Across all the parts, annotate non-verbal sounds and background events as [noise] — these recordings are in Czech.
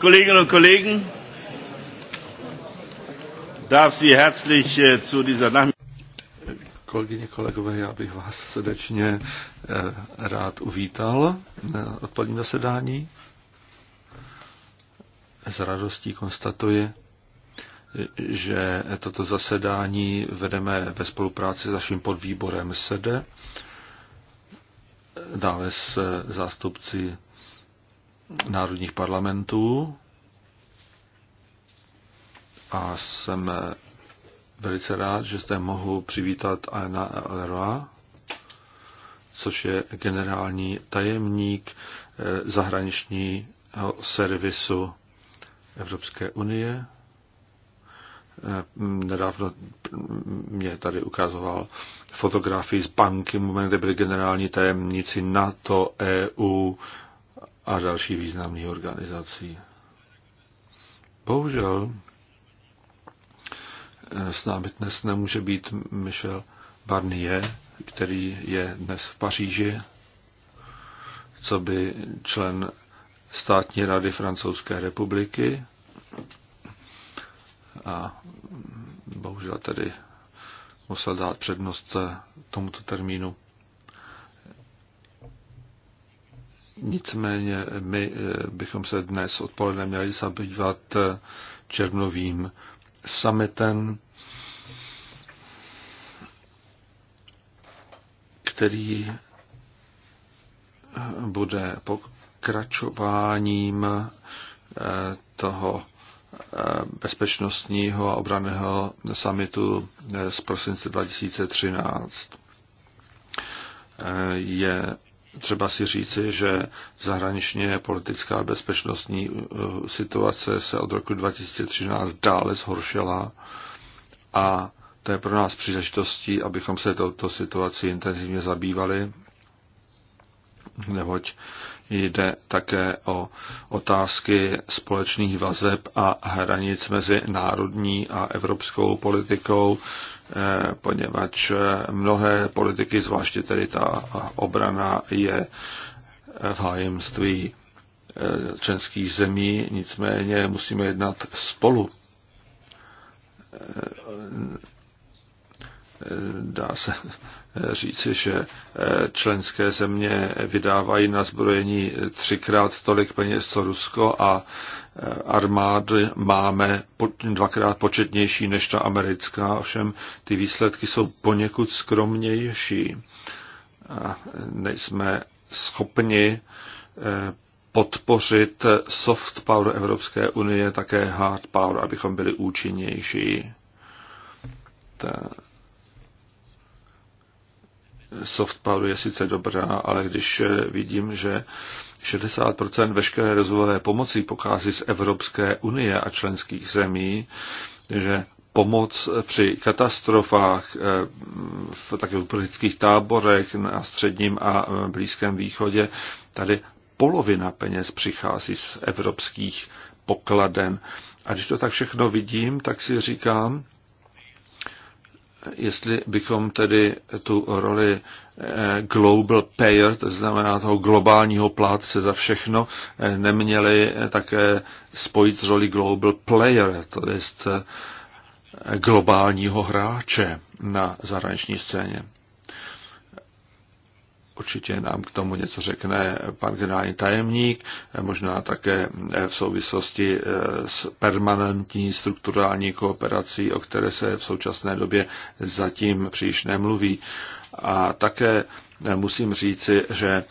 Kolleginnen und Kollegen, darf Sie herzlich äh, zu dieser Nachmittag. Kolegyně, kolegové, já bych vás srdečně eh, rád uvítal na eh, odpoledním zasedání. S radostí konstatuji, že toto zasedání vedeme ve spolupráci s naším podvýborem SEDE, dále s eh, zástupci národních parlamentů a jsem velice rád, že zde mohu přivítat Aena Leroy, což je generální tajemník eh, zahraničního servisu Evropské unie. Eh, nedávno mě tady ukazoval fotografii z banky, kde byli generální tajemníci NATO, EU, a další významných organizací. Bohužel eh, s námi dnes nemůže být Michel Barnier, který je dnes v Paříži, co by člen státní rady Francouzské republiky. A bohužel tedy musel dát přednost tomuto termínu. Nicméně my eh, bychom se dnes odpoledne měli zabývat eh, červnovým summitem, který eh, bude pokračováním toho bezpečnostního a obraného summitu z prosince 2013. Je třeba si říci, že zahraničně politická bezpečnostní eh, situace se od roku 2013 dále zhoršila a to je pro nás příležitostí, abychom se touto situaci intenzivně zabývali, neboť Jde také o otázky společných vazeb a hranic mezi národní a evropskou politikou, eh, poněvadž mnohé politiky, zvláště tedy ta obrana, je v hájemství eh, členských zemí, nicméně musíme jednat spolu eh, dá se říci, že eh, členské země vydávají na zbrojení třikrát tolik peněz co Rusko a eh, armády máme dvakrát početnější než ta americká, ovšem ty výsledky jsou poněkud skromnější. A nejsme schopni eh, podpořit soft power Evropské unie, také hard power, abychom byli účinnější. Ta soft power je sice dobrá, ale když vidím, že 60% veškeré rozvojové pomoci pochází z Evropské unie a členských zemí, že pomoc při katastrofách eh, v takových politických táborech na středním a eh, blízkém východě, tady polovina peněz přichází z evropských pokladen. A když to tak všechno vidím, tak si říkám, jestli bychom tedy tu roli eh, global payer, to znamená toho globálního plátce za všechno, eh, neměli eh, také spojit s roli global player, to jest globálního hráče na zahraniční scéně. Určitě nám k tomu něco řekne pan generální tajemník, možná také eh, v souvislosti eh, s permanentní strukturální kooperací, o které se v současné době zatím příliš nemluví. A také eh, musím říci, že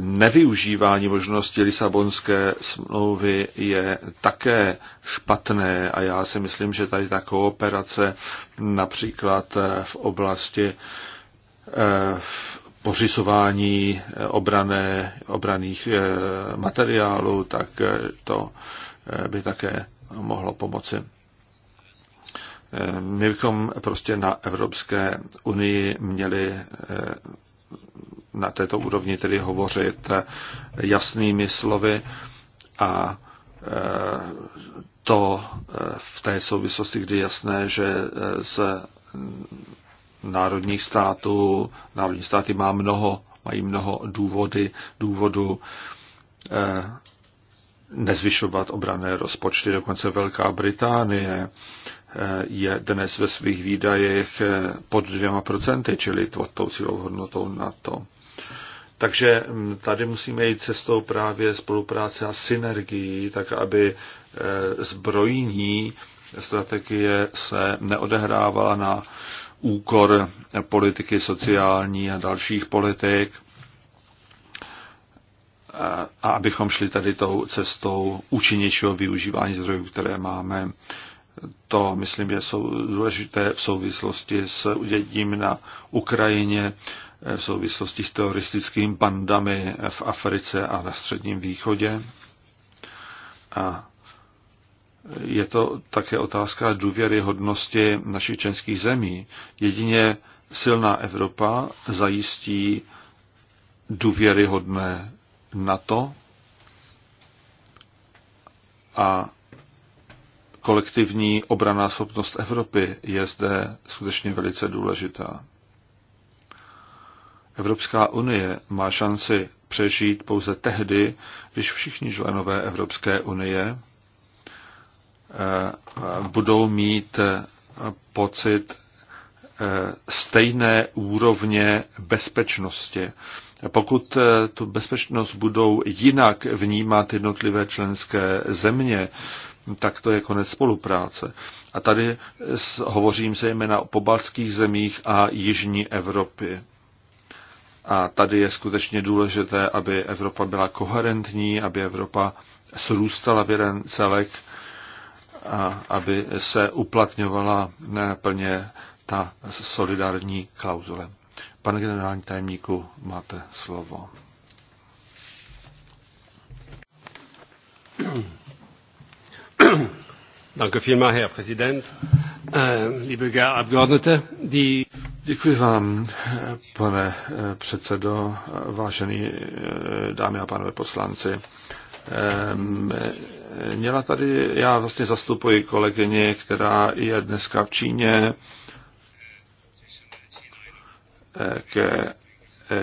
nevyužívání možnosti Lisabonské smlouvy je také špatné a já si myslím, že tady ta kooperace například v oblasti v pořizování eh, obrané, obraných eh, materiálů, tak eh, to by také mohlo pomoci. My bychom prostě na Evropské unii měli na této úrovni tedy hovořit jasnými slovy a to v té souvislosti, kdy je jasné, že se národních států. Národní státy má mnoho, mají mnoho důvody, důvodu eh, nezvyšovat obrané rozpočty. Dokonce Velká Británie eh, je dnes ve svých výdajech eh, pod dvěma procenty, čili pod tou cílovou hodnotou NATO. Takže hm, tady musíme jít cestou právě spolupráce a synergii, tak aby zbrojní strategie se neodehrávala na úkor politiky sociální a dalších politik a abychom šli tady tou cestou účinnějšího využívání zdrojů, které máme. To, myslím, je jsou důležité v souvislosti s uděním na Ukrajině, v souvislosti s teroristickými bandami v Africe a na Středním východě. A je to také otázka důvěryhodnosti našich členských zemí. Jedině silná Evropa zajistí důvěryhodné NATO a kolektivní obraná schopnost Evropy je zde skutečně velice důležitá. Evropská unie má šanci přežít pouze tehdy, když všichni členové Evropské unie Eh, budou mít eh, pocit eh, stejné úrovně bezpečnosti. Pokud tu bezpečnost budou jinak vnímat jednotlivé členské země, tak to je konec spolupráce. A tady hovořím zejména o pobaltských zemích a jižní Evropě. A tady je skutečně důležité, aby Evropa byla koherentní, aby Evropa srůstala v jeden celek aby se uplatňovala eh, plně ta solidární klauzule. Pane generální tajemníku, máte slovo. Danke vielmals, Herr Präsident. Äh, liebe Abgeordnete, die Děkuji vám, pane eh, předsedo, vážený eh, dámy a pánové poslanci. Ehm, měla tady, já vlastně zastupuji kolegyně, která je dneska v Číně eh, ke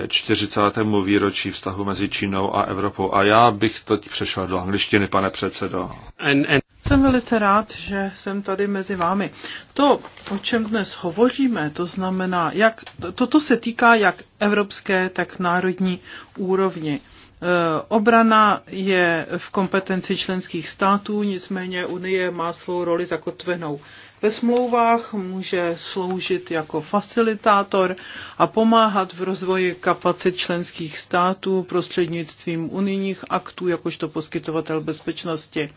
40. Eh, výročí vztahu mezi Čínou a Evropou. A já bych to přešel do angličtiny, pane předsedo. And, and... Jsem velice rád, že jsem tady mezi vámi. To, o čem dnes hovoříme, to znamená, jak, toto se týká jak evropské, tak národní úrovni. Eh, obrana je v kompetenci členských států, nicméně Unie má svou roli zakotvenou ve smlouvách, může sloužit jako facilitátor a pomáhat v rozvoji kapacit členských států prostřednictvím unijních aktů, jakožto poskytovatel bezpečnosti.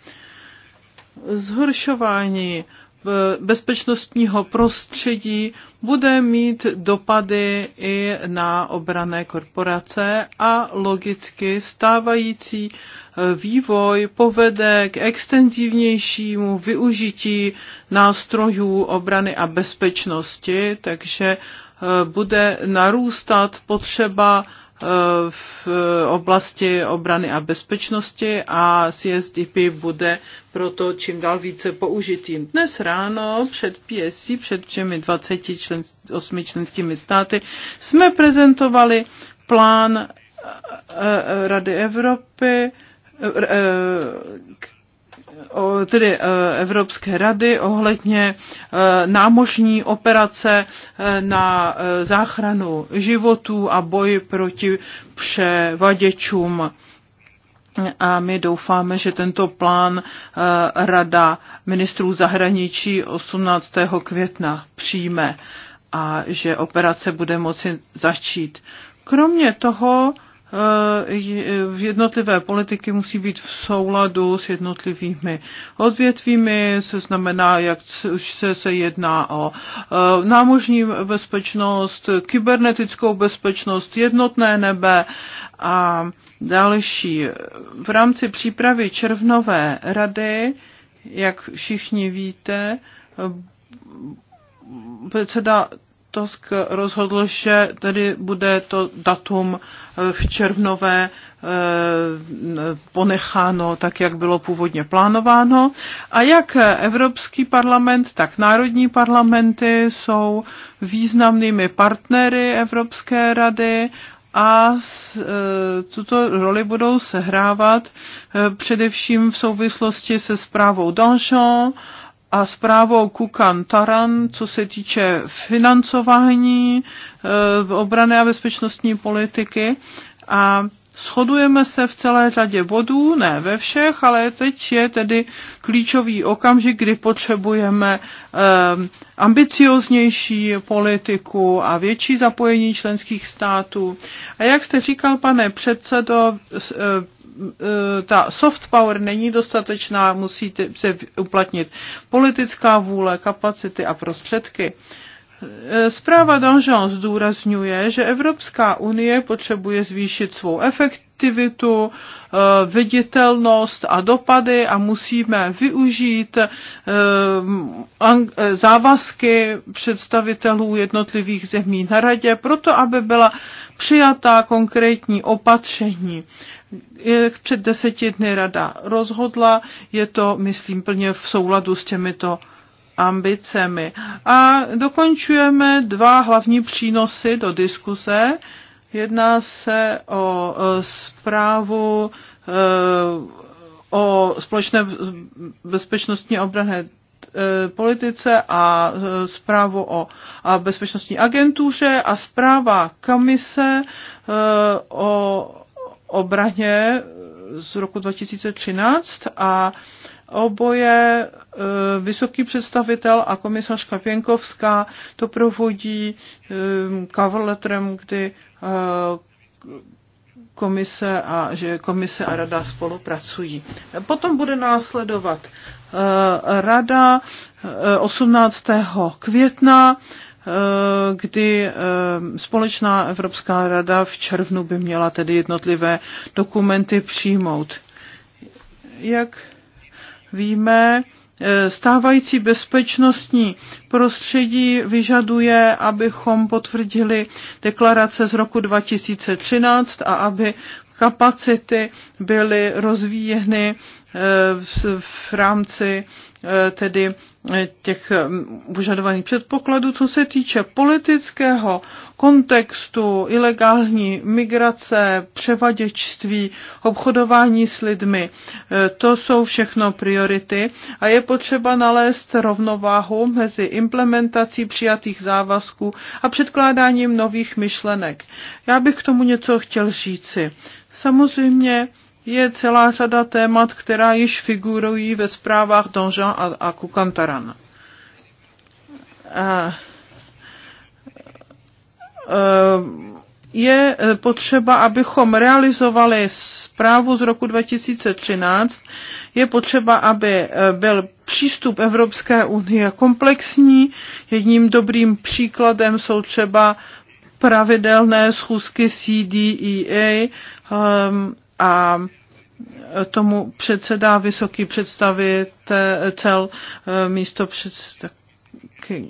Zhoršování Eh, bezpečnostního prostředí bude mít dopady i na obrané korporace a logicky stávající eh, vývoj povede k extenzivnějšímu využití nástrojů obrany a bezpečnosti, takže eh, bude narůstat potřeba v oblasti obrany a bezpečnosti a CSDP bude proto čím dál více použitým. Dnes ráno před PSC, před všemi 28 členskými státy, jsme prezentovali plán eh, eh, Rady Evropy, eh, tedy e, Evropské rady ohledně e, námožní operace e, na záchranu životů a boj proti převaděčům. A my doufáme, že tento plán Rada ministrů zahraničí 18. května přijme a že operace bude moci začít. Kromě toho Eh, jednotlivé politiky musí být v souladu s jednotlivými odvětvími, se znamená, jak se, se jedná o eh, námožní bezpečnost, kybernetickou bezpečnost, jednotné nebe a další. V rámci přípravy červnové rady, jak všichni víte, eh, předseda Tusk rozhodl, že tedy bude to datum eh, v červnové eh, ponecháno tak, jak bylo původně plánováno. A jak Evropský parlament, tak národní parlamenty jsou významnými partnery Evropské rady a eh, tuto roli budou sehrávat především v souvislosti se zprávou Danchon, a zprávou Kukan Taran, co se týče financování e, obrany a bezpečnostní politiky. A Shodujeme se v celé řadě bodů, ne ve všech, ale teď je tedy klíčový okamžik, kdy potřebujeme ehm, ambicioznější politiku a větší zapojení členských států. A jak jste říkal, pane předsedo, e, e, ta soft power není dostatečná, musí se uplatnit politická vůle, kapacity a prostředky. Eh, zpráva Danjean zdůrazňuje, že Evropská unie potřebuje zvýšit svou efektivitu, eh, viditelnost a dopady a musíme využít eh, závazky představitelů jednotlivých zemí na radě, proto aby byla přijatá konkrétní opatření. Jak před deseti dny rada rozhodla, je to, myslím, plně v souladu s těmito ambicemi. A dokončujeme dva hlavní přínosy do diskuze. Jedná se o zprávu e, o společné bezpečnostní obrané e, politice a e, zprávu o a bezpečnostní agentuře a zpráva komise o obraně z roku 2013 a Oboje e, vysoký představitel a komisařka Pěnkovská to provodí e, cover letterem, kdy e, komise a, že komise a rada spolupracují. Potom bude následovat rada 18. května, kdy společná Evropská rada v červnu by měla tedy jednotlivé dokumenty přijmout. Jak víme, eh, stávající bezpečnostní prostředí vyžaduje, abychom potvrdili deklarace z roku 2013 a aby kapacity byly rozvíjeny eh, v rámci eh, tedy těch mm, požadovaných předpokladů, co se týče politického kontextu, ilegální migrace, převaděčství, obchodování s lidmi. E, to jsou všechno priority a je potřeba nalézt rovnováhu mezi implementací přijatých závazků a předkládáním nových myšlenek. Já bych k tomu něco chtěl říci. Samozřejmě je celá řada témat, která již figurují ve zprávách Donžan a, a Kukantaran. A, eh, eh, je potřeba, abychom realizovali zprávu z roku 2013, je potřeba, aby eh, byl přístup Evropské unie komplexní. Jedním dobrým příkladem jsou třeba pravidelné schůzky CDEA, um, ehm, a tomu předsedá vysoký představitel eh, místo před, eh,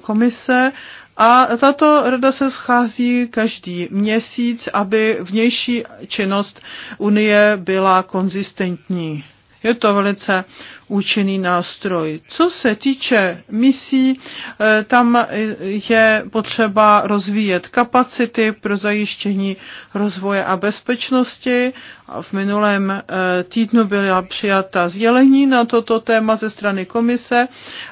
komise a tato rada se schází každý měsíc, aby vnější činnost Unie byla konzistentní. Je to velice účinný nástroj. Co se týče misí, eh, tam je potřeba rozvíjet kapacity pro zajištění rozvoje a bezpečnosti. V minulém eh, týdnu byla přijata sdělení na toto téma ze strany komise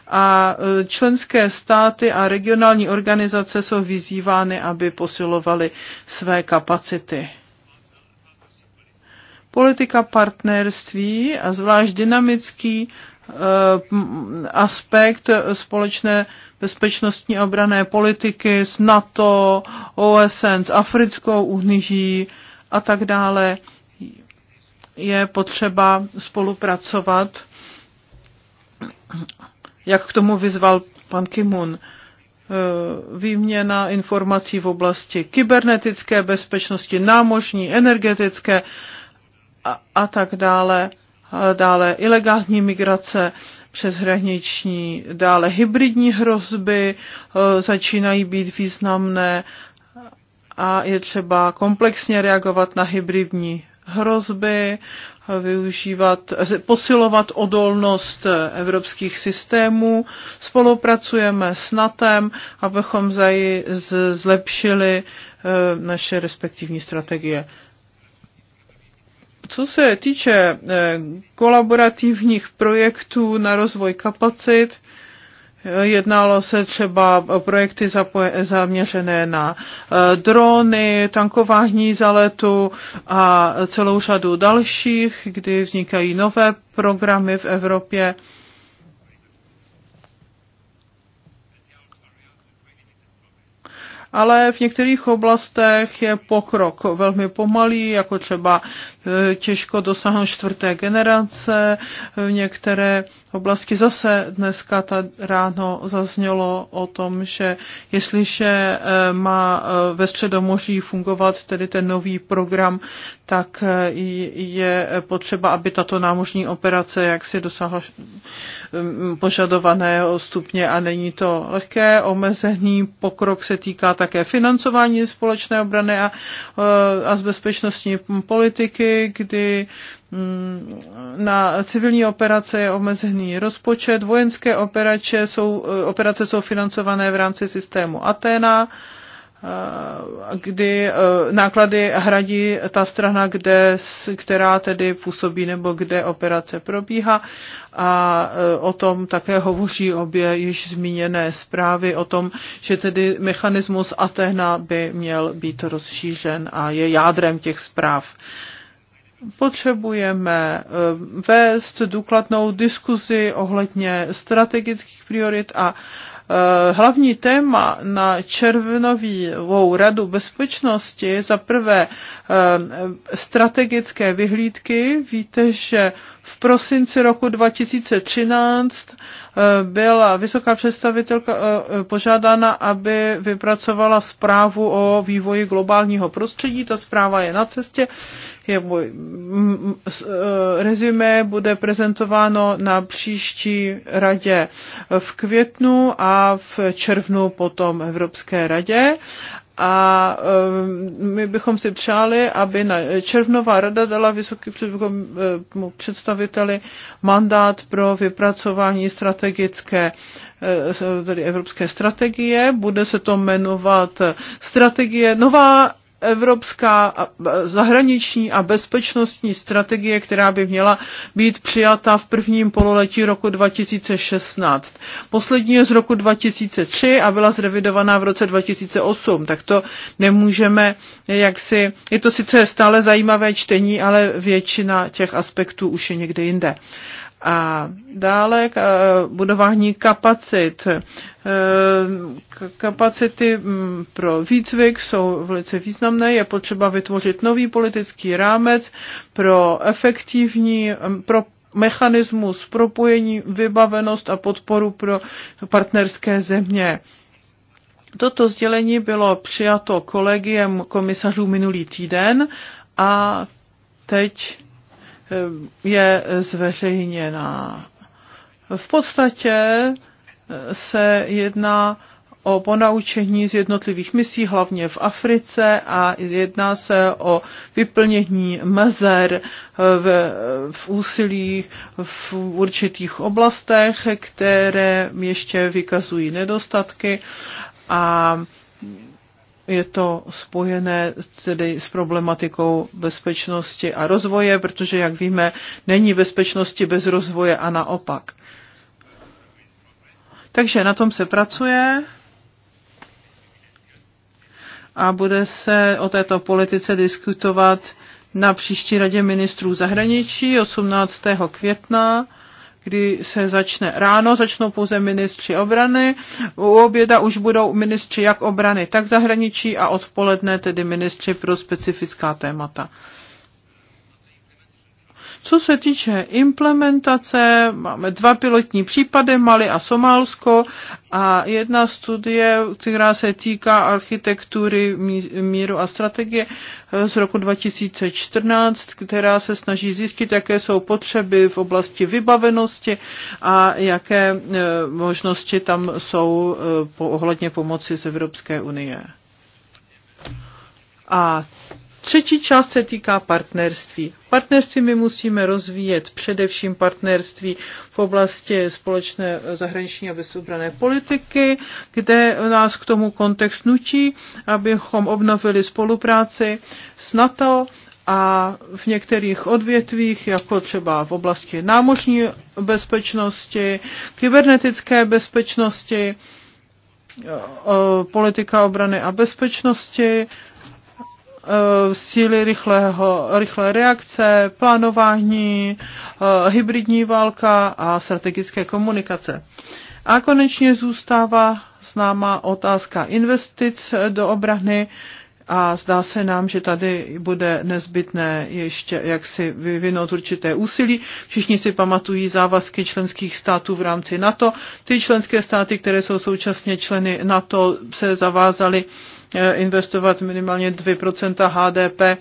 a eh, členské státy a regionální organizace jsou vyzývány, aby posilovaly své kapacity politika partnerství a zvlášť dynamický eh, aspekt společné bezpečnostní obrané politiky s NATO, OSN, s Africkou unii a tak dále je potřeba spolupracovat, jak k tomu vyzval pan Kimun eh, výměna informací v oblasti kybernetické bezpečnosti, námožní, energetické a, tak dále. A dále ilegální migrace přeshraniční, dále hybridní hrozby e, začínají být významné a je třeba komplexně reagovat na hybridní hrozby, využívat, posilovat odolnost evropských systémů. Spolupracujeme s NATEM, abychom zlepšili e, naše respektivní strategie. Co se týče eh, kolaborativních projektů na rozvoj kapacit, eh, Jednalo se třeba o projekty zaměřené na eh, drony, tankování za letu a celou řadu dalších, kdy vznikají nové programy v Evropě ale v některých oblastech je pokrok velmi pomalý, jako třeba e, těžko dosáhnout čtvrté generace, e, některé oblasti. Zase dneska ta ráno zaznělo o tom, že jestliže eh, má eh, ve středomoří fungovat tedy ten nový program, tak eh, je potřeba, aby tato námořní operace jaksi dosáhla mm, požadovaného stupně a není to lehké. Omezený pokrok se týká také financování společné obrany a, a z bezpečnostní politiky, kdy Mm, na civilní operace je omezený rozpočet, vojenské operace jsou, eh, operace jsou financované v rámci systému Atena, eh, kdy eh, náklady hradí ta strana, kde, která tedy působí nebo kde operace probíhá. A o tom také hovoří obě již zmíněné zprávy o tom, že tedy mechanismus Atena by měl být rozšířen a je jádrem těch zpráv potřebujeme eh, vést důkladnou diskuzi ohledně strategických priorit a eh, hlavní téma na červnovou radu bezpečnosti za prvé eh, strategické vyhlídky. Víte, že v prosinci roku 2013 eh, byla vysoká představitelka eh, eh, požádána, aby vypracovala zprávu o vývoji globálního prostředí. Ta zpráva je na cestě. Je, bude prezentováno na příští radě v květnu a v červnu potom Evropské radě a eh, my bychom si přáli, aby na Červnová rada dala vysoký eh, představiteli mandát pro vypracování strategické eh, tedy evropské strategie. Bude se to jmenovat strategie, nová evropská zahraniční a bezpečnostní strategie, která by měla být přijata v prvním pololetí roku 2016. Poslední je z roku 2003 a byla zrevidovaná v roce 2008, tak to nemůžeme jaksi, je to sice stále zajímavé čtení, ale většina těch aspektů už je někde jinde. A dále k eh, budování kapacit. Eh, kapacity mm, pro výcvik jsou velice významné. Je potřeba vytvořit nový politický rámec pro efektivní, eh, pro mechanismus propojení, vybavenost a podporu pro partnerské země. Toto sdělení bylo přijato kolegiem komisařů minulý týden a teď Eh, je zveřejněná. V podstatě eh, se jedná o ponaučení z jednotlivých misí, hlavně v Africe a jedná se o vyplnění mezer eh, v, v úsilích v určitých oblastech, které ještě vykazují nedostatky a je to spojené tedy s problematikou bezpečnosti a rozvoje, protože, jak víme, není bezpečnosti bez rozvoje a naopak. Takže na tom se pracuje a bude se o této politice diskutovat na příští radě ministrů zahraničí 18. května kdy se začne ráno, začnou pouze ministři obrany, u oběda už budou ministři jak obrany, tak zahraničí a odpoledne tedy ministři pro specifická témata. Co se týče implementace, máme dva pilotní případy, Mali a Somálsko a jedna studie, která se týká architektury míru a strategie eh, z roku 2014, která se snaží zjistit, jaké jsou potřeby v oblasti vybavenosti a jaké eh, možnosti tam jsou eh, ohledně pomoci z Evropské unie. A Třetí část se týká partnerství. Partnerství my musíme rozvíjet především partnerství v oblasti společné eh, zahraniční a bezobranné politiky, kde nás k tomu kontext nutí, abychom obnovili spolupráci s NATO a v některých odvětvích, jako třeba v oblasti námořní bezpečnosti, kybernetické bezpečnosti, eh, eh, politika obrany a bezpečnosti, Eh, síly rychlého, rychlé reakce, plánování, eh, hybridní válka a strategické komunikace. A konečně zůstává známá otázka investic do obrany a zdá se nám, že tady bude nezbytné ještě jak si vyvinout určité úsilí. Všichni si pamatují závazky členských států v rámci NATO. Ty členské státy, které jsou současně členy NATO, se zavázaly Eh, investovat minimálně 2% HDP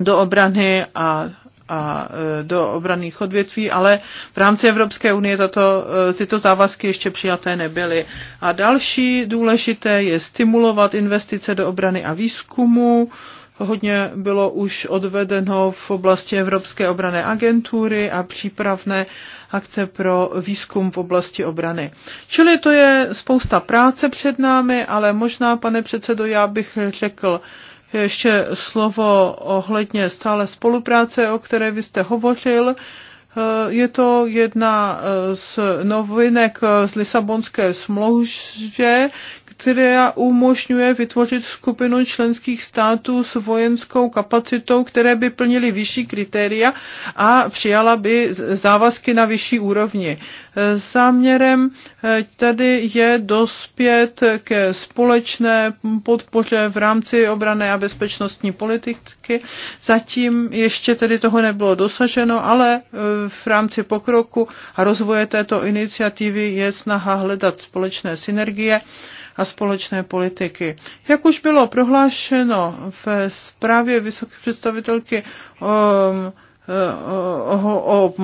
do obrany a a eh, do obraných odvětví, ale v rámci Evropské unie tato, eh, tyto závazky ještě přijaté nebyly. A další důležité je stimulovat investice do obrany a výzkumu. Hodně bylo už odvedeno v oblasti Evropské obrané agentury a přípravné uh, akce pro výzkum v oblasti obrany. Čili to je spousta práce před námi, ale možná, pane předsedo, já bych řekl, ještě slovo ohledně stále spolupráce, o které vy jste hovořil. Je to jedna z novinek z Lisabonské smlouvy, která umožňuje vytvořit skupinu členských států s vojenskou kapacitou, které by plnily vyšší kritéria a přijala by závazky na vyšší úrovni. Záměrem eh, tady je dospět ke společné podpoře v rámci obrané a bezpečnostní politiky. Zatím ještě tedy toho nebylo dosaženo, ale eh, v rámci pokroku a rozvoje této iniciativy je snaha hledat společné synergie a společné politiky. Jak už bylo prohlášeno v zprávě vysoké představitelky um, eh, o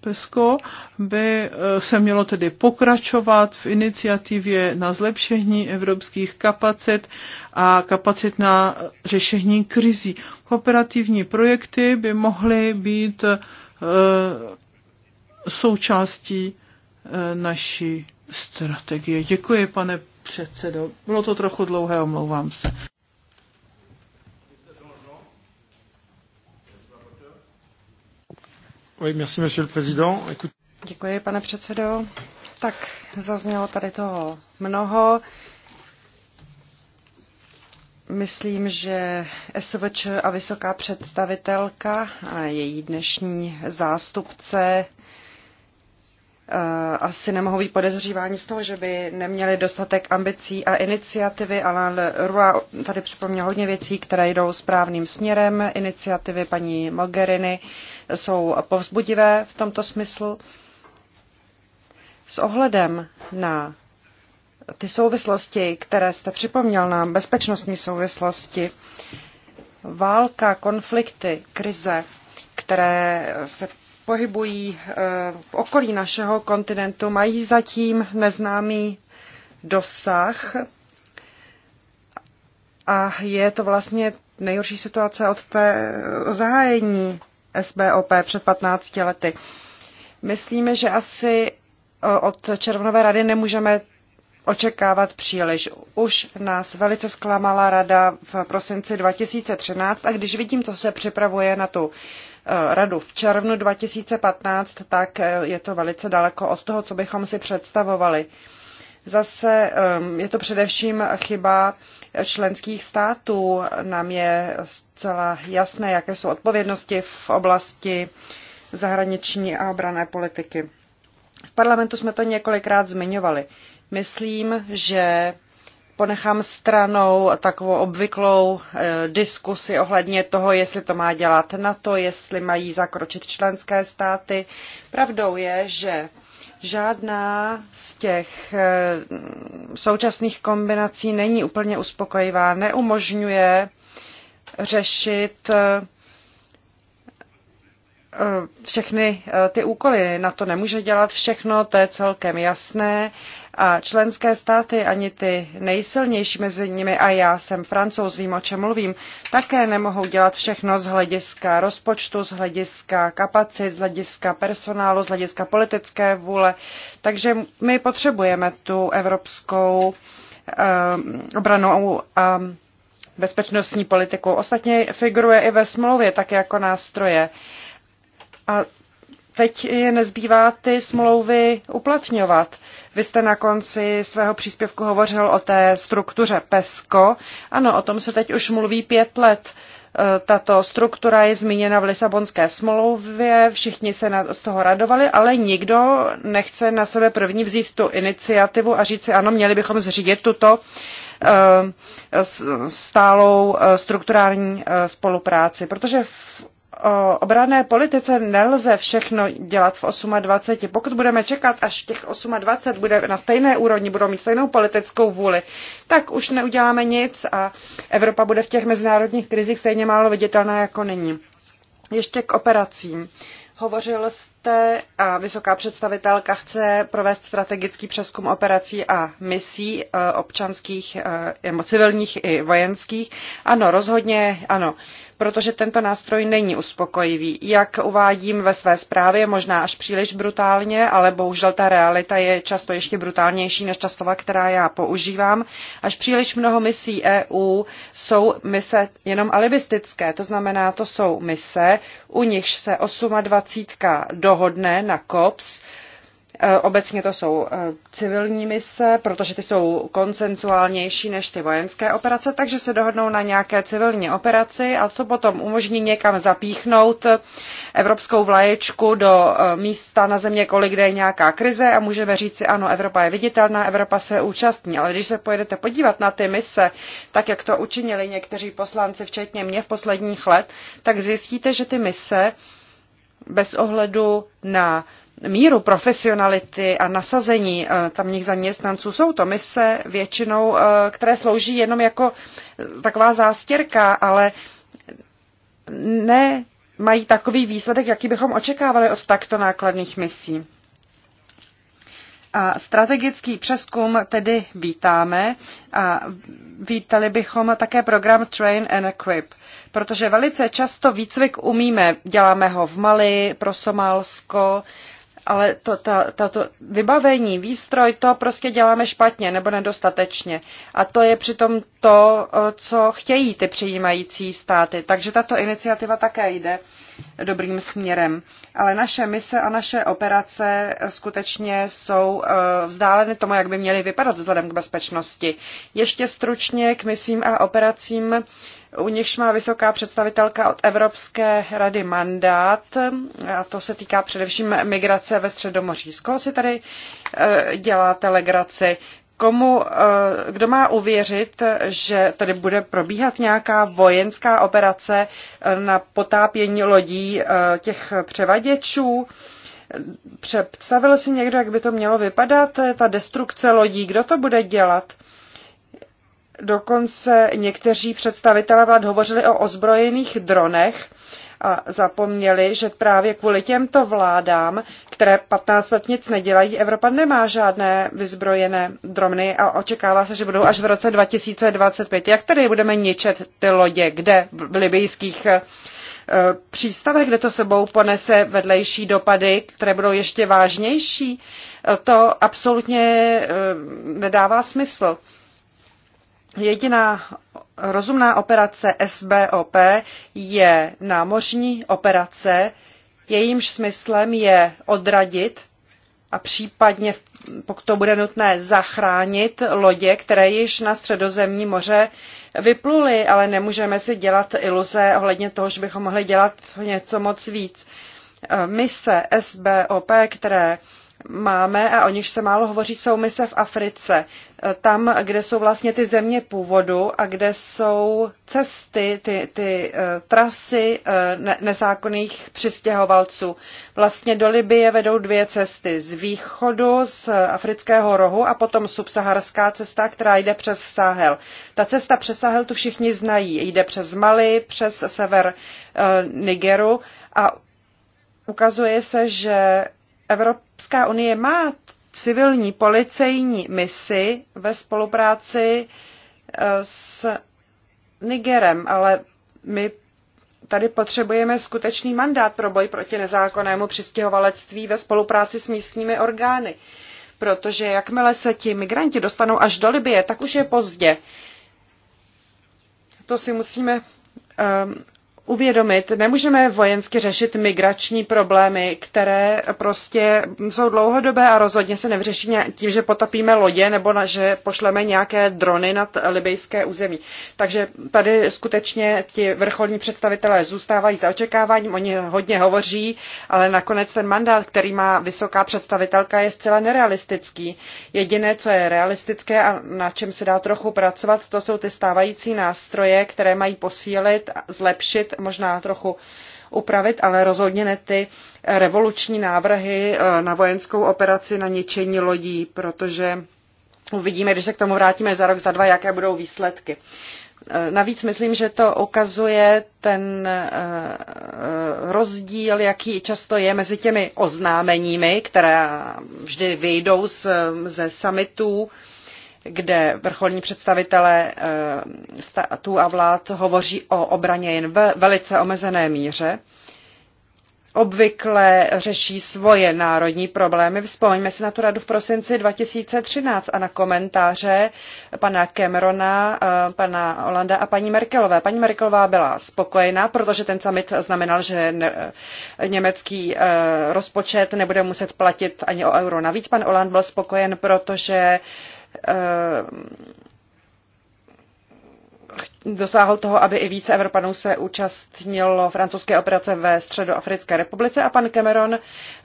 PESCO by eh, se mělo tedy pokračovat v iniciativě na zlepšení evropských kapacit a kapacit na řešení krizí. Kooperativní projekty by mohly být eh, součástí naší strategie. Děkuji, pane předsedo. Bylo to trochu dlouhé, omlouvám se. Děkuji, pane předsedo. Tak zaznělo tady toho mnoho. Myslím, že SVČ a vysoká představitelka a její dnešní zástupce Eh, asi nemohou být podezříváni z toho, že by neměli dostatek ambicí a iniciativy. Alain Rua tady připomněl hodně věcí, které jdou správným směrem. Iniciativy paní Mogheriny jsou povzbudivé v tomto smyslu. S ohledem na ty souvislosti, které jste připomněl nám, bezpečnostní souvislosti, válka, konflikty, krize, které se pohybují eh, v okolí našeho kontinentu, mají zatím neznámý dosah a je to vlastně nejhorší situace od té eh, zahájení SBOP před 15 lety. Myslíme, že asi eh, od Červnové rady nemůžeme očekávat příliš. Už nás velice zklamala rada v prosinci 2013 a když vidím, co se připravuje na tu Eh, radu v červnu 2015, tak eh, je to velice daleko od toho, co bychom si představovali. Zase ehm, je to především chyba členských států. Nám je zcela jasné, jaké jsou odpovědnosti v oblasti zahraniční a obrané politiky. V parlamentu jsme to několikrát zmiňovali. Myslím, že ponechám stranou takovou obvyklou eh, diskusi ohledně toho, jestli to má dělat NATO, jestli mají zakročit členské státy. Pravdou je, že žádná z těch eh, současných kombinací není úplně uspokojivá, neumožňuje řešit eh, všechny ty úkoly. Na to nemůže dělat všechno, to je celkem jasné. A členské státy, ani ty nejsilnější mezi nimi, a já jsem francouz, vím, o čem mluvím, také nemohou dělat všechno z hlediska rozpočtu, z hlediska kapacit, z hlediska personálu, z hlediska politické vůle. Takže my potřebujeme tu evropskou um, obranou um, bezpečnostní politiku. Ostatně figuruje i ve smlouvě, tak jako nástroje. A teď je nezbývá ty smlouvy uplatňovat. Vy jste na konci svého příspěvku hovořil o té struktuře PESCO. Ano, o tom se teď už mluví pět let. E, tato struktura je zmíněna v Lisabonské smlouvě, všichni se z toho radovali, ale nikdo nechce na sebe první vzít tu iniciativu a říct si, ano, měli bychom zřídit tuto e, stálou e, strukturální spolupráci, protože v o obrané politice nelze všechno dělat v 28. Pokud budeme čekat, až těch 28 bude na stejné úrovni, budou mít stejnou politickou vůli, tak už neuděláme nic a Evropa bude v těch mezinárodních krizích stejně málo viditelná jako není. Ještě k operacím. Hovořil jste a vysoká představitelka chce provést strategický přeskum operací a misí e, občanských, e, civilních i vojenských. Ano, rozhodně ano protože tento nástroj není uspokojivý. Jak uvádím ve své zprávě, možná až příliš brutálně, ale bohužel ta realita je často ještě brutálnější než ta slova, která já používám. Až příliš mnoho misí EU jsou mise jenom alibistické, to znamená, to jsou mise, u nichž se 28 dohodne na COPS, Eh, obecně to jsou eh, civilní mise, protože ty jsou konsensuálnější než ty vojenské operace, takže se dohodnou na nějaké civilní operaci a to potom umožní někam zapíchnout eh, evropskou vlaječku do místa na země, kolik kde je nějaká krize a můžeme říct si, ano, Evropa je viditelná, Evropa se účastní. Ale když se pojedete podívat na ty mise, tak jak to učinili někteří poslanci, včetně mě v posledních let, tak zjistíte, že ty mise bez ohledu na míru profesionality a nasazení eh, tamních zaměstnanců jsou to mise většinou, eh, které slouží jenom jako eh, taková zástěrka, ale ne mají takový výsledek, jaký bychom očekávali od takto nákladných misí. A strategický přeskum tedy vítáme a vítali bychom také program Train and Equip, protože velice často výcvik umíme. Děláme ho v Mali, pro Somálsko ale to, ta, ta, to vybavení, výstroj, to prostě děláme špatně nebo nedostatečně. A to je přitom to, co chtějí ty přijímající státy. Takže tato iniciativa také jde dobrým směrem. Ale naše mise a naše operace skutečně jsou eh, vzdáleny tomu, jak by měly vypadat vzhledem k bezpečnosti. Ještě stručně k misím a operacím, u nichž má vysoká představitelka od Evropské rady mandát, a to se týká především migrace ve Středomoří. Z koho si tady eh, děláte legraci? komu, eh, kdo má uvěřit, že tady bude probíhat nějaká vojenská operace eh, na potápění lodí eh, těch převaděčů? Představil si někdo, jak by to mělo vypadat, ta destrukce lodí, kdo to bude dělat? Dokonce někteří představitelé vlád hovořili o ozbrojených dronech a zapomněli, že právě kvůli těmto vládám, které 15 let nic nedělají, Evropa nemá žádné vyzbrojené drony a očekává se, že budou až v roce 2025. Jak tedy budeme ničet ty lodě, kde v libijských eh, přístavech, kde to sebou ponese vedlejší dopady, které budou ještě vážnější, to absolutně eh, nedává smysl. Jediná rozumná operace SBOP je námořní operace, jejímž smyslem je odradit a případně, pokud to bude nutné, zachránit lodě, které již na středozemní moře vypluly, ale nemůžeme si dělat iluze ohledně toho, že bychom mohli dělat něco moc víc. Mise SBOP, které máme a o nich se málo hovoří, jsou mise v Africe. Tam, kde jsou vlastně ty země původu a kde jsou cesty, ty, ty eh, trasy eh, nezákonných přistěhovalců. Vlastně do Libie vedou dvě cesty. Z východu, z afrického rohu a potom subsaharská cesta, která jde přes Sahel. Ta cesta přes Sahel tu všichni znají. Jde přes Mali, přes sever eh, Nigeru a ukazuje se, že Evropská unie má civilní policejní misi ve spolupráci eh, s Nigerem, ale my tady potřebujeme skutečný mandát pro boj proti nezákonnému přistěhovalectví ve spolupráci s místními orgány. Protože jakmile se ti migranti dostanou až do Libie, tak už je pozdě. To si musíme um, uvědomit, nemůžeme vojensky řešit migrační problémy, které prostě jsou dlouhodobé a rozhodně se nevřeší tím, že potopíme lodě nebo na, že pošleme nějaké drony nad libejské území. Takže tady skutečně ti vrcholní představitelé zůstávají za očekáváním, oni hodně hovoří, ale nakonec ten mandát, který má vysoká představitelka, je zcela nerealistický. Jediné, co je realistické a na čem se dá trochu pracovat, to jsou ty stávající nástroje, které mají posílit, zlepšit možná trochu upravit, ale rozhodně ne ty revoluční návrhy eh, na vojenskou operaci na ničení lodí, protože uvidíme, když se k tomu vrátíme za rok, za dva, jaké budou výsledky. Eh, navíc myslím, že to ukazuje ten eh, rozdíl, jaký často je mezi těmi oznámeními, která vždy vyjdou ze summitů kde vrcholní představitelé eh, států a vlád hovoří o obraně jen ve velice omezené míře. Obvykle řeší svoje národní problémy. Vzpomeňme si na tu radu v prosinci 2013 a na komentáře pana Camerona, eh, pana Olanda a paní Merkelové. Paní Merkelová byla spokojená, protože ten summit znamenal, že německý eh, rozpočet nebude muset platit ani o euro. Navíc pan Oland byl spokojen, protože Eh, dosáhl toho, aby i více Evropanů se účastnilo francouzské operace ve Středoafrické republice a pan Cameron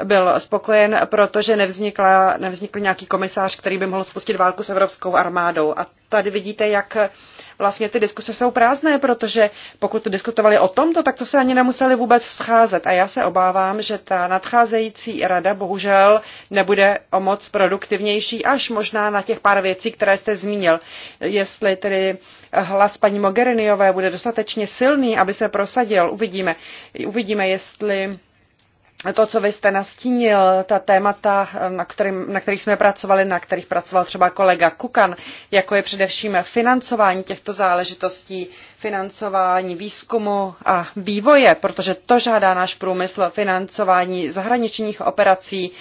byl spokojen, protože nevznikla, nevznikl nějaký komisář, který by mohl spustit válku s evropskou armádou. A tady vidíte, jak vlastně ty diskuse jsou prázdné, protože pokud to diskutovali o tomto, tak to se ani nemuseli vůbec scházet. A já se obávám, že ta nadcházející rada bohužel nebude o moc produktivnější, až možná na těch pár věcí, které jste zmínil. Jestli tedy hlas paní Mogheriniové bude dostatečně silný, aby se prosadil, uvidíme. Uvidíme, jestli to, co vy jste nastínil, ta témata, na, kterým, na kterých jsme pracovali, na kterých pracoval třeba kolega Kukan, jako je především financování těchto záležitostí, financování výzkumu a vývoje, protože to žádá náš průmysl, financování zahraničních operací,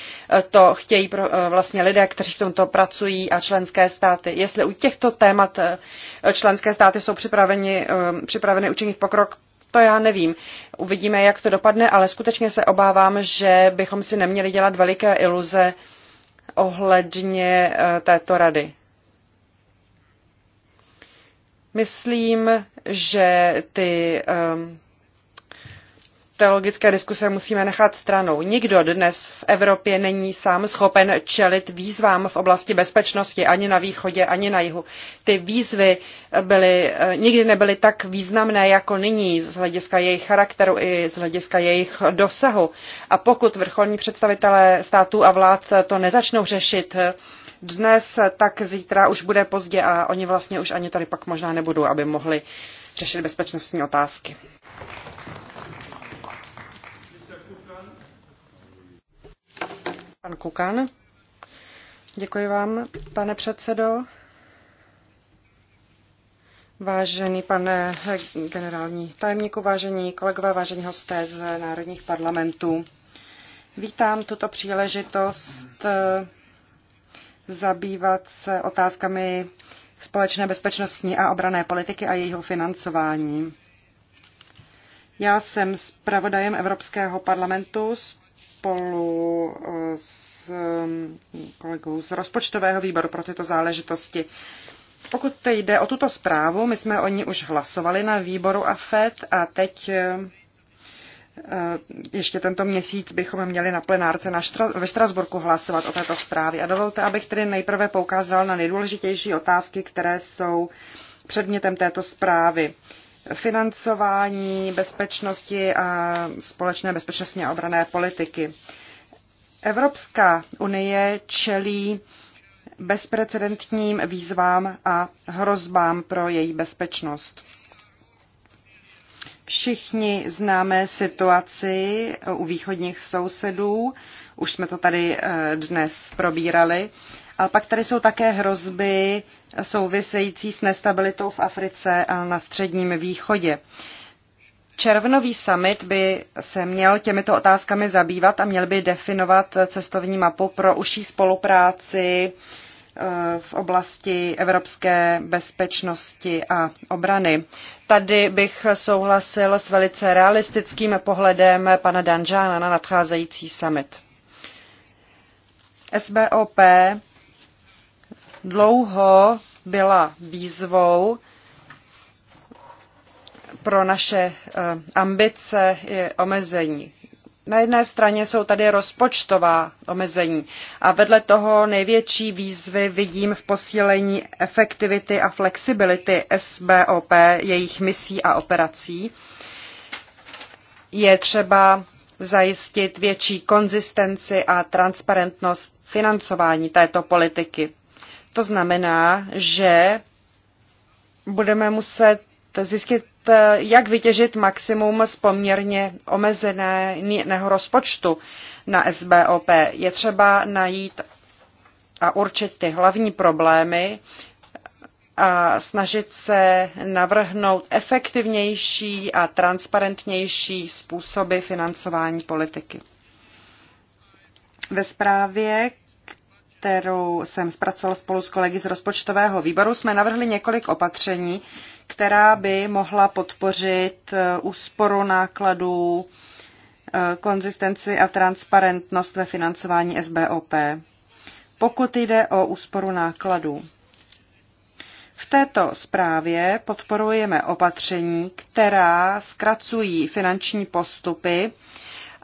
to chtějí eh, vlastně lidé, kteří v tomto pracují a členské státy. Jestli u těchto témat eh, členské státy jsou připraveni, eh, připraveny učinit pokrok, to já nevím. Uvidíme, jak to dopadne, ale skutečně se obávám, že bychom si neměli dělat veliké iluze ohledně eh, této rady. Myslím, že ty um, teologické diskuse musíme nechat stranou. Nikdo dnes v Evropě není sám schopen čelit výzvám v oblasti bezpečnosti ani na východě, ani na jihu. Ty výzvy byly, eh, nikdy nebyly tak významné jako nyní z hlediska jejich charakteru i z hlediska jejich dosahu. A pokud vrcholní představitelé států a vlád to nezačnou řešit eh, dnes, tak zítra už bude pozdě a oni vlastně už ani tady pak možná nebudou, aby mohli řešit bezpečnostní otázky. Pan Kukan. Děkuji vám, pane předsedo. Vážený pane generální tajemníku, vážení kolegové, vážení hosté z národních parlamentů, vítám tuto příležitost eh, zabývat se otázkami společné bezpečnostní a obrané politiky a jejího financování. Já jsem zpravodajem Evropského parlamentu spolu eh, s mm, kolegou z rozpočtového výboru pro tyto záležitosti. Pokud jde o tuto zprávu, my jsme o ní už hlasovali na výboru AFET a teď eh, eh, ještě tento měsíc bychom měli na plenárce na Štra- ve Štrasburku hlasovat o této zprávě. A dovolte, abych tedy nejprve poukázal na nejdůležitější otázky, které jsou předmětem této zprávy. Uh, financování bezpečnosti a společné bezpečnostní a obrané politiky. Evropská unie čelí bezprecedentním výzvám a hrozbám pro její bezpečnost. Všichni známe situaci u východních sousedů, už jsme to tady eh, dnes probírali, ale pak tady jsou také hrozby související s nestabilitou v Africe a na středním východě. Červnový summit by se měl těmito otázkami zabývat a měl by definovat cestovní mapu pro užší spolupráci eh, v oblasti evropské bezpečnosti a obrany. Tady bych souhlasil s velice realistickým pohledem pana Danžána na nadcházející summit. SBOP dlouho byla výzvou pro naše eh, ambice i omezení. Na jedné straně jsou tady rozpočtová omezení a vedle toho největší výzvy vidím v posílení efektivity a flexibility SBOP, jejich misí a operací. Je třeba zajistit větší konzistenci a transparentnost financování této politiky. To znamená, že budeme muset zjistit, jak vytěžit maximum z poměrně omezeného rozpočtu na SBOP. Je třeba najít a určit ty hlavní problémy a snažit se navrhnout efektivnější a transparentnější způsoby financování politiky. Ve zprávě kterou jsem zpracoval spolu s kolegy z rozpočtového výboru, jsme navrhli několik opatření, která by mohla podpořit eh, úsporu nákladů, eh, konzistenci a transparentnost ve financování SBOP. Pokud jde o úsporu nákladů, v této zprávě podporujeme opatření, která zkracují finanční postupy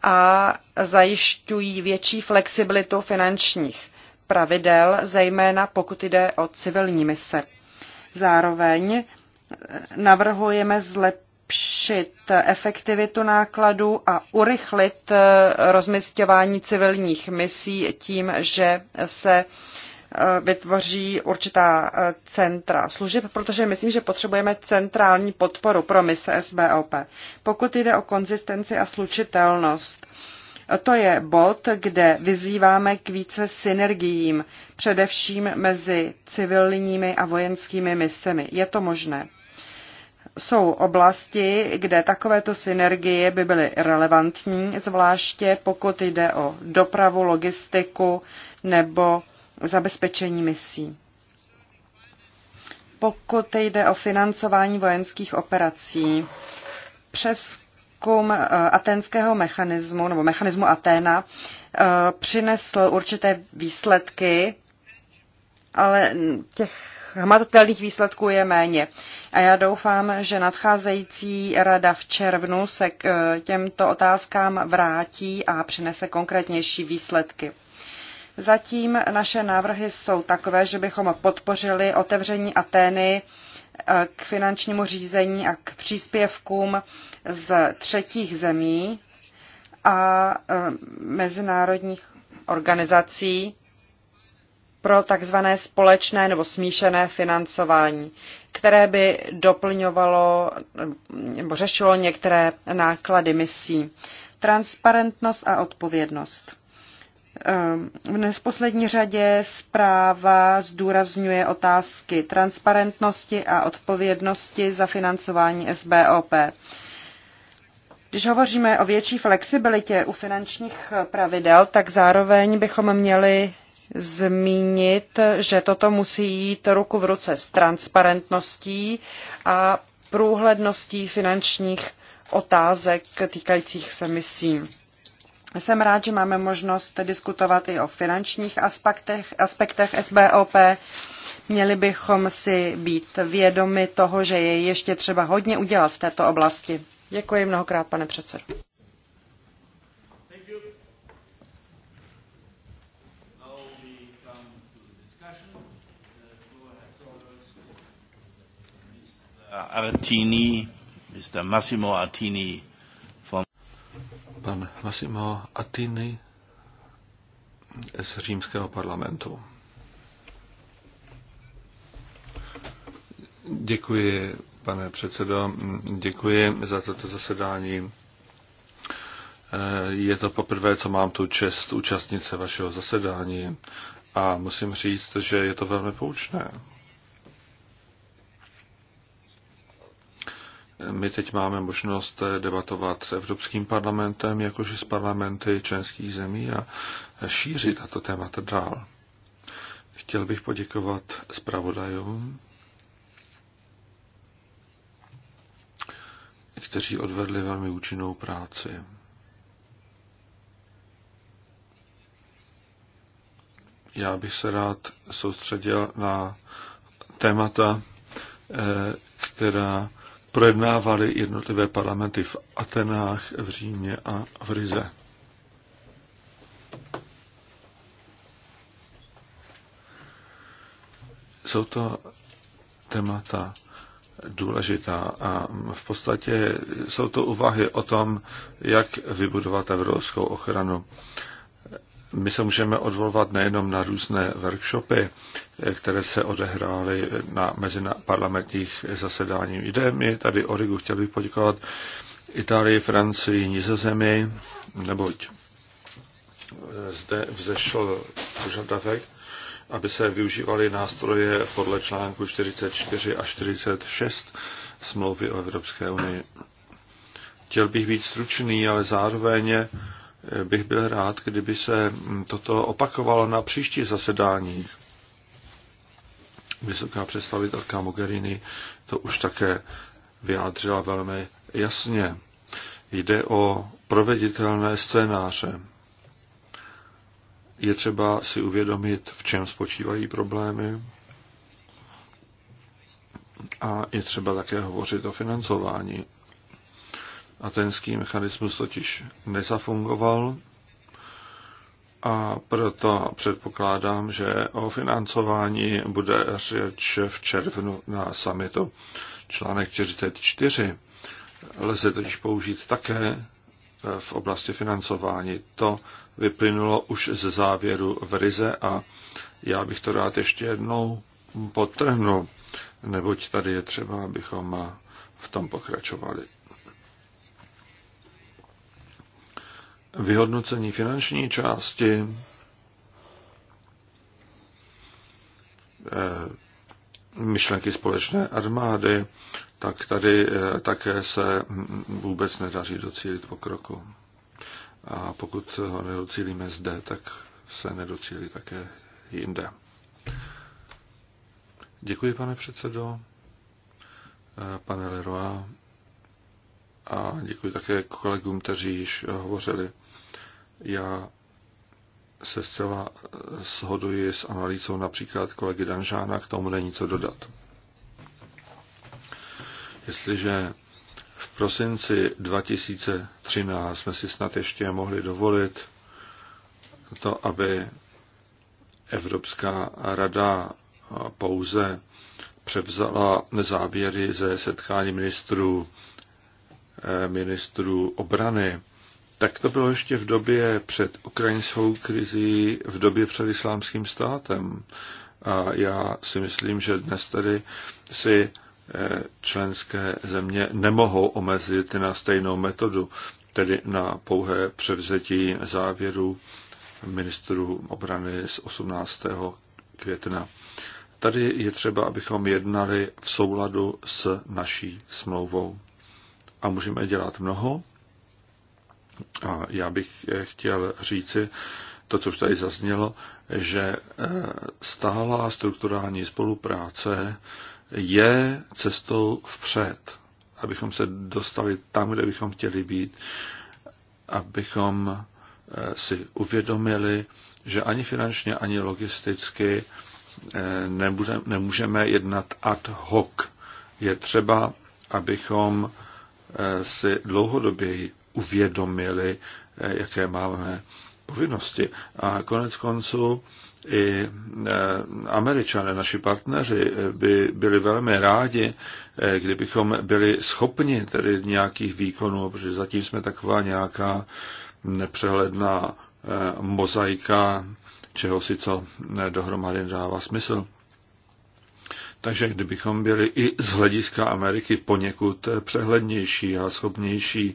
a zajišťují větší flexibilitu finančních pravidel, zejména pokud jde o civilní mise. Zároveň eh, navrhujeme zlepšit efektivitu nákladů a urychlit eh, rozmistěvání civilních misí tím, že se eh, vytvoří určitá centra služeb, protože myslím, že potřebujeme centrální podporu pro mise SBOP. Pokud jde o konzistenci a slučitelnost, to je bod, kde vyzýváme k více synergiím, především mezi civilními a vojenskými misemi. Je to možné. Jsou oblasti, kde takovéto synergie by byly relevantní, zvláště pokud jde o dopravu, logistiku nebo zabezpečení misí. Pokud jde o financování vojenských operací, přes výzkum eh, aténského mechanismu nebo mechanismu Aténa eh, přinesl určité výsledky, ale těch hmatatelných výsledků je méně. A já doufám, že nadcházející rada v červnu se k eh, těmto otázkám vrátí a přinese konkrétnější výsledky. Zatím naše návrhy jsou takové, že bychom podpořili otevření Atény k finančnímu řízení a k příspěvkům z třetích zemí a e, mezinárodních organizací pro takzvané společné nebo smíšené financování, které by doplňovalo nebo řešilo některé náklady misí. Transparentnost a odpovědnost. Ehm, v neposlední řadě zpráva zdůrazňuje otázky transparentnosti a odpovědnosti za financování SBOP. Když hovoříme o větší flexibilitě u finančních pravidel, tak zároveň bychom měli zmínit, že toto musí jít ruku v ruce s transparentností a průhledností finančních otázek týkajících se misí. Jsem rád, že máme možnost diskutovat i o finančních aspektech, aspektech SBOP. Měli bychom si být vědomi toho, že je ještě třeba hodně udělat v této oblasti. Děkuji mnohokrát, pane předsedo. Uh, Artini, Mr. Massimo Artini Pan Massimo Attini z římského parlamentu. Děkuji, pane předsedo, děkuji za toto zasedání. Je to poprvé, co mám tu čest účastnit se vašeho zasedání a musím říct, že je to velmi poučné. My teď máme možnost debatovat s Evropským parlamentem, jakož i s parlamenty členských zemí a šířit tato témata dál. Chtěl bych poděkovat zpravodajům, kteří odvedli velmi účinnou práci. Já bych se rád soustředil na témata, eh, která projednávaly jednotlivé parlamenty v Atenách, v Římě a v Rize. Jsou to témata důležitá a v podstatě jsou to úvahy o tom, jak vybudovat evropskou ochranu. My se můžeme odvolovat nejenom na různé workshopy, které se odehrály na meziparlamentních zasedání. Jde mi tady o Rigu. Chtěl bych poděkovat Itálii, Francii, Nizozemí, neboť e, zde vzešel požadavek, aby se využívaly nástroje podle článku 44 a 46 smlouvy o Evropské unii. Chtěl bych být stručný, ale zároveň bych byl rád, kdyby se toto opakovalo na příští zasedání. Vysoká představitelka Mogherini to už také vyjádřila velmi jasně. Jde o proveditelné scénáře. Je třeba si uvědomit, v čem spočívají problémy a je třeba také hovořit o financování. Atenský mechanismus totiž nezafungoval a proto předpokládám, že o financování bude řeč v červnu na summitu. Článek 44 lze totiž použít také v oblasti financování. To vyplynulo už ze závěru v Rize a já bych to rád ještě jednou potrhnul, neboť tady je třeba, abychom v tom pokračovali. vyhodnocení finanční části eh, myšlenky společné armády, tak tady eh, také se vůbec nedaří docílit pokroku. A pokud ho nedocílíme zde, tak se nedocílí také jinde. Děkuji, pane předsedo. Eh, pane Leroy, a děkuji také kolegům, kteří již hovořili. Já se zcela shoduji s analýzou například kolegy Danžána, k tomu není co dodat. Jestliže v prosinci 2013 jsme si snad ještě mohli dovolit to, aby Evropská rada pouze převzala závěry ze setkání ministrů Eh, ministrů obrany. Tak to bylo ještě v době před ukrajinskou krizí, v době před islámským státem. A já si myslím, že dnes tedy si eh, členské země nemohou omezit na stejnou metodu, tedy na pouhé převzetí závěru ministrů obrany z 18. května. Tady je třeba, abychom jednali v souladu s naší smlouvou a můžeme dělat mnoho. A já bych eh, chtěl říci to, co už tady zaznělo, že eh, stálá strukturální spolupráce je cestou vpřed, abychom se dostali tam, kde bychom chtěli být, abychom eh, si uvědomili, že ani finančně, ani logisticky nemůžeme jednat ad hoc. Je třeba, abychom Eh, si dlouhodoběji uvědomili, eh, jaké máme povinnosti. A konec konců i eh, američané, naši partneři, by byli velmi rádi, kdybychom byli schopni tedy nějakých výkonů, protože zatím jsme taková nějaká nepřehledná mozaika čeho si co dohromady dává smysl. Takže kdybychom byli i z hlediska Ameriky poněkud eh, přehlednější a schopnější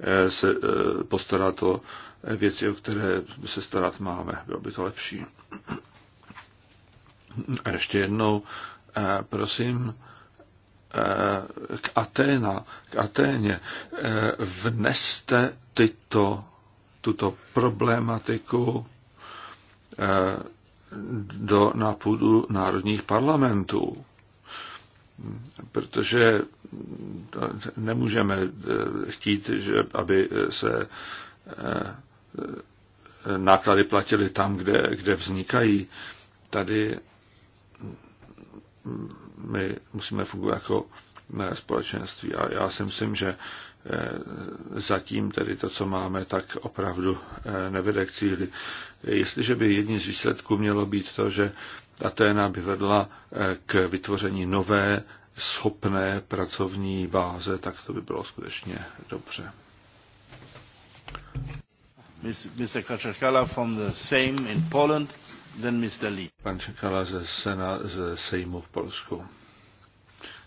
eh, se eh, postarat o věci, o které se starat máme, bylo by to lepší. A ještě jednou, prosím, k Aténa, k Aténě, vneste tyto, tuto problematiku do, na půdu národních parlamentů. Protože nemůžeme eh, chtít, že, aby eh, se eh, náklady platily tam, kde, kde vznikají. Tady my musíme fungovat jako společenství. A já si myslím, že Eh, zatím tedy to, co máme, tak opravdu eh, nevede k cíli. Jestliže by jedním z výsledků mělo být to, že Aténa by vedla eh, k vytvoření nové, schopné pracovní báze, tak to by bylo skutečně dobře. Mr. Kaczakala from the Sejm in Poland, then Mr. Lee. Pan Čekala ze, Sena, ze Sejmu v Polsku.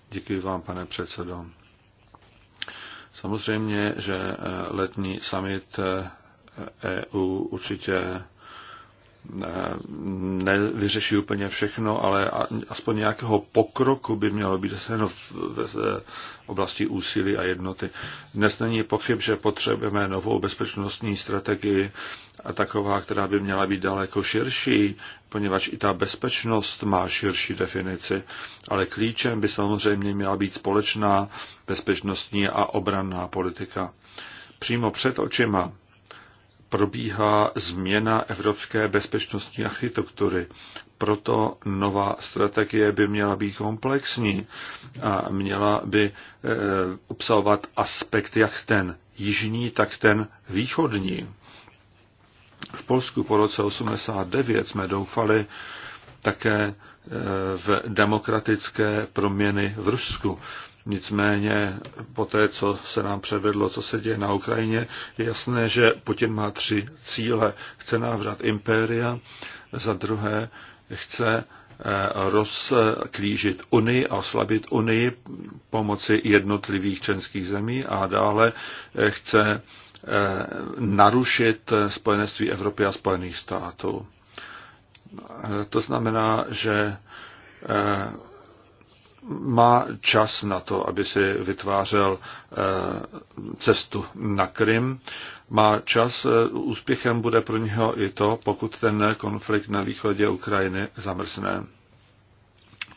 Děkuji vám, pane předsedo. Samozřejmě, že eh, letní summit EU eh, e určitě nevyřeší úplně všechno, ale aspoň nějakého pokroku by mělo být v, v oblasti úsilí a jednoty. Dnes není pochyb, že potřebujeme novou bezpečnostní strategii a taková, která by měla být daleko širší, poněvadž i ta bezpečnost má širší definici, ale klíčem by samozřejmě měla být společná bezpečnostní a obranná politika. Přímo před očima probíhá změna evropské bezpečnostní architektury. Proto nová strategie by měla být komplexní a měla by eh, obsahovat aspekt jak ten jižní, tak ten východní. V Polsku po roce 89 jsme doufali také eh, v demokratické proměny v Rusku. Nicméně po té, co se nám předvedlo, co se děje na Ukrajině, je jasné, že Putin má tři cíle. Chce návrat impéria, za druhé chce eh, rozklížit Unii a oslabit Unii pomoci jednotlivých členských zemí a dále eh, chce eh, narušit spojenectví Evropy a Spojených států. To znamená, že má čas na to, aby si vytvářel eh, cestu na Krym. Má čas, eh, úspěchem bude pro něho i to, pokud ten konflikt na východě Ukrajiny zamrzne.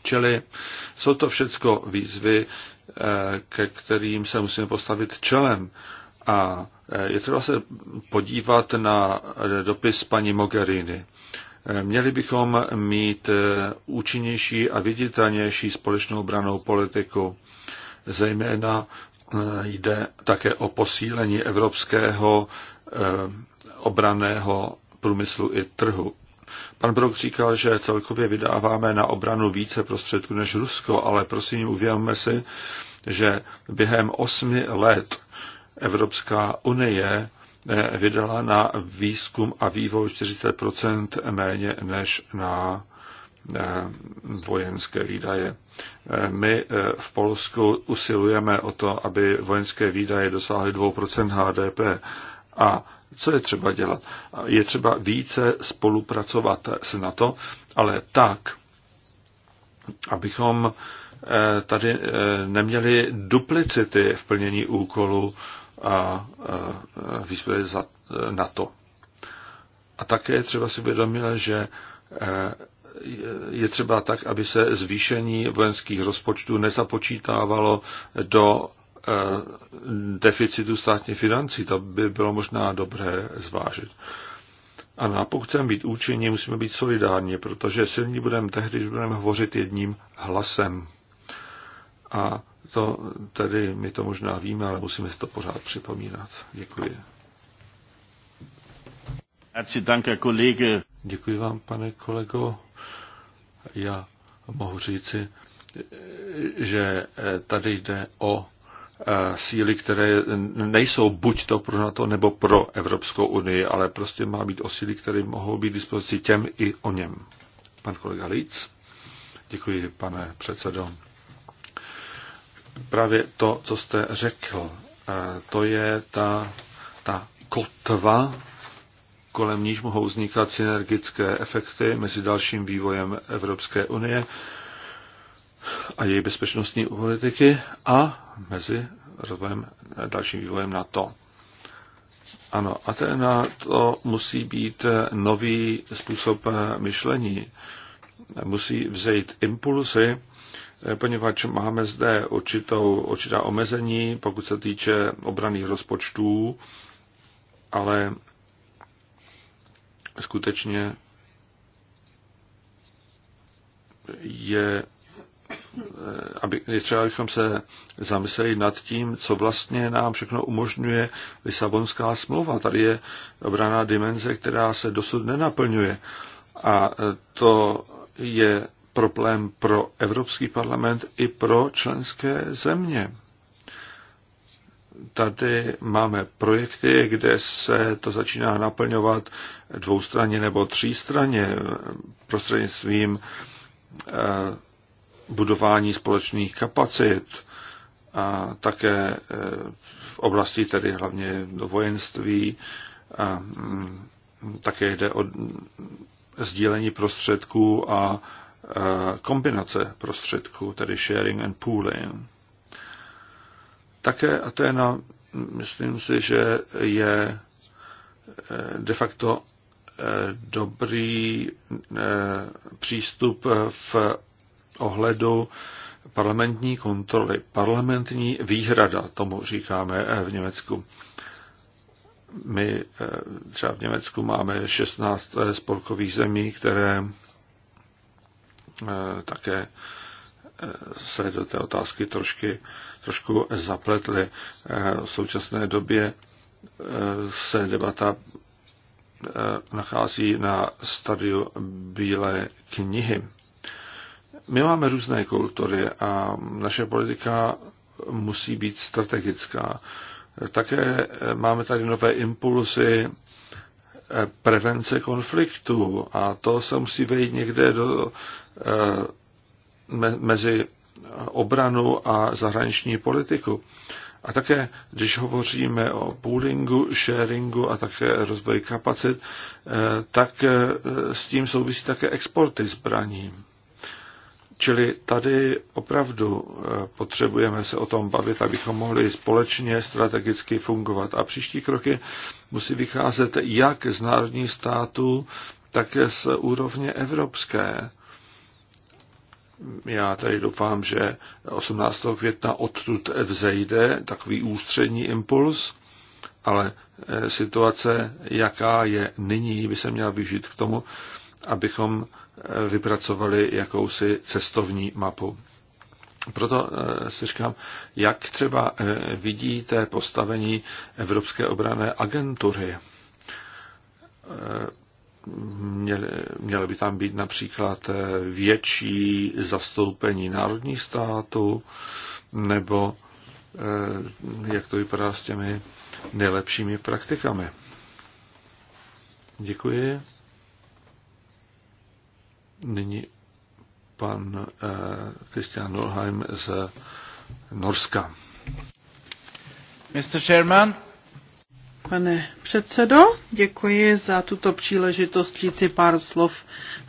Čili jsou to všechno výzvy, eh, ke kterým se musíme postavit čelem. A je třeba se podívat na dopis paní Mogherini. Měli bychom mít eh, účinnější a viditelnější společnou branou politiku. Zejména eh, jde také o posílení evropského eh, obraného průmyslu i trhu. Pan Brok říkal, že celkově vydáváme na obranu více prostředků než Rusko, ale prosím uvědomme si, že během osmi let Evropská unie vydala na výzkum a vývoj 40 méně než na eh, vojenské výdaje. Eh, my eh, v Polsku usilujeme o to, aby vojenské výdaje dosáhly 2 HDP. A co je třeba dělat? Je třeba více spolupracovat s NATO, ale tak, abychom tady neměli duplicity v plnění úkolu a výzvy na to. A také je třeba si uvědomit, že e, je třeba tak, aby se zvýšení vojenských rozpočtů nezapočítávalo do e, deficitu státních financí. To by bylo možná dobré zvážit. A pokud chceme být účinní, musíme být solidární, protože silní budeme tehdy, když budeme hovořit jedním hlasem. A to tedy my to možná víme, ale musíme si to pořád připomínat. Děkuji. Děkuji vám, pane kolego. Já mohu říci, že tady jde o eh, síly, které nejsou buď to pro NATO nebo pro Evropskou unii, ale prostě má být o síly, které mohou být dispozici těm i o něm. Pan kolega Líc. Děkuji, pane předsedo právě to, co jste řekl. E, to je ta, ta kotva, kolem níž mohou vznikat synergické efekty mezi dalším vývojem Evropské unie a její bezpečnostní politiky a mezi rozvojem, dalším vývojem NATO. Ano, a na to musí být nový způsob e, myšlení. Musí vzejít impulzy Eh, poněvadž máme zde určitou, určitá omezení, pokud se týče obraných rozpočtů, ale skutečně je, eh, aby, je třeba, abychom se zamysleli nad tím, co vlastně nám všechno umožňuje Lisabonská smlouva. Tady je obraná dimenze, která se dosud nenaplňuje. A eh, to je problém pro Evropský parlament i pro členské země. Tady máme projekty, kde se to začíná naplňovat dvoustranně nebo třístranně prostřednictvím eh, budování společných kapacit a také eh, v oblasti tedy hlavně vojenství a mm, také jde o sdílení prostředků a Eh, kombinace prostředků, tedy sharing and pooling. Také Atena, myslím si, že je eh, de facto eh, dobrý přístup v ohledu parlamentní kontroly, parlamentní výhrada, tomu říkáme v Německu. My třeba v Německu máme 16 spolkových zemí, které Eh, také eh, se do té otázky trošky, trošku zapletli. Eh, v současné době se debata nachází na stadiu Bílé knihy. My máme různé kultury a naše politika musí být strategická. Také máme tady nové impulzy prevence konfliktů a to se musí vejít někde do Eh, mezi obranu a zahraniční politiku. A také, když hovoříme o poolingu, sharingu a také rozvoji kapacit, eh, tak eh, s tím souvisí také exporty zbraní. Čili tady opravdu potřebujeme se o tom bavit, abychom mohli společně strategicky fungovat. A příští kroky musí vycházet jak z národních států, tak z úrovně evropské. Já tady doufám, že 18. května odtud vzejde takový ústřední impuls, ale e, situace, jaká je nyní, by se měla vyžít k tomu, abychom e, vypracovali jakousi cestovní mapu. Proto e, si říkám, jak třeba vidíte postavení Evropské obrané agentury měly, měly by tam být například eh, větší zastoupení národních států, nebo eh, jak to vypadá s těmi nejlepšími praktikami. Děkuji. Nyní pan Kristian eh, Norheim z Norska. Mr. Chairman, pane předsedo. Děkuji za tuto příležitost říci pár slov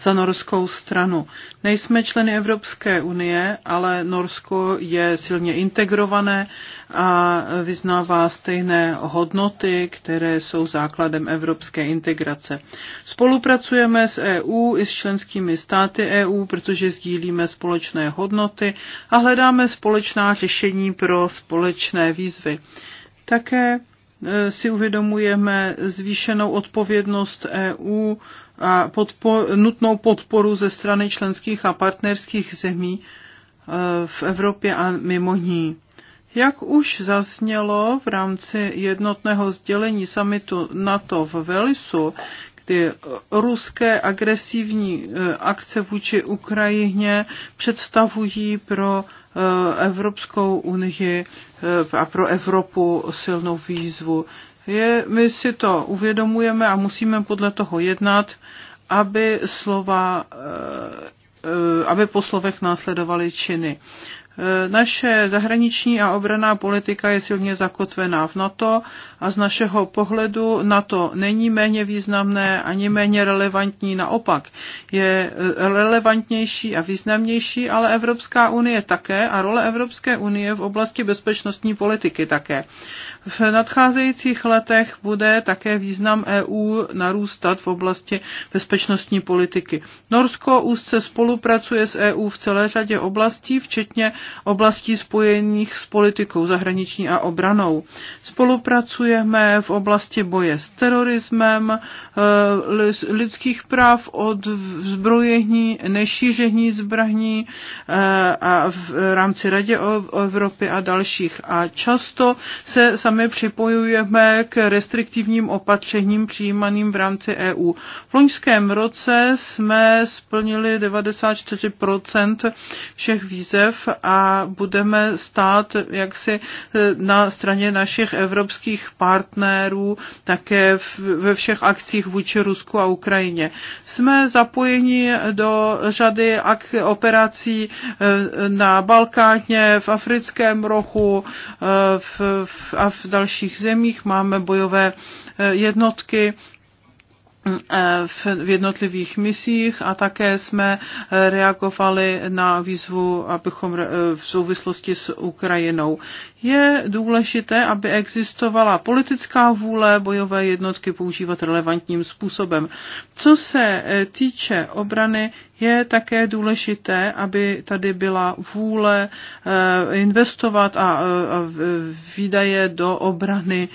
za norskou stranu. Nejsme členy Evropské unie, ale Norsko je silně integrované a vyznává stejné hodnoty, které jsou základem evropské integrace. Spolupracujeme s EU i s členskými státy EU, protože sdílíme společné hodnoty a hledáme společná řešení pro společné výzvy. Také Eh, si uvědomujeme zvýšenou odpovědnost EU a podpo, nutnou podporu ze strany členských a partnerských zemí eh, v Evropě a mimo ní. Jak už zaznělo v rámci jednotného sdělení samitu NATO v Velisu, kdy ruské agresivní eh, akce vůči Ukrajině představují pro Eh, Evropskou unii eh, a pro Evropu silnou výzvu. Je, my si to uvědomujeme a musíme podle toho jednat, aby slova eh, aby po slovech následovaly činy. Naše zahraniční a obraná politika je silně zakotvená v NATO a z našeho pohledu NATO není méně významné ani méně relevantní, naopak je eh, relevantnější a významnější, ale Evropská unie také a role Evropské unie v oblasti bezpečnostní politiky také. V nadcházejících letech bude také význam EU narůstat v oblasti bezpečnostní politiky. Norsko úzce spolupracuje s EU v celé řadě oblastí, včetně oblastí spojených s politikou zahraniční a obranou. Spolupracujeme v oblasti boje s terorismem, eh, lidských práv od zbrojení, nešíření zbraní eh, a v rámci Radě Evropy a dalších. A často se sami připojujeme k restriktivním opatřením přijímaným v rámci EU. V loňském roce jsme splnili 94% všech výzev a budeme stát jaksi eh, na straně našich evropských partnerů také ve všech akcích vůči Rusku a Ukrajině. Jsme zapojeni do řady ak- operací eh, na Balkáně, v africkém rohu eh, v, v, a v dalších zemích. Máme bojové jednotky Eh, v jednotlivých misích a také jsme eh, reagovali na výzvu, abychom eh, v souvislosti s Ukrajinou je důležité, aby existovala politická vůle bojové jednotky používat relevantním způsobem. Co se e, týče obrany, je také důležité, aby tady byla vůle e, investovat a e, výdaje do obrany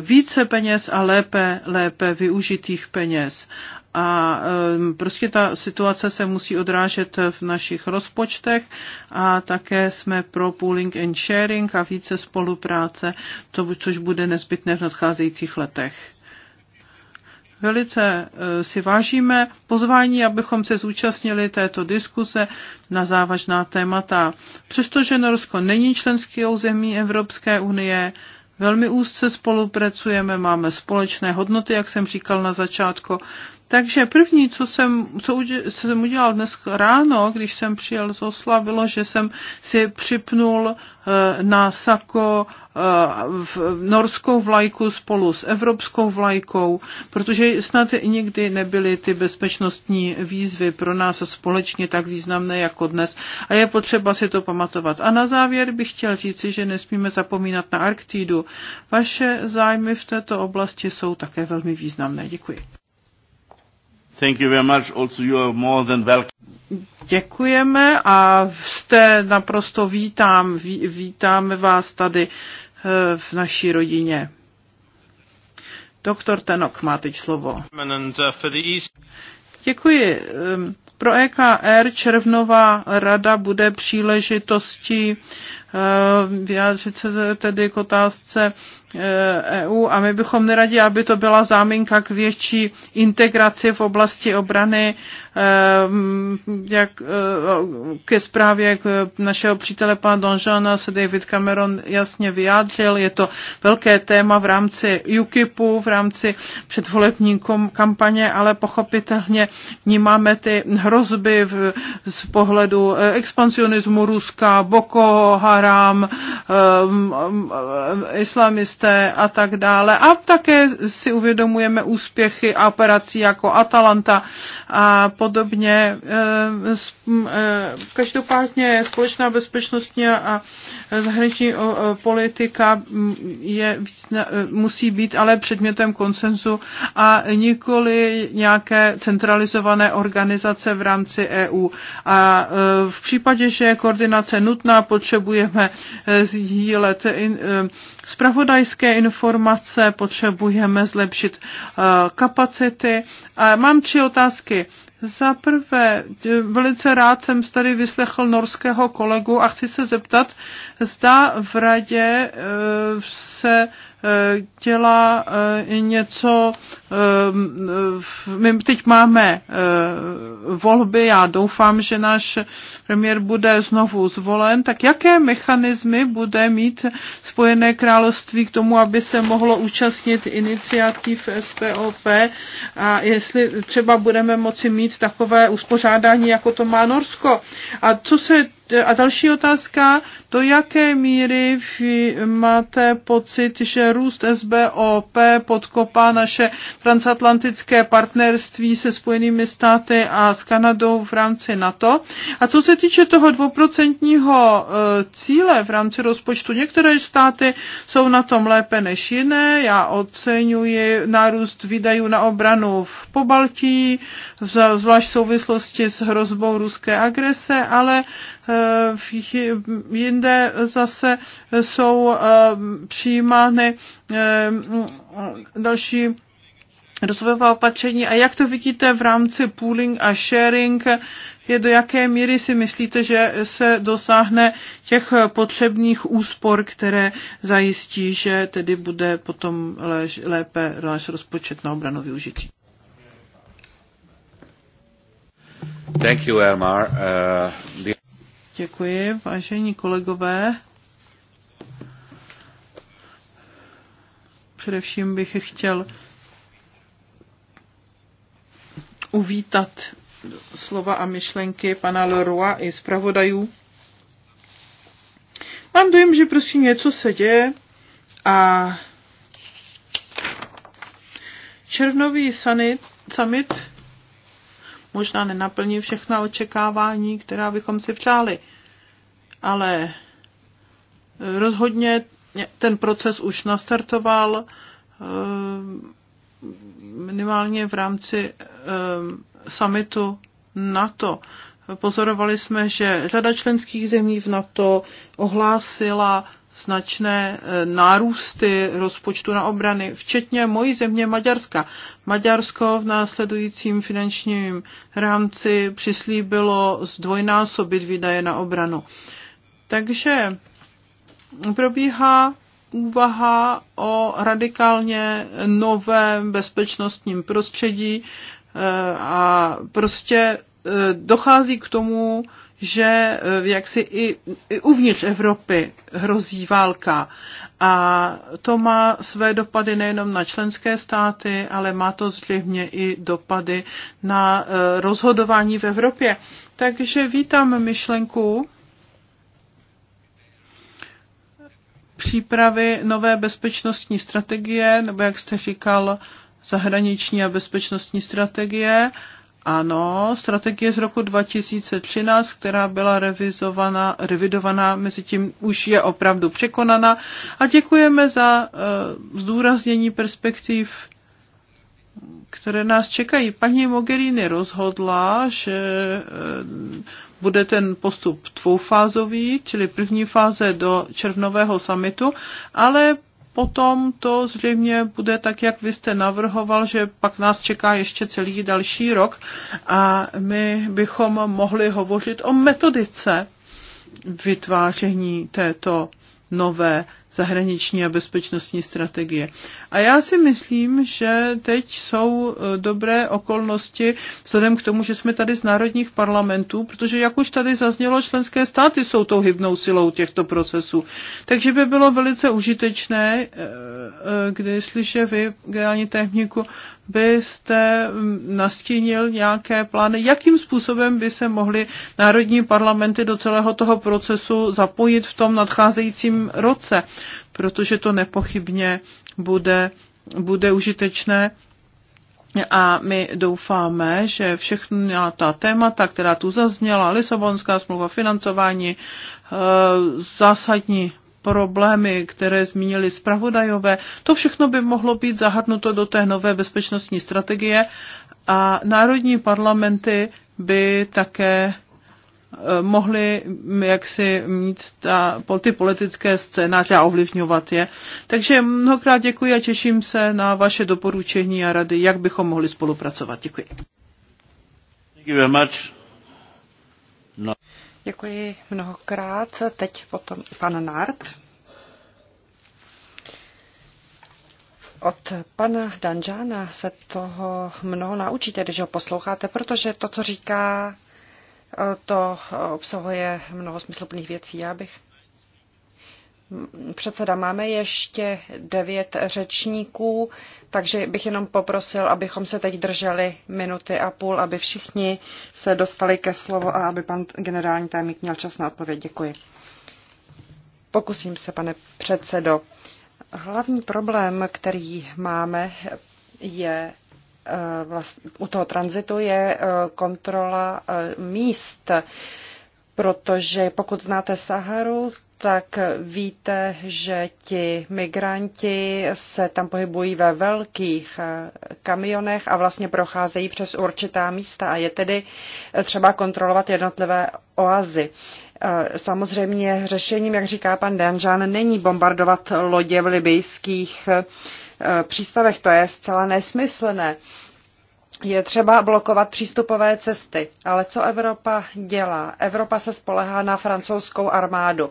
více peněz a lépe, lépe využitých peněz a prostě ta situace se musí odrážet v našich rozpočtech a také jsme pro pooling and sharing a více spolupráce, to, což bude nezbytné v nadcházejících letech. Velice eh, si vážíme pozvání, abychom se zúčastnili této diskuse na závažná témata. Přestože Norsko není členskou zemí Evropské unie, Velmi úzce spolupracujeme, máme společné hodnoty, jak jsem říkal na začátku, takže první, co jsem, co uděl, jsem udělal dnes ráno, když jsem přijel z Osla, bylo, že jsem si připnul eh, na sako eh, v norskou vlajku spolu s evropskou vlajkou, protože snad nikdy nebyly ty bezpečnostní výzvy pro nás společně tak významné jako dnes a je potřeba si to pamatovat. A na závěr bych chtěl říci, že nesmíme zapomínat na Arktídu. Vaše zájmy v této oblasti jsou také velmi významné. Děkuji. Thank you very much. Also you are more than welcome. Děkujeme a jste naprosto vítám, ví, vítáme vás tady eh, v naší rodině. Doktor Tenok má teď slovo. Uh, Děkuji. Ehm, pro EKR červnová rada bude příležitostí Eh, vyjádřit se tedy k otázce EU eh, e a my bychom neradi, aby to byla záminka k větší integraci v oblasti obrany eh, jak ke zprávě k našeho přítele pana Donžana se David Cameron jasně vyjádřil. Je to velké téma v rámci UKIPu, v rámci předvolební kampaně, ale pochopitelně vnímáme ty hrozby v, z pohledu expansionismu Ruska, Boko Haram, Haram, um, um, islamisté a tak dále. A také si uvědomujeme úspěchy a operací jako Atalanta a podobně. Eh, eh, každopádně společná bezpečnostní a zahraniční politika je, eh, musí být ale předmětem konsenzu a nikoli nějaké centralizované organizace v rámci EU. A v případě, že je koordinace nutná, potřebuje potřebujeme eh, sdílet eh, eh, spravodajské informace, potřebujeme zlepšit kapacity. A mám tři otázky. Za prvé, velice rád jsem tady vyslechl norského kolegu a chci se zeptat, zda v radě se dělá něco Ehm, my teď máme eh, volby, já doufám, že náš premiér bude znovu zvolen, tak jaké mechanismy bude mít Spojené království k tomu, aby se mohlo účastnit iniciativ SPOP a jestli třeba budeme moci mít takové uspořádání, jako to má Norsko. A co se a další otázka, do jaké míry vy máte pocit, že růst SBOP podkopá naše transatlantické partnerství se Spojenými státy a s Kanadou v rámci NATO. A co se týče toho dvouprocentního e, cíle v rámci rozpočtu, některé státy jsou na tom lépe než jiné. Já oceňuji nárůst výdajů na obranu v Pobaltí, zvlášť v souvislosti s hrozbou ruské agrese, ale e, jinde zase jsou e, přijímány další rozvojová opatření a jak to vidíte v rámci pooling a sharing, je do jaké míry si myslíte, že se dosáhne těch potřebných úspor, které zajistí, že tedy bude potom lež, lépe náš rozpočet na obranu využití. Thank you, Elmar. Uh, the... Děkuji, vážení kolegové. Především bych chtěl uvítat slova a myšlenky pana Leroy i zpravodajů. Mám dojem, že prostě něco se děje a červnový sanit, summit možná nenaplní všechna očekávání, která bychom si přáli, ale rozhodně ten proces už nastartoval minimálně v rámci ehm, summitu NATO. Pozorovali jsme, že řada členských zemí v NATO ohlásila značné eh, nárůsty rozpočtu na obrany, včetně mojí země Maďarska. Maďarsko v následujícím finančním rámci přislíbilo zdvojnásobit výdaje na obranu. Takže probíhá úvaha o radikálně novém bezpečnostním prostředí eh, a prostě eh, dochází k tomu, že eh, jak si i, i uvnitř Evropy hrozí válka. A to má své dopady nejenom na členské státy, ale má to zřejmě i dopady na rozhodování v Evropě. Takže vítám myšlenku, přípravy nové bezpečnostní strategie, nebo jak jste říkal, zahraniční a bezpečnostní strategie. Ano, strategie z roku 2013, která byla revizovaná, revidovaná, mezi tím už je opravdu překonaná. A děkujeme za uh, zdůraznění perspektiv, které nás čekají. Paní Mogherini rozhodla, že uh, bude ten postup dvoufázový, čili první fáze do červnového samitu, ale potom to zřejmě bude tak, jak vy jste navrhoval, že pak nás čeká ještě celý další rok a my bychom mohli hovořit o metodice vytváření této nové zahraniční a bezpečnostní strategie. A já si myslím, že teď jsou e, dobré okolnosti vzhledem k tomu, že jsme tady z národních parlamentů, protože jak už tady zaznělo, členské státy jsou tou hybnou silou těchto procesů. Takže by bylo velice užitečné, e, e, když že vy, generální techniku, byste mm, nastínil nějaké plány, jakým způsobem by se mohly národní parlamenty do celého toho procesu zapojit v tom nadcházejícím roce, protože to nepochybně bude, bude užitečné. A my doufáme, že všechna ta témata, která tu zazněla, Lisabonská smlouva, financování, eh, zásadní problémy, které zmínili zpravodajové, to všechno by mohlo být zahrnuto do té nové bezpečnostní strategie a národní parlamenty by také eh, mohli mm, jaksi mít ta, ty politické scénáře a ovlivňovat je. Takže mnohokrát děkuji a těším se na vaše doporučení a rady, jak bychom mohli spolupracovat. Děkuji. Thank you very much. No. Děkuji mnohokrát. Teď potom pan Nart. Od pana Danžána se toho mnoho naučíte, když ho posloucháte, protože to, co říká, to obsahuje mnoho smysluplných věcí. Já bych předseda, máme ještě devět řečníků, takže bych jenom poprosil, abychom se teď drželi minuty a půl, aby všichni se dostali ke slovu a aby pan generální tajemník měl čas na odpověď. Děkuji. Pokusím se, pane předsedo. Hlavní problém, který máme, je vlastně, u toho tranzitu je eh, kontrola eh, míst, protože pokud znáte Saharu, tak víte, že ti migranti se tam pohybují ve velkých eh, kamionech a vlastně procházejí přes určitá místa a je tedy eh, třeba kontrolovat jednotlivé oazy. Eh, samozřejmě řešením, jak říká pan Danžan, není bombardovat lodě v libijských přístavech, to je zcela nesmyslné. Je třeba blokovat přístupové cesty. Ale co Evropa dělá? Evropa se spolehá na francouzskou armádu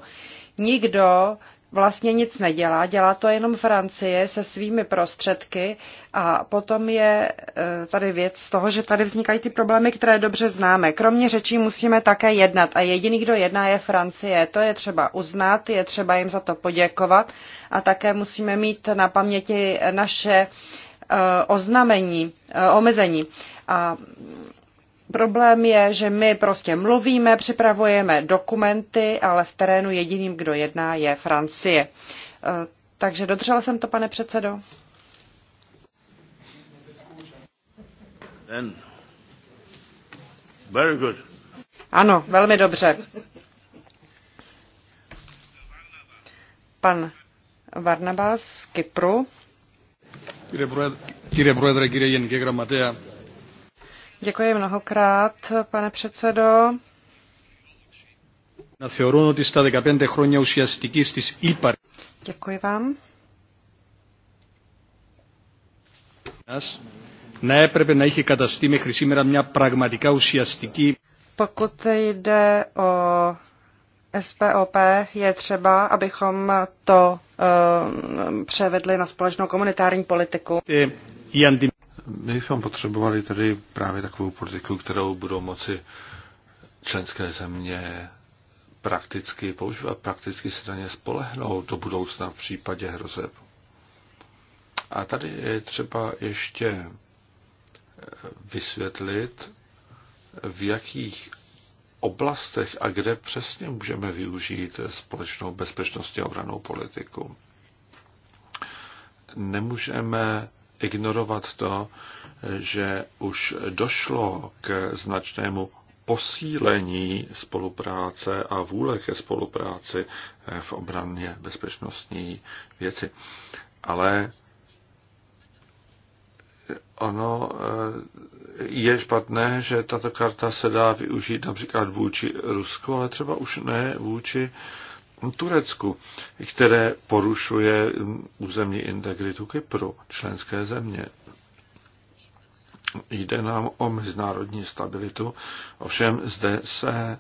nikdo vlastně nic nedělá, dělá to jenom Francie se svými prostředky a potom je eh, tady věc z toho, že tady vznikají ty problémy, které dobře známe. Kromě řečí musíme také jednat a jediný, kdo jedná, je Francie. To je třeba uznat, je třeba jim za to poděkovat a také musíme mít na paměti naše eh, oznamení, eh, omezení. A Problém je, že my prostě mluvíme, připravujeme dokumenty, ale v terénu jediným, kdo jedná, je Francie. E, takže dodržel jsem to, pane předsedo. Then. Very good. Ano, velmi dobře. Pan Varnabas z Kypru. Kýre Proedre, kýre Proedre, Jenke Gramatea, Děkuji mnohokrát, pane předsedo. Να θεωρούν ότι στα 15 χρόνια ουσιαστικής της ύπαρ... Děkuji vám. Να έπρεπε να είχε καταστεί μέχρι σήμερα μια Pokud jde o SPOP je třeba, abychom to uh, převedli na společnou komunitární politiku. My bychom potřebovali tedy právě takovou politiku, kterou budou moci členské země prakticky používat, prakticky se na ně spolehnout do budoucna v případě hrozeb. A tady je třeba ještě eh, vysvětlit, v jakých oblastech a kde přesně můžeme využít společnou bezpečnostní a obranou politiku. Nemůžeme ignorovat to, že už došlo k značnému posílení spolupráce a vůle ke spolupráci eh, v obraně bezpečnostní věci. Ale eh, ono eh, je špatné, že tato karta se dá využít například vůči Rusku, ale třeba už ne vůči Turecku, které porušuje mm, územní integritu Kypru, členské země. Jde nám o mezinárodní stabilitu, ovšem zde se e,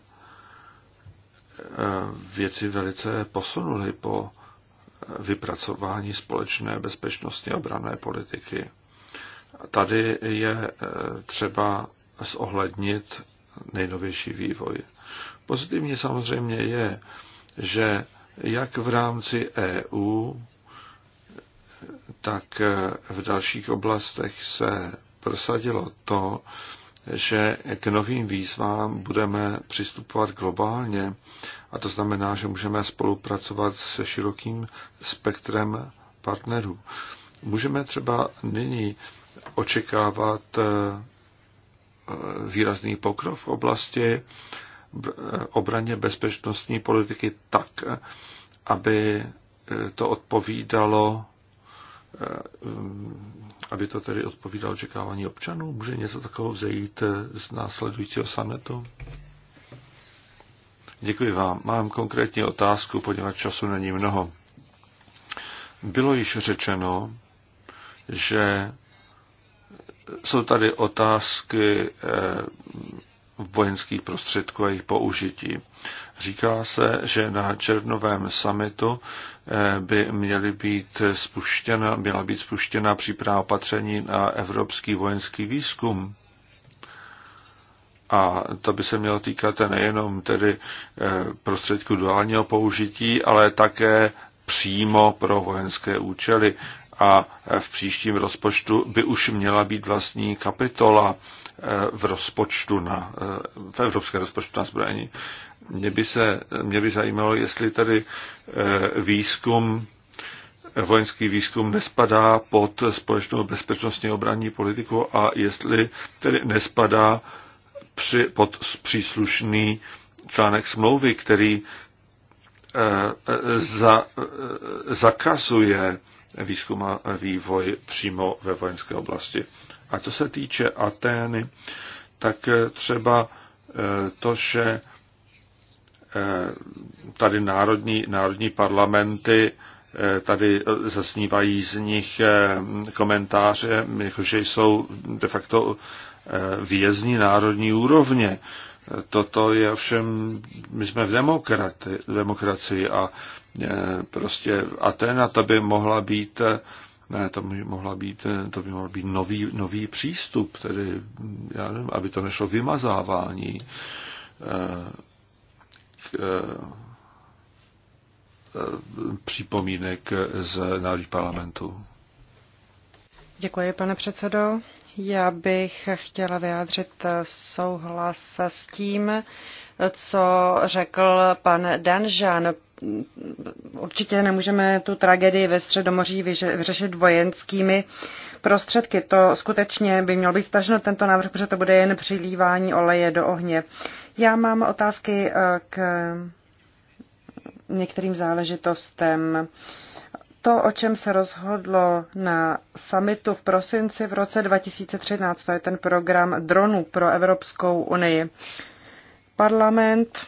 věci velice posunuly po vypracování společné bezpečnostní obrané politiky. Tady je e, třeba zohlednit nejnovější vývoj. Pozitivní samozřejmě je, že jak v rámci EU, tak v dalších oblastech se prosadilo to, že k novým výzvám budeme přistupovat globálně a to znamená, že můžeme spolupracovat se širokým spektrem partnerů. Můžeme třeba nyní očekávat eh, výrazný pokrok v oblasti obraně bezpečnostní politiky tak, aby eh, to odpovídalo eh, aby to tedy odpovídalo očekávání občanů? Může něco takového vzejít eh, z následujícího sametu? Děkuji vám. Mám konkrétní otázku, poněvadž času není mnoho. Bylo již řečeno, že jsou tady otázky vojenských prostředků a jejich použití. Říká se, že na červnovém summitu eh, by měly být spuštěna, měla být spuštěna příprava opatření na evropský vojenský výzkum. A to by se mělo týkat nejenom tedy eh, prostředku duálního použití, ale také přímo pro vojenské účely a v příštím rozpočtu by už měla být vlastní kapitola eh, v rozpočtu na, eh, v evropské rozpočtu na zbraní. Mě by, se, mě by zajímalo, jestli tady eh, výzkum, vojenský výzkum nespadá pod společnou bezpečnostní obranní politiku a jestli tedy nespadá při, pod příslušný článek smlouvy, který za, zakazuje výzkum a vývoj přímo ve vojenské oblasti. A co se týče Atény, tak eh, třeba eh, to, že eh, tady národní, národní parlamenty tady zasnívají z nich komentáře, jako že jsou de facto výjezdní národní úrovně. Toto je ovšem, my jsme v demokrati, demokracii a e, prostě Atena e, to by mohla být ne, to by mohla být, to by mohla být nový, nový přístup, tedy, já nevím, aby to nešlo vymazávání e, k, připomínek z národních parlamentů. Děkuji, pane předsedo. Já bych chtěla vyjádřit souhlas s tím, co řekl pan Danžan. Určitě nemůžeme tu tragédii ve Středomoří vyřešit vojenskými prostředky. To skutečně by mělo být stažno tento návrh, protože to bude jen přilívání oleje do ohně. Já mám otázky eh, k některým záležitostem. Uh, to, o čem se rozhodlo na summitu v prosinci v roce 2013, to je ten program dronů pro Evropskou unii. Parlament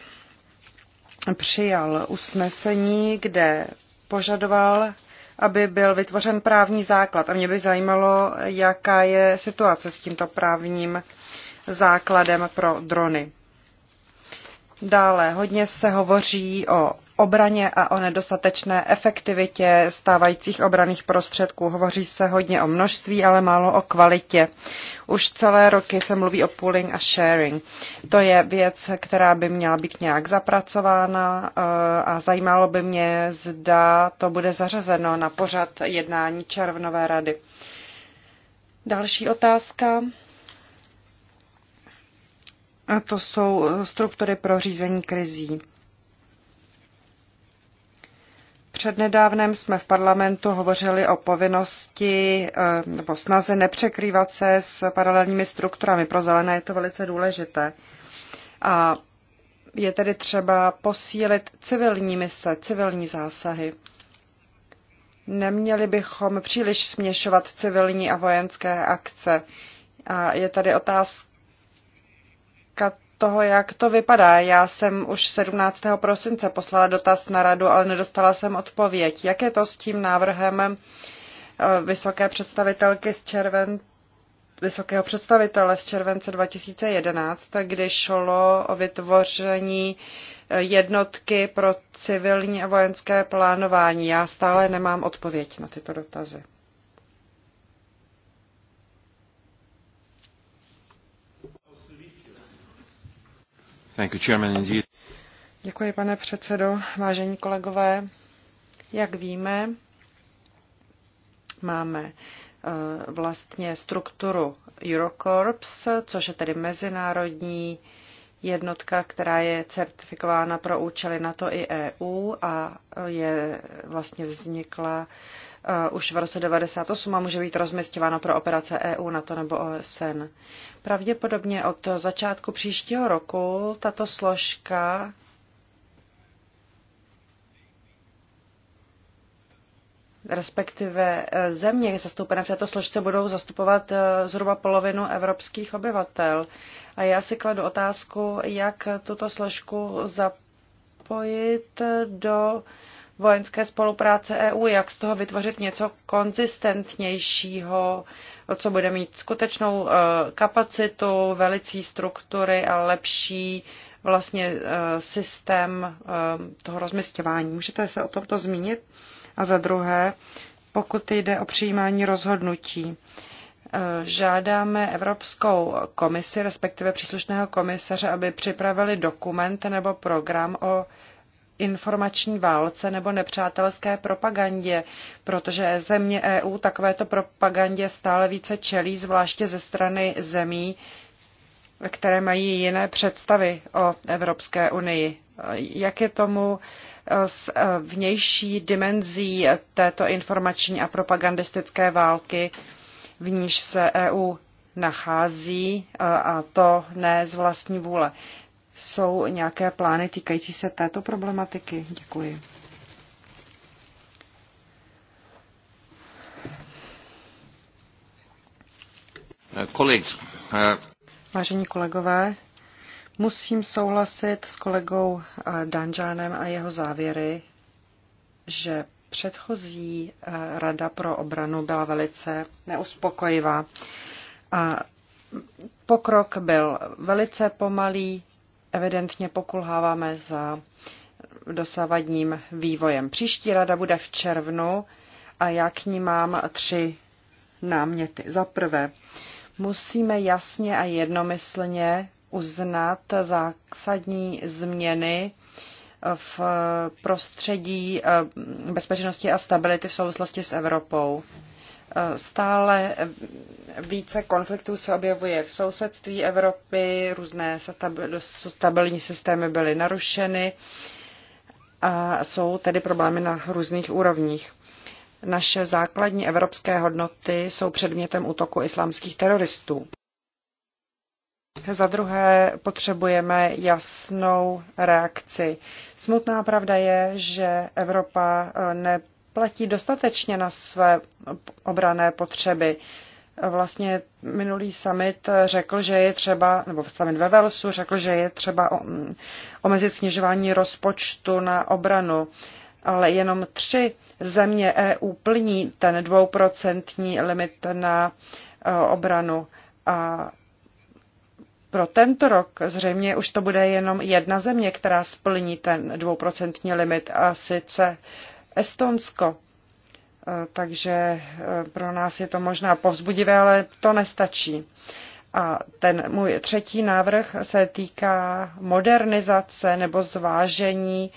přijal usnesení, kde požadoval, aby byl vytvořen právní základ. A mě by zajímalo, jaká je situace s tímto právním základem pro drony. Dále hodně se hovoří o obraně a o nedostatečné efektivitě stávajících obraných prostředků. Hovoří se hodně o množství, ale málo o kvalitě. Už celé roky se mluví o pooling a sharing. To je věc, která by měla být nějak zapracována eh, a zajímalo by mě, zda to bude zařazeno na pořad jednání červnové rady. Další otázka. A to jsou struktury pro řízení krizí. Přednedávnem jsme v parlamentu hovořili o povinnosti eh, nebo snaze nepřekrývat se s paralelními strukturami. Pro zelené je to velice důležité. A je tedy třeba posílit civilní mise, civilní zásahy. Neměli bychom příliš směšovat civilní a vojenské akce. A je tady otázka, toho, jak to vypadá. Já jsem už 17. prosince poslala dotaz na radu, ale nedostala jsem odpověď. Jak je to s tím návrhem eh, vysoké představitelky z červen, vysokého představitele z července 2011, kdy šlo o vytvoření eh, jednotky pro civilní a vojenské plánování. Já stále nemám odpověď na tyto dotazy. Děkuji, pane předsedo. Vážení kolegové, jak víme, máme eh, vlastně strukturu Eurocorps, což je tedy mezinárodní jednotka, která je certifikována pro účely NATO i EU a eh, je vlastně vznikla Uh, už v roce 1998 a může být rozměstňováno pro operace EU, NATO nebo OSN. Pravděpodobně od začátku příštího roku tato složka respektive eh, země zastoupené v této složce budou zastupovat eh, zhruba polovinu evropských obyvatel. A já si kladu otázku, jak tuto složku zapojit do uh, vojenské spolupráce EU, jak z toho vytvořit něco konzistentnějšího, co bude mít skutečnou e, kapacitu, velicí struktury a lepší vlastně e, systém e, toho rozměstňování. Můžete se o tomto zmínit? A za druhé, pokud jde o přijímání rozhodnutí, žádáme Evropskou komisi, respektive příslušného komisaře, aby připravili dokument nebo program o informační válce nebo nepřátelské propagandě, protože země EU takovéto propagandě stále více čelí, zvláště ze strany zemí, které mají jiné představy o Evropské unii. Jak je tomu eh, s eh, vnější dimenzí této informační a propagandistické války, v níž se EU nachází, eh, a to ne z vlastní vůle jsou nějaké plány týkající se této problematiky? Děkuji. Kolegs. Uh, Vážení kolegové, musím souhlasit s kolegou uh, Danžánem a jeho závěry, že předchozí uh, rada pro obranu byla velice neuspokojivá. A pokrok byl velice pomalý, evidentně pokulháváme za dosavadním vývojem. Příští rada bude v červnu a já k ní mám tři náměty. Za prvé, musíme jasně a jednomyslně uznat zásadní změny v prostředí eh, bezpečnosti a stability v souvislosti s Evropou. Stále více konfliktů se objevuje v sousedství Evropy, různé stabilní systémy byly narušeny a jsou tedy problémy na různých úrovních. Naše základní evropské hodnoty jsou předmětem útoku islámských teroristů. Za druhé potřebujeme jasnou reakci. Smutná pravda je, že Evropa eh, ne platí dostatečně na své obrané potřeby. Vlastně minulý summit řekl, že je třeba, nebo summit ve Velsu řekl, že je třeba omezit snižování rozpočtu na obranu ale jenom tři země EU plní ten dvouprocentní limit na e, obranu. A pro tento rok zřejmě už to bude jenom jedna země, která splní ten dvouprocentní limit a sice Estonsko. E, takže e, pro nás je to možná povzbudivé, ale to nestačí. A ten můj třetí návrh se týká modernizace nebo zvážení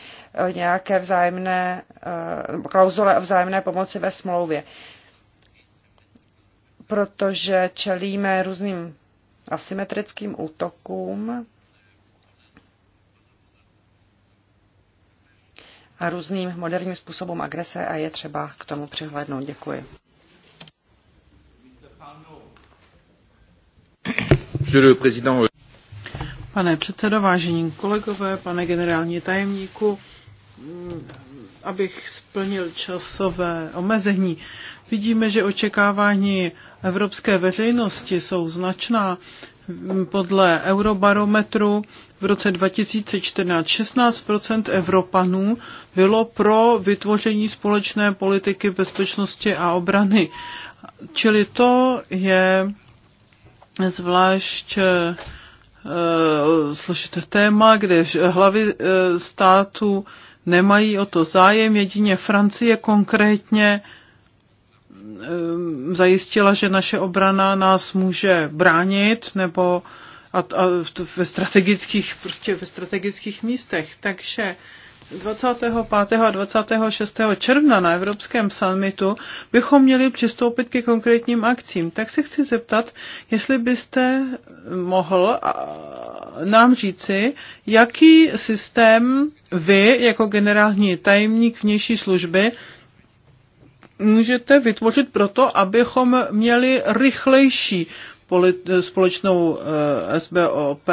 e, nějaké vzájemné klauzule o vzájemné pomoci ve smlouvě. Protože čelíme různým asymetrickým útokům a různým moderním způsobům agrese a je třeba k tomu přihlédnout. Děkuji. Pane předsedo, vážení kolegové, pane generální tajemníku, abych splnil časové omezení. Vidíme, že očekávání evropské veřejnosti jsou značná. Podle eurobarometru v roce 2014 16 Evropanů bylo pro vytvoření společné politiky bezpečnosti a obrany. Čili to je zvlášť e, složité téma, kde hlavy eh, států nemají o to zájem. Jedině Francie konkrétně eh, zajistila, že naše obrana nás může bránit nebo a, a ve strategických, prostě ve strategických místech. Takže 25. a 26. června na Evropském summitu bychom měli přistoupit ke konkrétním akcím. Tak se chci zeptat, jestli byste mohl nám říci, jaký systém vy jako generální tajemník vnější služby můžete vytvořit proto, abychom měli rychlejší společnou eh, SBOP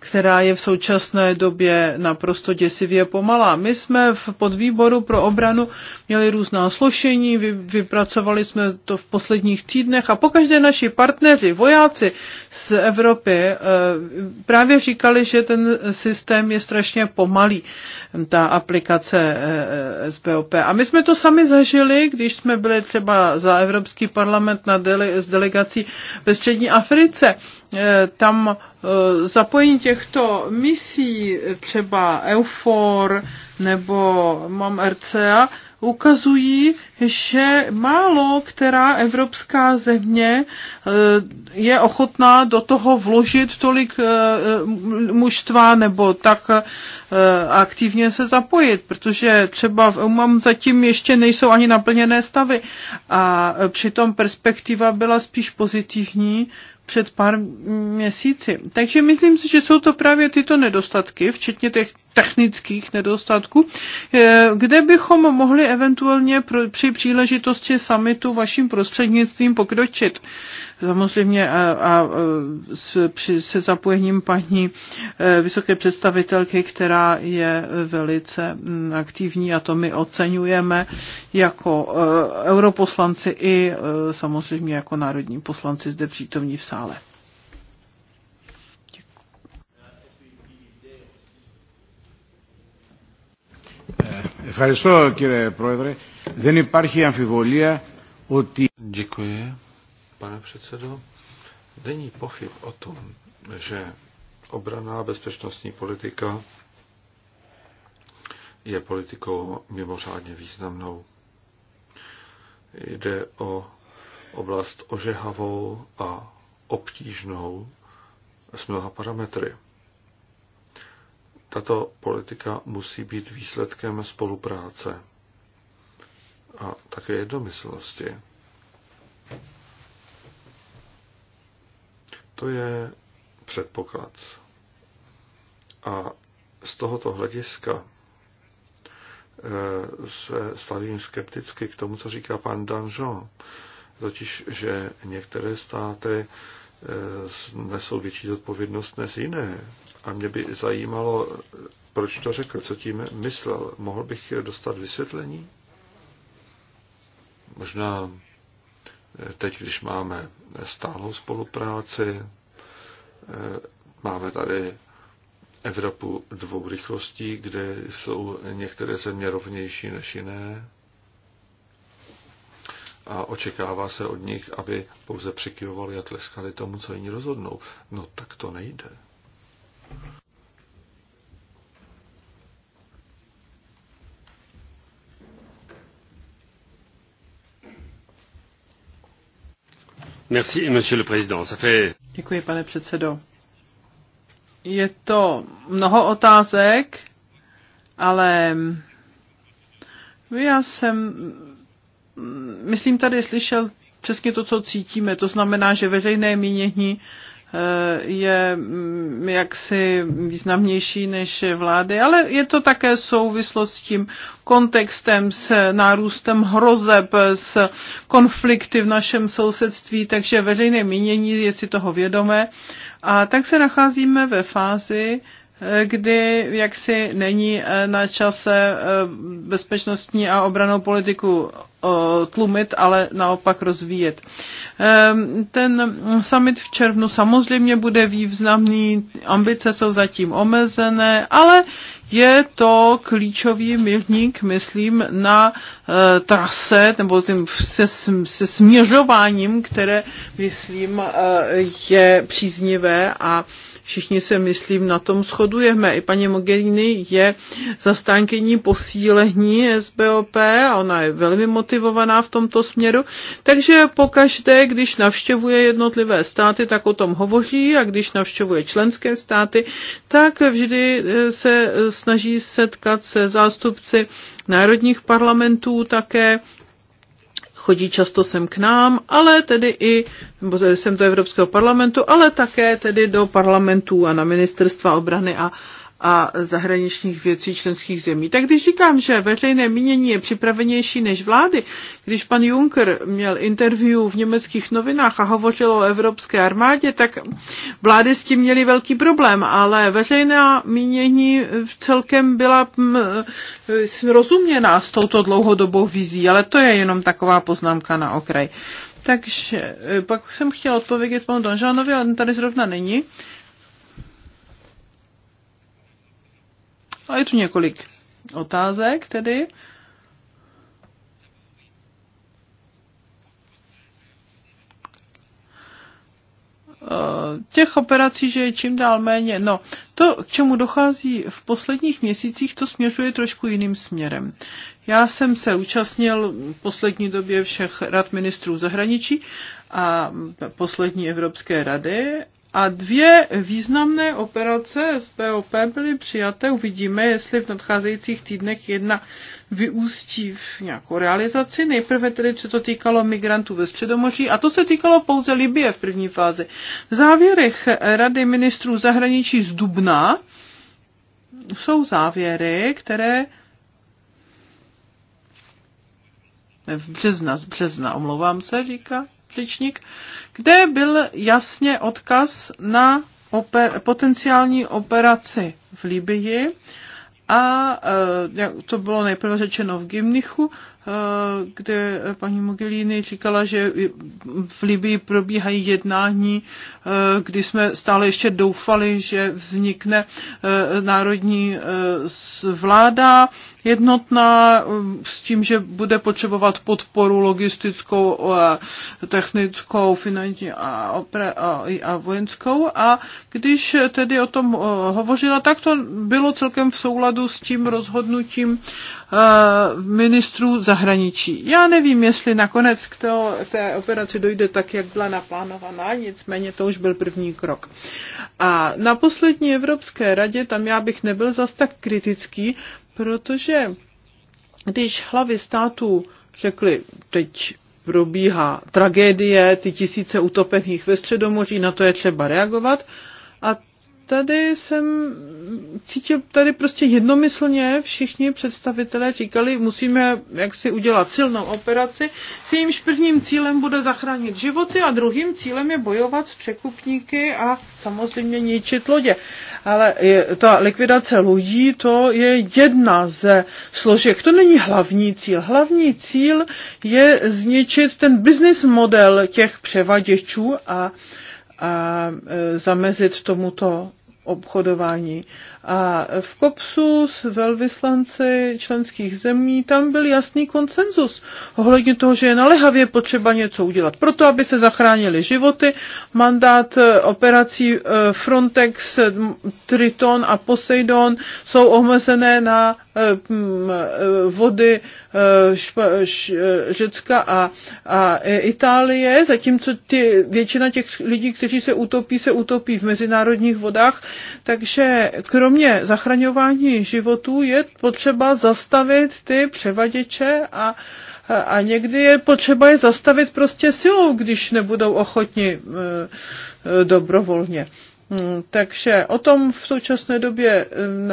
která je v současné době naprosto děsivě pomalá. My jsme v podvýboru pro obranu měli různá slušení, vy, vypracovali jsme to v posledních týdnech a pokaždé naši partneři, vojáci z Evropy eh, právě říkali, že ten systém je strašně pomalý, ta aplikace eh, SBOP. A my jsme to sami zažili, když jsme byli třeba za Evropský parlament na dele, s delegací ve Střední Africe Eh, tam eh, zapojení těchto misí, třeba EUFOR nebo mám RCA, ukazují, že málo která evropská země eh, je ochotná do toho vložit tolik mužstva nebo tak aktivně se zapojit, protože třeba v EUMAM zatím ještě nejsou ani naplněné stavy a přitom perspektiva byla spíš pozitivní, před pár měsíci. Takže myslím si, že jsou to právě tyto nedostatky, včetně těch technických nedostatků, eh, kde bychom mohli eventuálně při příležitosti samitu vaším prostřednictvím pokročit. Samozřejmě a, a s, při, se zapojením paní eh, vysoké představitelky, která je velice mm, aktivní a to my oceňujeme jako eh, europoslanci i samozřejmě jako národní poslanci zde přítomní v sále. Ευχαριστώ κύριε Πρόεδρε. Δεν υπάρχει αμφιβολία ότι... Děkuji, pane předsedo. Není pochyb o tom, že obraná bezpečnostní politika je politikou mimořádně významnou. Jde o oblast ožehavou a obtížnou s mnoha parametry tato politika musí být výsledkem spolupráce a také jednomyslnosti. To je předpoklad. A z tohoto hlediska eh, se stavím skepticky k tomu, co říká pan Danjean, totiž, že některé státy Eh, nesou větší zodpovědnost než jiné. A mě by zajímalo, proč to řekl, co tím myslel. Mohl bych dostat vysvětlení? Možná eh, teď, když máme stálou spolupráci, eh, máme tady Evropu dvou rychlostí, kde jsou některé země rovnější než jiné a očekává se od nich, aby pouze přikyvovali a tleskali tomu, co jiní rozhodnou. No tak to nejde. Merci, monsieur le président. Ça fait... Děkuji, pane předsedo. Je to mnoho otázek, ale já jsem myslím, tady slyšel přesně to, co cítíme. To znamená, že veřejné mínění eh, je mm, jaksi významnější než vlády, ale je to také souvislost s tím kontextem, s nárůstem hrozeb, s konflikty v našem sousedství, takže veřejné mínění je si toho vědomé. A tak se nacházíme ve fázi, kdy jaksi není eh, na čase eh, bezpečnostní a obranou politiku eh, tlumit, ale naopak rozvíjet. Ehm, ten summit v červnu samozřejmě bude významný, ambice jsou zatím omezené, ale je to klíčový milník, myslím, na e, trase nebo tím se, se směřováním, které, myslím, e, je příznivé a e, všichni se, myslím, na tom shodujeme. I paní Mogherini je zastánkyní posílení SBOP a ona je velmi motivovaná v tomto směru. Takže pokaždé, když navštěvuje jednotlivé státy, tak o tom hovoří a když navštěvuje členské státy, tak vždy eh, se snaží setkat se zástupci národních parlamentů také chodí často sem k nám, ale tedy i nebo sem do Evropského parlamentu, ale také tedy do parlamentů a na ministerstva obrany a a zahraničních věcí členských zemí. Tak když říkám, že veřejné mínění je připravenější než vlády, když pan Juncker měl interview v německých novinách a hovořil o evropské armádě, tak vlády s tím měly velký problém, ale veřejná mínění celkem byla mm, eh, rozuměná s touto dlouhodobou vizí, ale to je jenom taková poznámka na okraj. Takže eh, pak jsem chtěla odpovědět panu Donžanovi, ale tady zrovna není. Uh, A je tu několik otázek tedy. Eh, těch operací, že je čím dál méně. No, to, k čemu dochází v posledních měsících, to směřuje trošku jiným směrem. Já jsem se účastnil v poslední době všech rad ministrů zahraničí a poslední Evropské rady a dvě významné operace SBOP byly přijaté. Uvidíme, jestli v nadcházejících týdnech jedna vyústí v nějakou realizaci. Nejprve tedy, co to týkalo migrantů ve Středomoří, a to se týkalo pouze Libie v první fázi. V závěrech Rady ministrů zahraničí z Dubna jsou závěry, které v března, z března, omlouvám se, říká Tličník, kde byl jasně odkaz na oper, potenciální operaci v Libii a e, to bylo nejprve řečeno v Gimnichu kde paní Mogherini říkala, že v Libii probíhají jednání, kdy jsme stále ještě doufali, že vznikne eh, národní eh, vláda jednotná eh, s tím, že bude potřebovat podporu logistickou, technickou, finanční a, opra- a, a vojenskou. A když tedy o tom hovořila, tak to bylo celkem v souladu s tím rozhodnutím ministrů zahraničí zahraničí. Já nevím, jestli nakonec k, to, té operaci dojde tak, jak byla naplánovaná, nicméně to už byl první krok. A na poslední Evropské radě, tam já bych nebyl zas tak kritický, protože když hlavy států řekli, teď probíhá tragédie, ty tisíce utopených ve středomoří, na to je třeba reagovat, a tady jsem cítil, tady prostě jednomyslně všichni představitelé říkali, musíme jaksi udělat silnou operaci, s jejímž prvním cílem bude zachránit životy a druhým cílem je bojovat s překupníky a samozřejmě ničit lodě. Ale je, ta likvidace lodí, to je jedna ze složek. To není hlavní cíl. Hlavní cíl je zničit ten business model těch převaděčů a a e, zamezit tomuto obchodování a v KOPSu s velvyslanci členských zemí tam byl jasný konsenzus ohledně toho, že je naléhavě potřeba něco udělat. Proto, aby se zachránili životy, mandát e, operací e, Frontex, e, Triton a Poseidon jsou omezené na vody Řecka a, a Itálie, zatímco ty, většina těch lidí, kteří se utopí, se utopí v mezinárodních vodách, takže krom kromě zachraňování životů je potřeba zastavit ty převaděče a, a někdy je potřeba je zastavit prostě silou, když nebudou ochotni eh, eh, dobrovolně. Hmm, takže o tom v současné době hmm,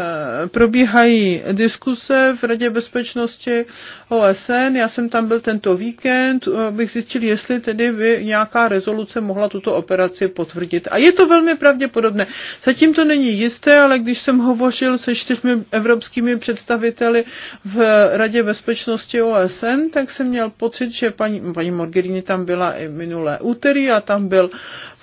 probíhají diskuse v Radě bezpečnosti OSN. Já jsem tam byl tento víkend, eh, abych zjistil, jestli tedy by nějaká rezoluce mohla tuto operaci potvrdit. A je to velmi pravděpodobné. Zatím to není jisté, ale když jsem hovořil se čtyřmi evropskými představiteli v Radě bezpečnosti OSN, tak jsem měl pocit, že paní, paní Morgherini tam byla i minulé úterý a tam byl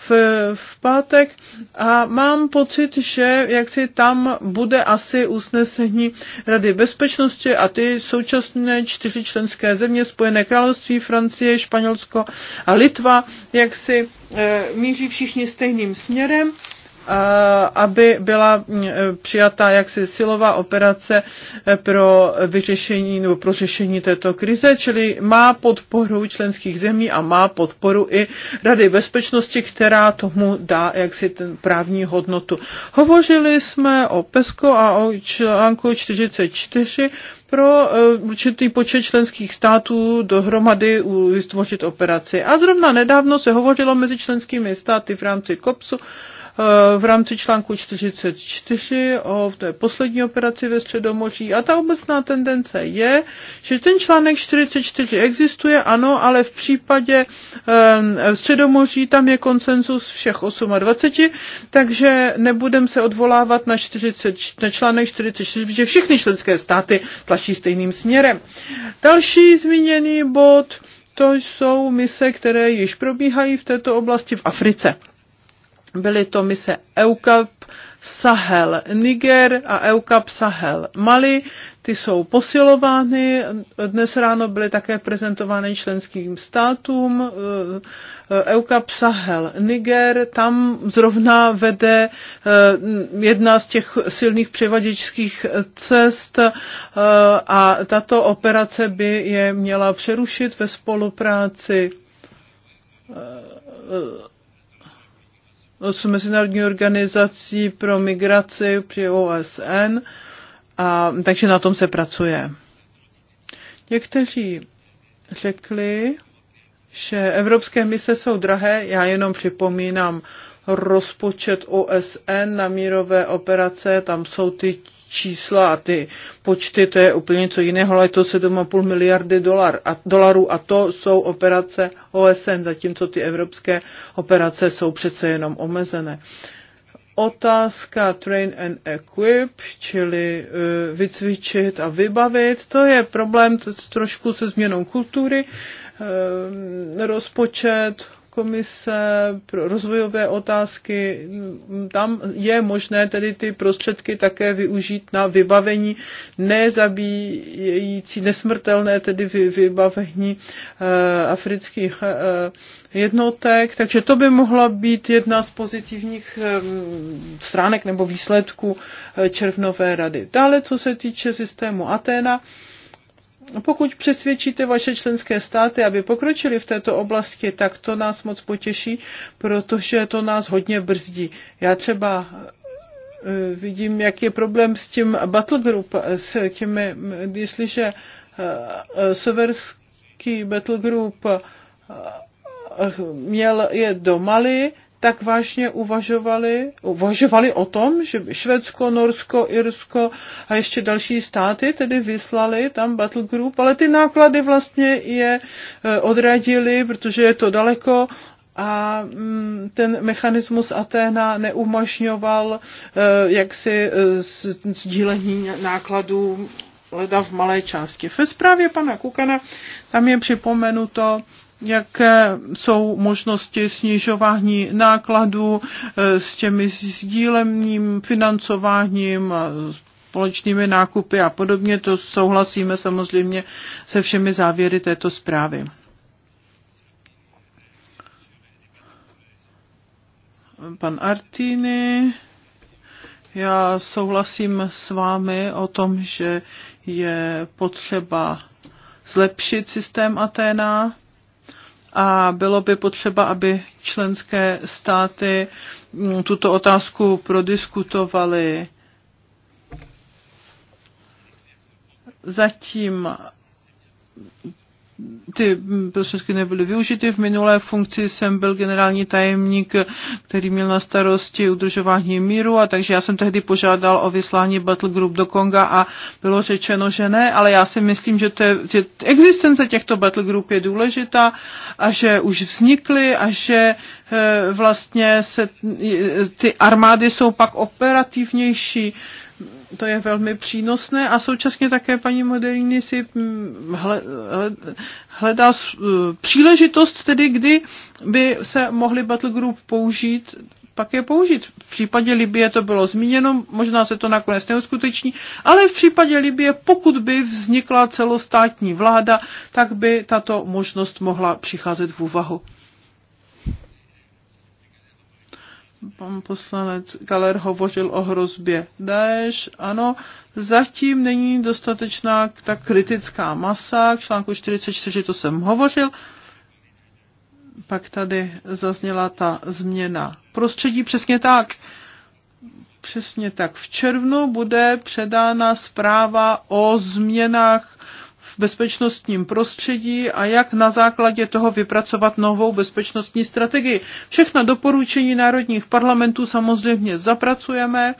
v, v pátek a mám pocit, že jak si tam bude asi usnesení Rady bezpečnosti a ty současné čtyři členské země, Spojené království, Francie, Španělsko a Litva, jak si e, míří všichni stejným směrem aby byla mm, e, přijata jaksi silová operace e, pro vyřešení nebo pro řešení této krize, čili má podporu členských zemí a má podporu i Rady bezpečnosti, která tomu dá jaksi ten právní hodnotu. Hovořili jsme o PESCO a o článku 44 pro e, určitý počet členských států dohromady vytvořit operaci. A zrovna nedávno se hovořilo mezi členskými státy v rámci COPSu Eh, v rámci článku 44 o té poslední operaci ve Středomoří. A ta obecná tendence je, že ten článek 44 existuje, ano, ale v případě eh, Středomoří tam je konsenzus všech 28, takže nebudeme se odvolávat na, 40, na článek 44, že všechny členské státy tlačí stejným směrem. Další zmíněný bod to jsou mise, které již probíhají v této oblasti v Africe. Byly to mise EUCAP, Sahel Niger a EUCAP Sahel Mali. Ty jsou posilovány. Dnes ráno byly také prezentovány členským státům. Eh, eh, EUCAP Sahel Niger, tam zrovna vede eh, jedna z těch silných převaděčských cest a tato operace by je měla přerušit ve spolupráci s Mezinárodní organizací pro migraci při OSN, a, takže na tom se pracuje. Někteří řekli, že evropské mise jsou drahé, já jenom připomínám rozpočet OSN na mírové operace, tam jsou ty čísla a ty počty, to je úplně co jiného, ale je to 7,5 miliardy dolar a, dolarů a to jsou operace OSN, zatímco ty evropské operace jsou přece jenom omezené. Otázka train and equip, čili e, vycvičit a vybavit, to je problém to trošku se změnou kultury, e, rozpočet, komise pro rozvojové otázky, tam je možné tedy ty prostředky také využít na vybavení nezabíjející, nesmrtelné tedy vybavení eh, afrických eh, jednotek, takže to by mohla být jedna z pozitivních eh, stránek nebo výsledků červnové rady. Dále, co se týče systému Atena, pokud přesvědčíte vaše členské státy, aby pokročili v této oblasti, tak to nás moc potěší, protože to nás hodně brzdí. Já třeba eh, vidím, jak je problém s tím battle group, eh, s těmi, jestliže eh, severský battle group měl je do Mali, tak vážně uvažovali, uvažovali o tom, že Švédsko, Norsko, Irsko a ještě další státy tedy vyslali tam battle group, ale ty náklady vlastně je eh, odradili, protože je to daleko a mm, ten mechanismus Aténa neumožňoval eh, jaksi eh, sdílení nákladů leda v malé části. Ve zprávě pana Kukana tam je připomenuto, jaké jsou možnosti snižování nákladů eh, s těmi sdílením financováním, společnými nákupy a podobně. To souhlasíme samozřejmě se všemi závěry této zprávy. Pan Artini, já souhlasím s vámi o tom, že je potřeba zlepšit systém Aténa a bylo by potřeba, aby členské státy mm, tuto otázku prodiskutovaly. Zatím ty prostředky nebyly využity. V minulé funkci jsem byl generální tajemník, který měl na starosti udržování míru a takže já jsem tehdy požádal o vyslání Battle Group do Konga a bylo řečeno, že ne, ale já si myslím, že, to je, že existence těchto Battle Group je důležitá a že už vznikly a že eh, vlastně se, ty armády jsou pak operativnější to je velmi přínosné a současně také paní Moderini si mm, hledá eh, příležitost tedy, kdy by se mohly battle group použít pak je použít. V případě Libie to bylo zmíněno, možná se to nakonec neuskuteční, ale v případě Libie, pokud by vznikla celostátní vláda, tak by tato možnost mohla přicházet v úvahu. pan poslanec Galer hovořil o hrozbě Daeš. Ano, zatím není dostatečná ta kritická masa, k článku 44 to jsem hovořil. Pak tady zazněla ta změna prostředí, přesně tak. Přesně tak. V červnu bude předána zpráva o změnách v bezpečnostním prostředí a jak na základě toho vypracovat novou bezpečnostní strategii. Všechna doporučení národních parlamentů samozřejmě zapracujeme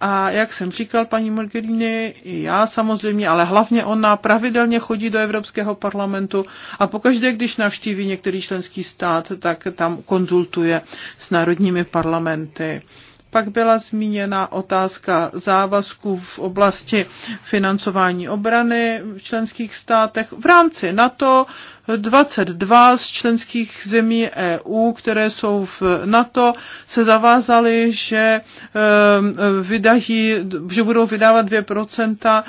a jak jsem říkal paní Mogherini, já samozřejmě, ale hlavně ona pravidelně chodí do Evropského parlamentu a pokaždé, když navštíví některý členský stát, tak tam konzultuje s národními parlamenty. Pak byla zmíněna otázka závazků v oblasti financování obrany v členských státech v rámci NATO, 22 z členských zemí EU, které jsou v NATO, se zavázaly, že, ehm, vydají, že budou vydávat 2%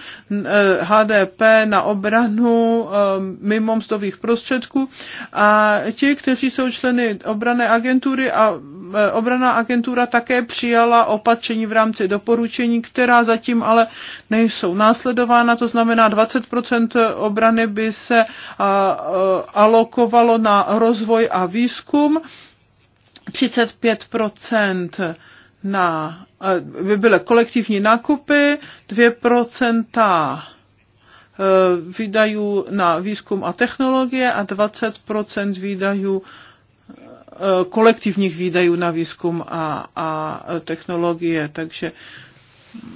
eh, HDP na obranu ehm, mimo mzdových prostředků a ti, kteří jsou členy obrané agentury a eh, obraná agentura také přijala opatření v rámci doporučení, která zatím ale nejsou následována, to znamená 20% obrany by se a, a alokovalo na rozvoj a výzkum, 35 na, by eh, byly kolektivní nákupy, 2 eh, výdajů na výzkum a technologie a 20 výdajů eh, kolektivních výdajů na výzkum a, a technologie. Takže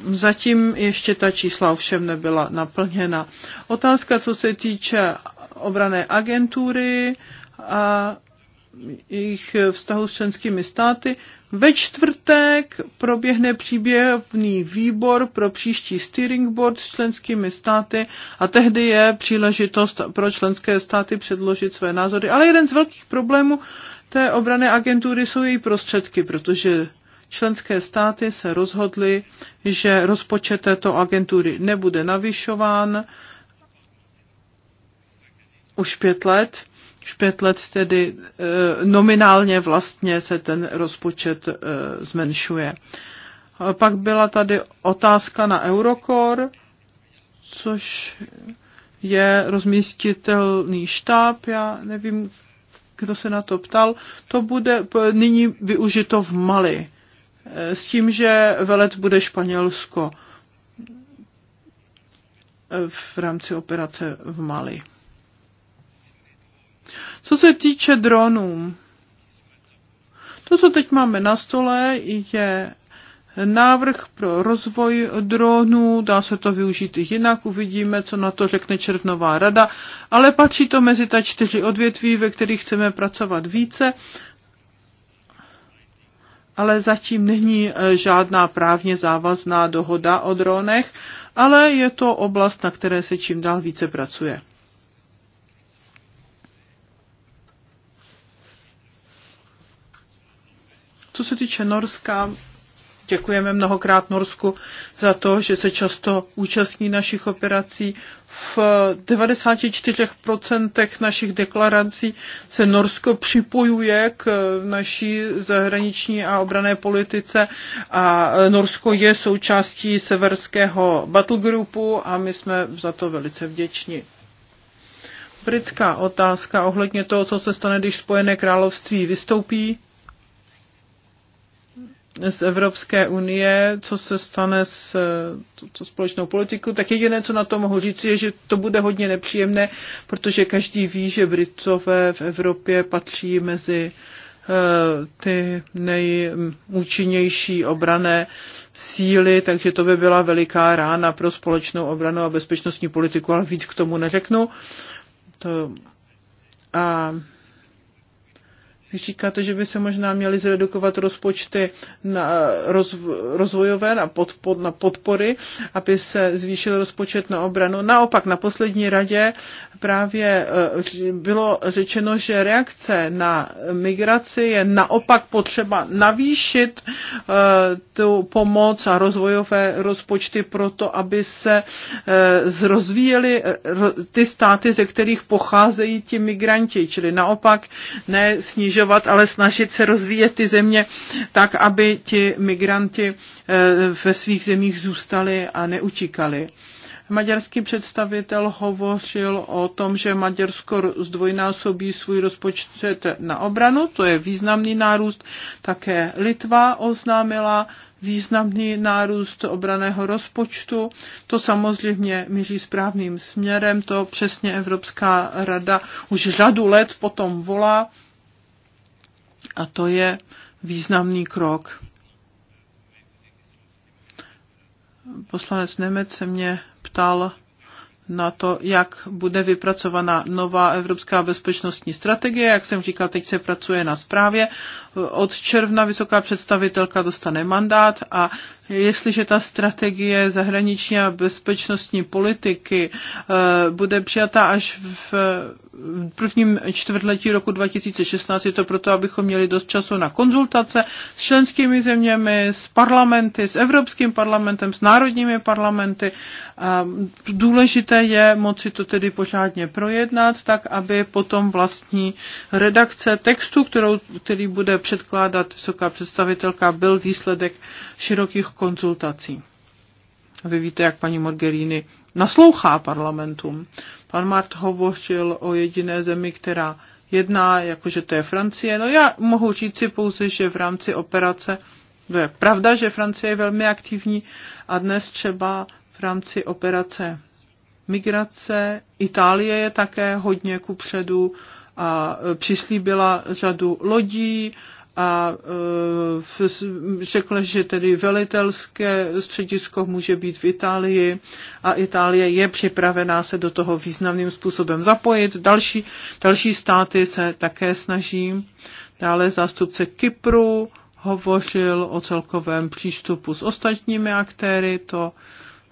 zatím ještě ta čísla ovšem nebyla naplněna. Otázka, co se týče obrané agentury a jejich vztahu s členskými státy. Ve čtvrtek proběhne příběhný výbor pro příští steering board s členskými státy a tehdy je příležitost pro členské státy předložit své názory. Ale jeden z velkých problémů té obrané agentury jsou její prostředky, protože členské státy se rozhodly, že rozpočet této agentury nebude navyšován už pět let. Už pět let tedy eh, nominálně vlastně se ten rozpočet eh, zmenšuje. Pak byla tady otázka na Eurokor, což je rozmístitelný štáb, já nevím, kdo se na to ptal. To bude nyní využito v Mali, eh, s tím, že velet bude Španělsko v rámci operace v Mali. Co se týče dronů, to, co teď máme na stole, je návrh pro rozvoj dronů, dá se to využít i jinak, uvidíme, co na to řekne Červnová rada, ale patří to mezi ta čtyři odvětví, ve kterých chceme pracovat více, ale zatím není e, žádná právně závazná dohoda o dronech, ale je to oblast, na které se čím dál více pracuje. Co se týče Norska, děkujeme mnohokrát Norsku za to, že se často účastní našich operací. V 94% našich deklarací se Norsko připojuje k naší zahraniční a obrané politice a Norsko je součástí severského battlegroupu a my jsme za to velice vděční britská otázka ohledně toho, co se stane, když Spojené království vystoupí z Evropské unie, co se stane s eh, to společnou politikou, tak jediné, co na to mohu říct, je, že to bude hodně nepříjemné, protože každý ví, že Britové v Evropě patří mezi eh, ty nejúčinnější obrané síly, takže to by byla veliká rána pro společnou obranu a bezpečnostní politiku, ale víc k tomu neřeknu. To, a Říkáte, že by se možná měly zredukovat rozpočty na rozvojové, na, na podpory, aby se zvýšil rozpočet na obranu. Naopak, na poslední radě právě eh, bylo řečeno, že reakce na migraci je naopak potřeba navýšit eh, tu pomoc a rozvojové rozpočty proto, aby se eh, zrozvíjely ty státy, ze kterých pocházejí ti migranti, čili naopak ne snižovat snižovat, ale snažit se rozvíjet ty země tak, aby ti migranti eh, ve svých zemích zůstali a neutíkali. Maďarský představitel hovořil o tom, že Maďarsko zdvojnásobí svůj rozpočet na obranu, to je významný nárůst. Také Litva oznámila významný nárůst obraného rozpočtu. To samozřejmě míří správným směrem, to přesně Evropská rada už řadu let potom volá. A to je významný krok. Poslanec Nemec se mě ptal na to, jak bude vypracovaná nová evropská bezpečnostní strategie. Jak jsem říkal, teď se pracuje na zprávě. Od června vysoká představitelka dostane mandát a jestliže ta strategie zahraniční a bezpečnostní politiky eh, bude přijata až v prvním čtvrtletí roku 2016, je to proto, abychom měli dost času na konzultace s členskými zeměmi, s parlamenty, s Evropským parlamentem, s národními parlamenty. Důležité je moci to tedy pořádně projednat, tak aby potom vlastní redakce textu, kterou, který bude předkládat vysoká představitelka, byl výsledek širokých konzultací. Vy víte, jak paní Morgerini naslouchá parlamentům. Pan Mart hovořil o jediné zemi, která jedná, jakože to je Francie. No já mohu říct si pouze, že v rámci operace, to je pravda, že Francie je velmi aktivní a dnes třeba v rámci operace migrace. Itálie je také hodně předu a e, přislíbila řadu lodí a e, řekl, že tedy velitelské středisko může být v Itálii a Itálie je připravená se do toho významným způsobem zapojit. Další, další státy se také snaží. Dále zástupce Kypru hovořil o celkovém přístupu s ostatními aktéry, to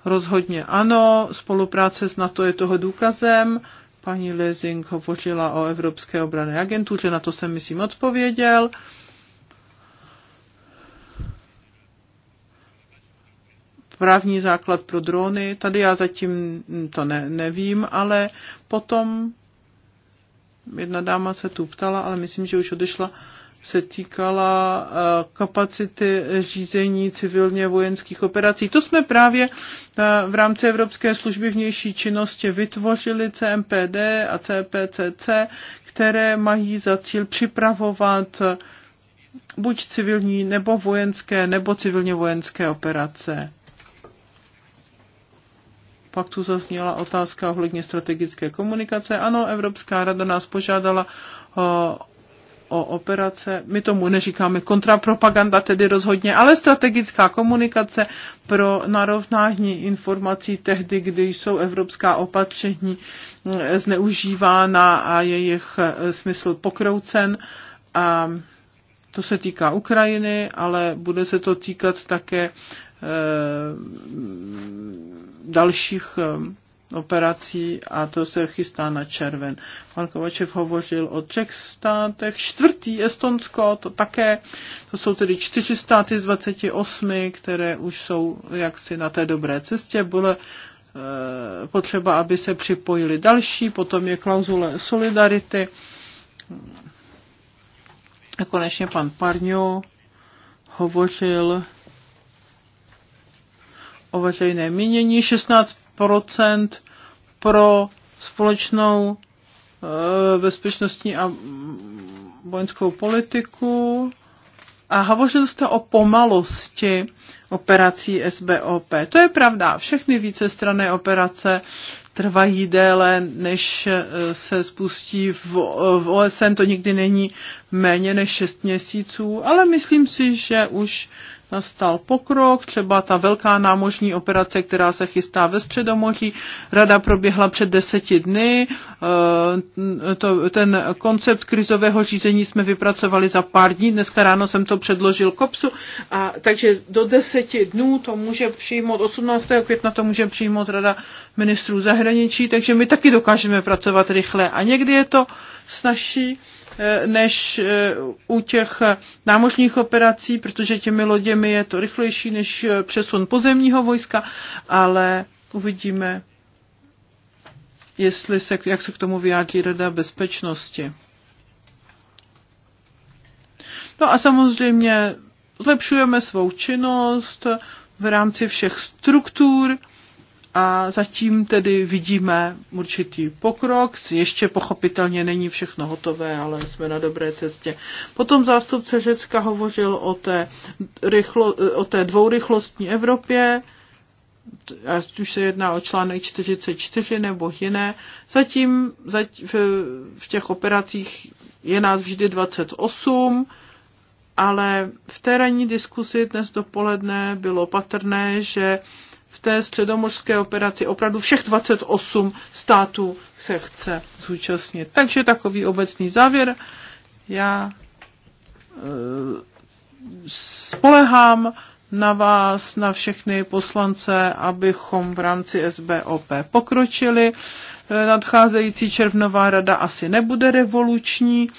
rozhodně ano, spolupráce s NATO je toho důkazem, paní Lezing hovořila o Evropské obrané agentuře, na to jsem, myslím, odpověděl. právní základ pro drony. Tady já zatím to ne, nevím, ale potom jedna dáma se tu ptala, ale myslím, že už odešla, se týkala eh, kapacity řízení civilně vojenských operací. To jsme právě eh, v rámci Evropské služby vnější činnosti vytvořili CMPD a CPCC, které mají za cíl připravovat eh, buď civilní nebo vojenské nebo civilně vojenské operace. Pak tu zazněla otázka ohledně strategické komunikace. Ano, Evropská rada nás požádala o, o operace. My tomu neříkáme kontrapropaganda, tedy rozhodně, ale strategická komunikace pro narovnání informací tehdy, kdy jsou evropská opatření zneužívána a jejich smysl pokroucen. A to se týká Ukrajiny, ale bude se to týkat také Eh, dalších eh, operací a to se chystá na červen. Pan Kovačev hovořil o třech státech, čtvrtý Estonsko, to také, to jsou tedy čtyři státy z 28, které už jsou jaksi na té dobré cestě, bude eh, potřeba, aby se připojili další, potom je klauzule solidarity a konečně pan Parňo hovořil o veřejné mínění, 16 pro společnou eh, bezpečnostní a vojenskou politiku. A hovořil jste o pomalosti operací SBOP. To je pravda. Všechny vícestranné operace trvají déle, než eh, se spustí v, v OSN. To nikdy není méně než 6 měsíců, ale myslím si, že už nastal pokrok, třeba ta velká námožní operace, která se chystá ve Středomoří, rada proběhla před deseti dny, eh, to, ten koncept krizového řízení jsme vypracovali za pár dní, dneska ráno jsem to předložil KOPSu, a, takže do deseti dnů to může přijmout, 18. května to může přijmout rada ministrů zahraničí, takže my taky dokážeme pracovat rychle a někdy je to snažší, Eh, než eh, u těch námořních operací, protože těmi loděmi je to rychlejší než eh, přesun pozemního vojska, ale uvidíme, jestli se, jak se k tomu vyjádří Rada bezpečnosti. No a samozřejmě zlepšujeme svou činnost v rámci všech struktur, a zatím tedy vidíme určitý pokrok. Ještě pochopitelně není všechno hotové, ale jsme na dobré cestě. Potom zástupce Řecka hovořil o té, rychlo, o té dvourychlostní Evropě, ať už se jedná o článek 44 nebo jiné. Zatím, zatím v, v těch operacích je nás vždy 28, ale v té ranní diskusi dnes dopoledne bylo patrné, že té středomořské operaci opravdu všech 28 států se chce zúčastnit. Takže takový obecný závěr. Já eh, spolehám na vás, na všechny poslance, abychom v rámci SBOP pokročili. Eh, nadcházející červnová rada asi nebude revoluční,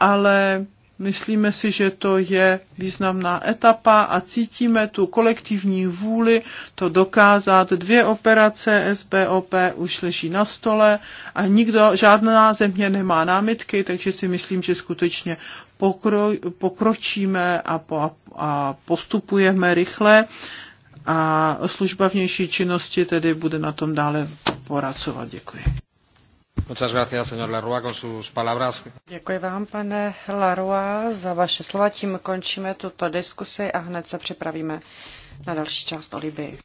ale Myslíme si, že to je významná etapa a cítíme tu kolektivní vůli to dokázat. Dvě operace SBOP už leží na stole a nikdo, žádná země nemá námitky, takže si myslím, že skutečně pokro, pokročíme a, po, a postupujeme rychle a služba vnější činnosti tedy bude na tom dále poracovat. Děkuji. Děkuji vám, pane Larua za vaše slova. Tím končíme tuto diskusi a hned se připravíme na další část o Libii.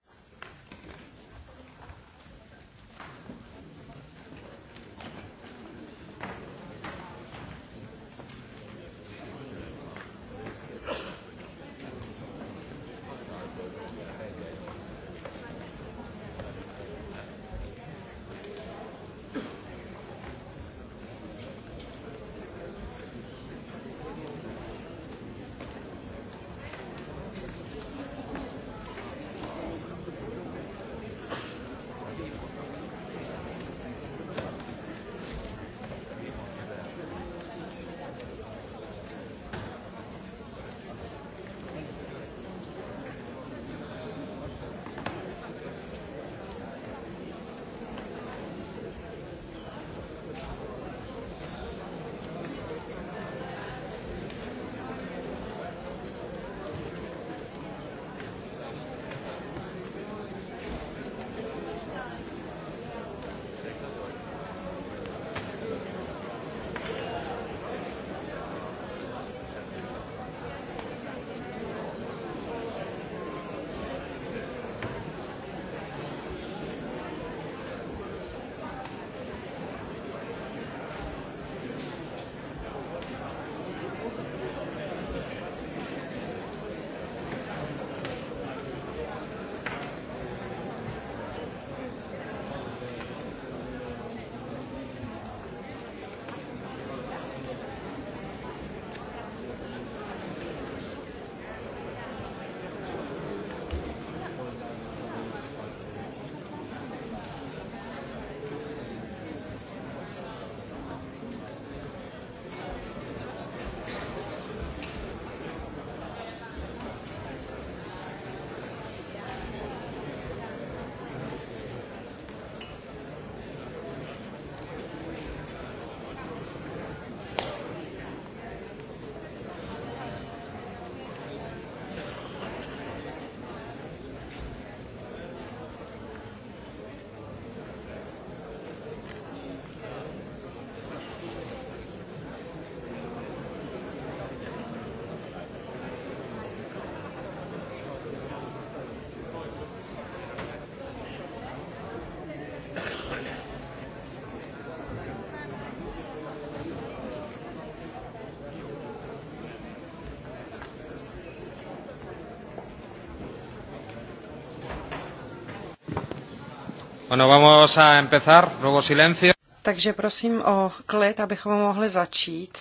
Bueno, vamos a empezar, luego silencio. Takže prosím o klid, abychom mohli začít.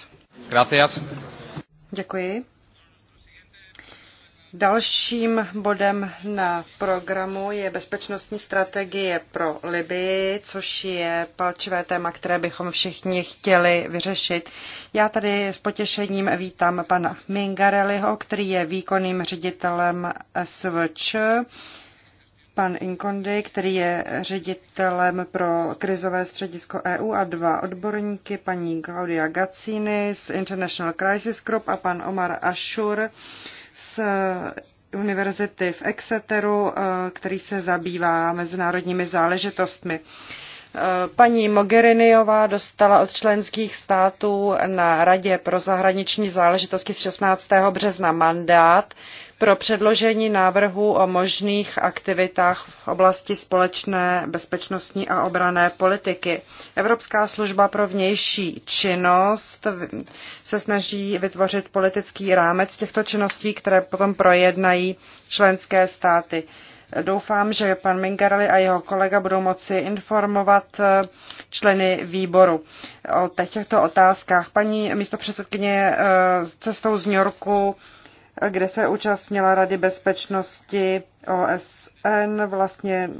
Gracias. Děkuji. Dalším bodem na programu je bezpečnostní strategie pro Libii, což je palčivé téma, které bychom všichni chtěli vyřešit. Já tady s potěšením vítám pana Mingareliho, který je výkonným ředitelem SVČ pan Inkondy, který je ředitelem pro krizové středisko EU a dva odborníky, paní Claudia Gacini z International Crisis Group a pan Omar Ashur z univerzity v Exeteru, eh, který se zabývá mezinárodními záležitostmi. Eh, paní Mogheriniová dostala od členských států na Radě pro zahraniční záležitosti z 16. března mandát, pro předložení návrhu o možných aktivitách v oblasti společné bezpečnostní a obrané politiky. Evropská služba pro vnější činnost se snaží vytvořit politický rámec těchto činností, které potom projednají členské státy. Doufám, že pan Mingarelli a jeho kolega budou moci informovat eh, členy výboru o těchto otázkách. Paní místopředsedkyně eh, cestou z New Yorku kde se účastnila Rady bezpečnosti OSN, vlastně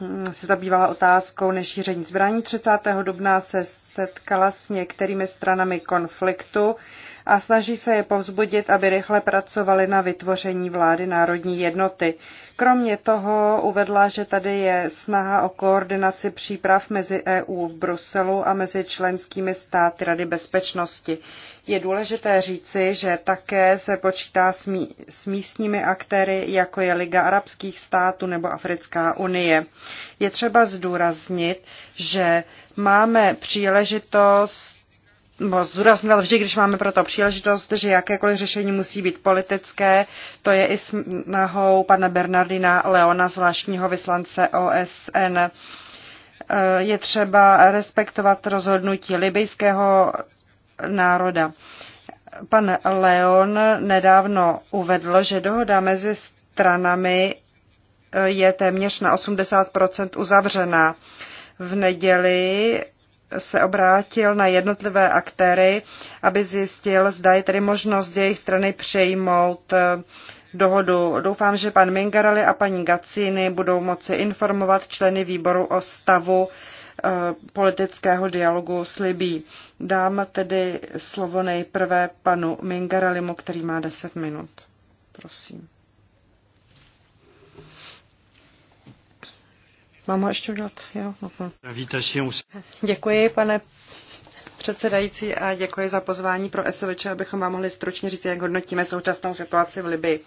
hm, se zabývala otázkou nešíření zbraní. 30. dubna se setkala s některými stranami konfliktu a snaží se je povzbudit, aby rychle pracovali na vytvoření vlády národní jednoty. Kromě toho uvedla, že tady je snaha o koordinaci příprav mezi EU v Bruselu a mezi členskými státy Rady bezpečnosti. Je důležité říci, že také se počítá s, mí, s místními aktéry, jako je Liga arabských států nebo Africká unie. Je třeba zdůraznit, že máme příležitost zdůraznil vždy, když máme proto příležitost, že jakékoliv řešení musí být politické. To je i snahou pana Bernardina Leona, zvláštního vyslance OSN. Je třeba respektovat rozhodnutí libyjského národa. Pan Leon nedávno uvedl, že dohoda mezi stranami je téměř na 80 uzavřená. V neděli se obrátil na jednotlivé aktéry, aby zjistil, zda je tedy možnost z jejich strany přejmout eh, dohodu. Doufám, že pan Mingarelli a paní Gacini budou moci informovat členy výboru o stavu eh, politického dialogu s Libí. Dám tedy slovo nejprve panu Mingarelimu, který má 10 minut. Prosím. Mám ho ještě dodat? Jo, no Děkuji, pane předsedající, a děkuji za pozvání pro SVČ, abychom vám mohli stručně říct, jak hodnotíme současnou situaci v Libii.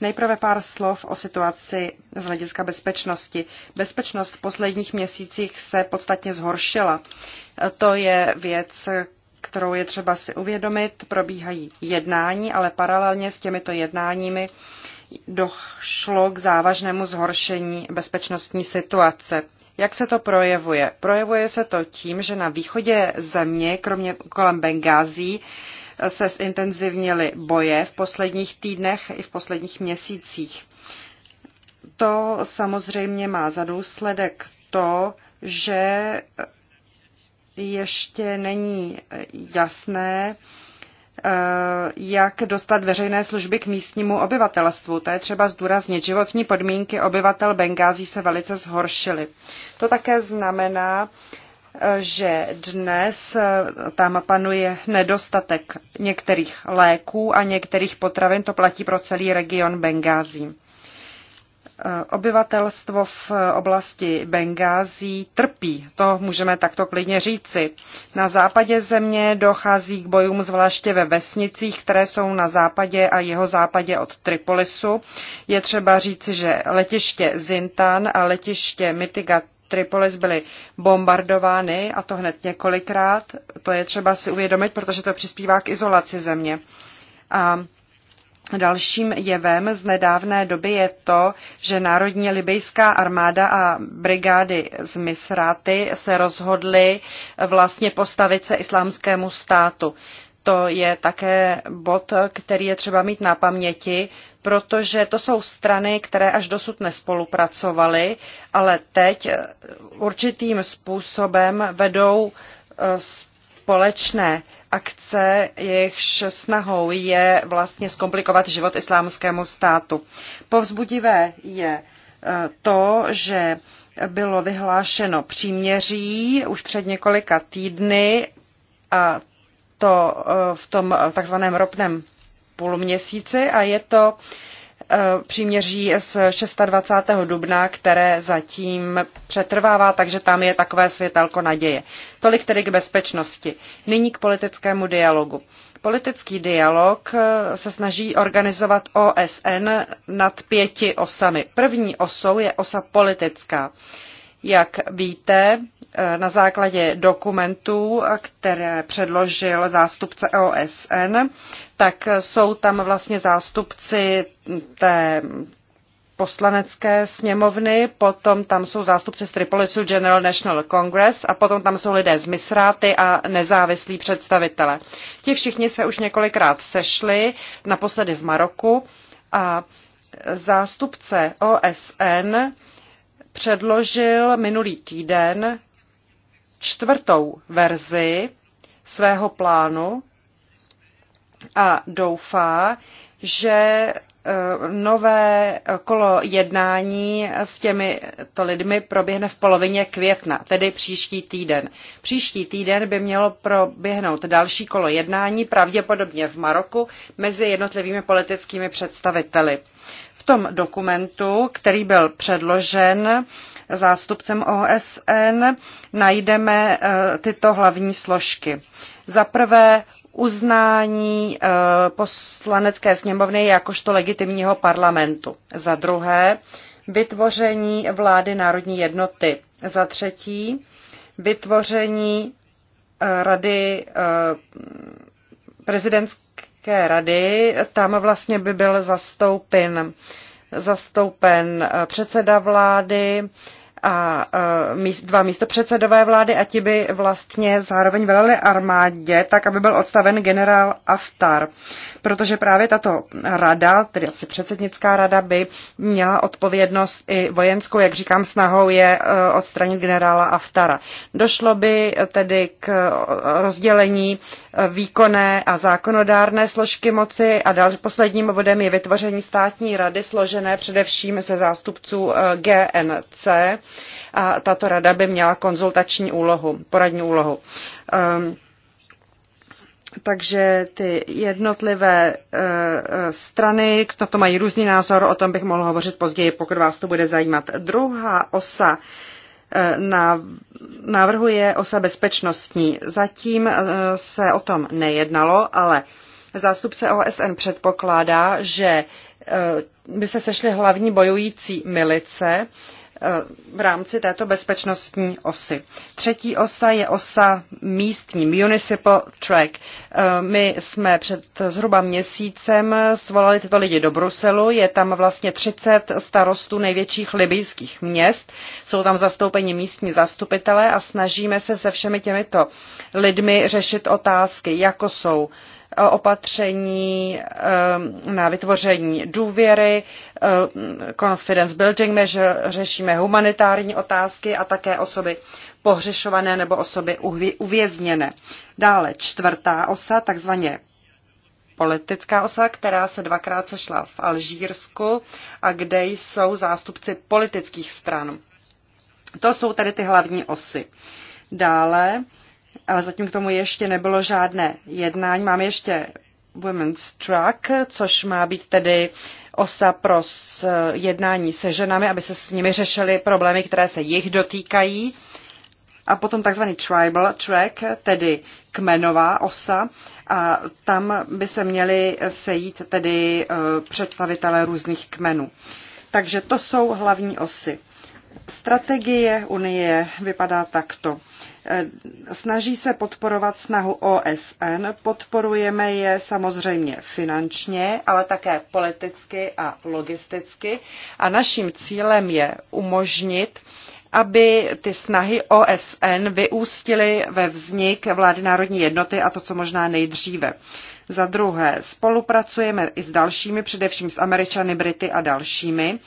Nejprve pár slov o situaci z hlediska bezpečnosti. Bezpečnost v posledních měsících se podstatně zhoršila. To je věc, kterou je třeba si uvědomit. Probíhají jednání, ale paralelně s těmito jednáními došlo k závažnému zhoršení bezpečnostní situace. Jak se to projevuje? Projevuje se to tím, že na východě země, kromě kolem Bengází, se zintenzivnily boje v posledních týdnech i v posledních měsících. To samozřejmě má za důsledek to, že ještě není jasné, Eh, jak dostat veřejné služby k místnímu obyvatelstvu. To je třeba zdůraznit. Životní podmínky obyvatel Bengází se velice zhoršily. To také znamená, eh, že dnes eh, tam panuje nedostatek některých léků a některých potravin. To platí pro celý region Bengází. Obyvatelstvo v oblasti Bengází trpí, to můžeme takto klidně říci. Na západě země dochází k bojům zvláště ve vesnicích, které jsou na západě a jeho západě od Tripolisu. Je třeba říci, že letiště Zintan a letiště Mitigat Tripolis byly bombardovány a to hned několikrát. To je třeba si uvědomit, protože to přispívá k izolaci země. A Dalším jevem z nedávné doby je to, že Národní libejská armáda a brigády z Misráty se rozhodly vlastně postavit se islámskému státu. To je také bod, který je třeba mít na paměti, protože to jsou strany, které až dosud nespolupracovaly, ale teď určitým způsobem vedou eh, společné akce, jejichž snahou je vlastně zkomplikovat život islámskému státu. Povzbudivé je eh, to, že bylo vyhlášeno příměří už před několika týdny a to eh, v tom eh, takzvaném ropném půlměsíci a je to uh, Eh, příměří z 26. dubna, které zatím přetrvává, takže tam je takové světelko naděje. Tolik tedy k bezpečnosti. Nyní k politickému dialogu. Politický dialog eh, se snaží organizovat OSN nad pěti osami. První osou je osa politická. Jak víte, eh, na základě dokumentů, eh, které předložil zástupce OSN, tak jsou tam vlastně zástupci té poslanecké sněmovny, potom tam jsou zástupci z Tripolisu General National Congress a potom tam jsou lidé z Misráty a nezávislí představitele. Ti všichni se už několikrát sešli, naposledy v Maroku a zástupce OSN předložil minulý týden čtvrtou verzi svého plánu a doufá, že eh, nové kolo jednání s těmito lidmi proběhne v polovině května, tedy příští týden. Příští týden by mělo proběhnout další kolo jednání, pravděpodobně v Maroku, mezi jednotlivými politickými představiteli tom dokumentu, který byl předložen zástupcem OSN, najdeme eh, tyto hlavní složky. Za prvé uznání eh, poslanecké sněmovny jakožto legitimního parlamentu. Za druhé vytvoření vlády národní jednoty. Za třetí vytvoření eh, rady prezidentské Evropské rady, tam vlastně by byl zastoupen, zastoupen eh, předseda vlády, a e, dva místopředsedové vlády a ti by vlastně zároveň velili armádě, tak aby byl odstaven generál Aftar. Protože právě tato rada, tedy asi předsednická rada, by měla odpovědnost i vojenskou, jak říkám, snahou je e, odstranit generála Aftara. Došlo by tedy k rozdělení e, výkonné a zákonodárné složky moci a další posledním bodem je vytvoření státní rady složené především ze zástupců GNC a tato rada by měla konzultační úlohu, poradní úlohu. Ehm, takže ty jednotlivé eh, eh, strany na to mají různý názor, o tom bych mohl hovořit později, pokud vás to bude zajímat. Druhá osa eh, na návrhu je osa bezpečnostní. Zatím se o tom nejednalo, ale zástupce OSN předpokládá, že by se sešly hlavní bojující milice, v rámci této bezpečnostní osy. Třetí osa je osa místní, municipal track. E, my jsme před zhruba měsícem svolali tyto lidi do Bruselu. Je tam vlastně 30 starostů největších libijských měst. Jsou tam zastoupeni místní zastupitelé a snažíme se se všemi těmito lidmi řešit otázky, jako jsou uh, opatření eh, na vytvoření důvěry, eh, confidence building measure, řešíme humanitární otázky a také osoby pohřešované nebo osoby uvězněné. Dále čtvrtá osa, takzvaně politická osa, která se dvakrát sešla v Alžírsku a kde jsou zástupci politických stran. To jsou tedy ty hlavní osy. Dále ale zatím k tomu ještě nebylo žádné jednání. Máme ještě Women's Track, což má být tedy osa pro eh, jednání se ženami, aby se s nimi řešily problémy, které se jich dotýkají. A potom takzvaný tribal track, tedy kmenová osa. A tam by se měli sejít tedy eh, představitelé různých kmenů. Takže to jsou hlavní osy. Strategie Unie vypadá takto. Eh, snaží se podporovat snahu OSN, podporujeme je samozřejmě finančně, ale také politicky a logisticky. A naším cílem je umožnit, aby ty snahy OSN vyústily ve vznik vlády národní jednoty a to, co možná nejdříve. Za druhé, spolupracujeme i s dalšími, především s Američany, Brity a dalšími,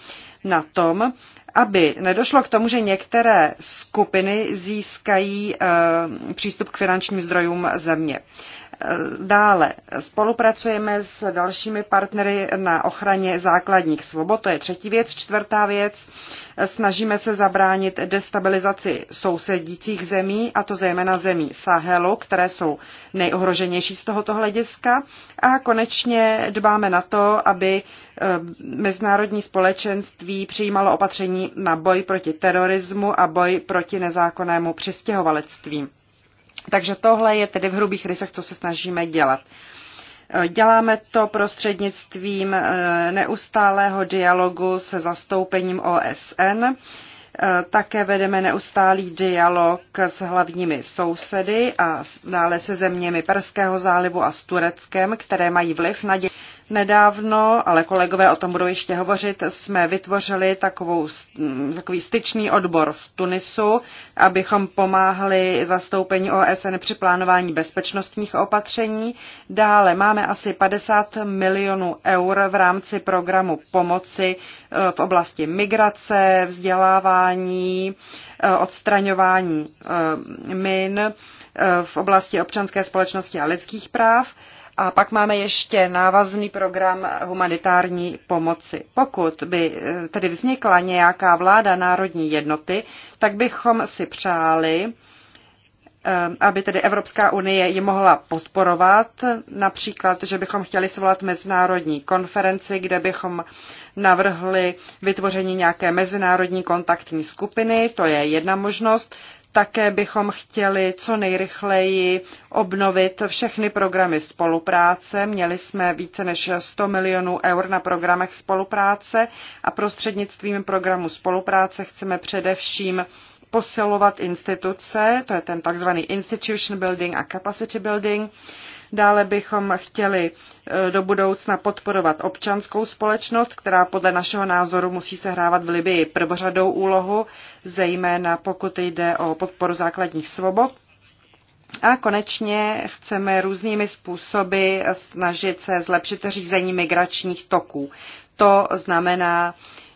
na tom, aby nedošlo k tomu, že některé skupiny získají eh, přístup k finančním zdrojům země. Dále spolupracujeme s dalšími partnery na ochraně základních svobod, to je třetí věc. Čtvrtá věc, snažíme se zabránit destabilizaci sousedících zemí, a to zejména zemí Sahelu, které jsou nejohroženější z tohoto hlediska. A konečně dbáme na to, aby eh, mezinárodní společenství přijímalo opatření na boj proti terorismu a boj proti nezákonnému přistěhovalectví. Takže tohle je tedy v hrubých rysech, co se snažíme dělat. Děláme to prostřednictvím eh, neustálého dialogu se zastoupením OSN. Eh, Také vedeme neustálý dialog s hlavními sousedy a dále se zeměmi Perského zálivu a s Tureckem, které mají vliv na dě- Nedávno, ale kolegové o tom budou ještě hovořit, jsme vytvořili takovou, takový styčný odbor v Tunisu, abychom pomáhali zastoupení OSN při plánování bezpečnostních opatření. Dále máme asi 50 milionů eur v rámci programu pomoci e, v oblasti migrace, vzdělávání, e, odstraňování e, min v oblasti občanské společnosti a lidských práv. A pak máme ještě návazný program humanitární pomoci. Pokud by eh, tedy vznikla nějaká vláda národní jednoty, tak bychom si přáli, eh, aby tedy Evropská unie ji mohla podporovat, například, že bychom chtěli svolat mezinárodní konferenci, kde bychom navrhli vytvoření nějaké mezinárodní kontaktní skupiny, to je jedna možnost. Také bychom chtěli co nejrychleji obnovit všechny programy spolupráce. Měli jsme více než 100 milionů eur na programech spolupráce a prostřednictvím programu spolupráce chceme především posilovat instituce, to je ten takzvaný institution building a capacity building, Dále bychom chtěli e, do budoucna podporovat občanskou společnost, která podle našeho názoru musí sehrávat v Libii prvořadou úlohu, zejména pokud jde o podporu základních svobod. A konečně chceme různými způsoby snažit se zlepšit řízení migračních toků. To znamená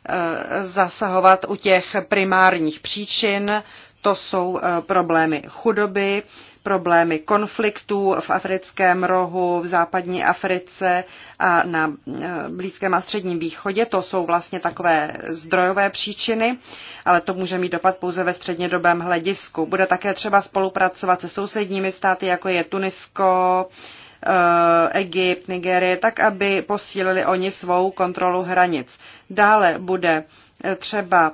e, zasahovat u těch primárních příčin, to jsou eh, problémy chudoby, problémy konfliktů v africkém rohu, v západní Africe a na eh, Blízkém a Středním východě. To jsou vlastně takové zdrojové příčiny, ale to může mít dopad pouze ve střednědobém hledisku. Bude také třeba spolupracovat se sousedními státy, jako je Tunisko, eh, Egypt, Nigérie, tak, aby posílili oni svou kontrolu hranic. Dále bude třeba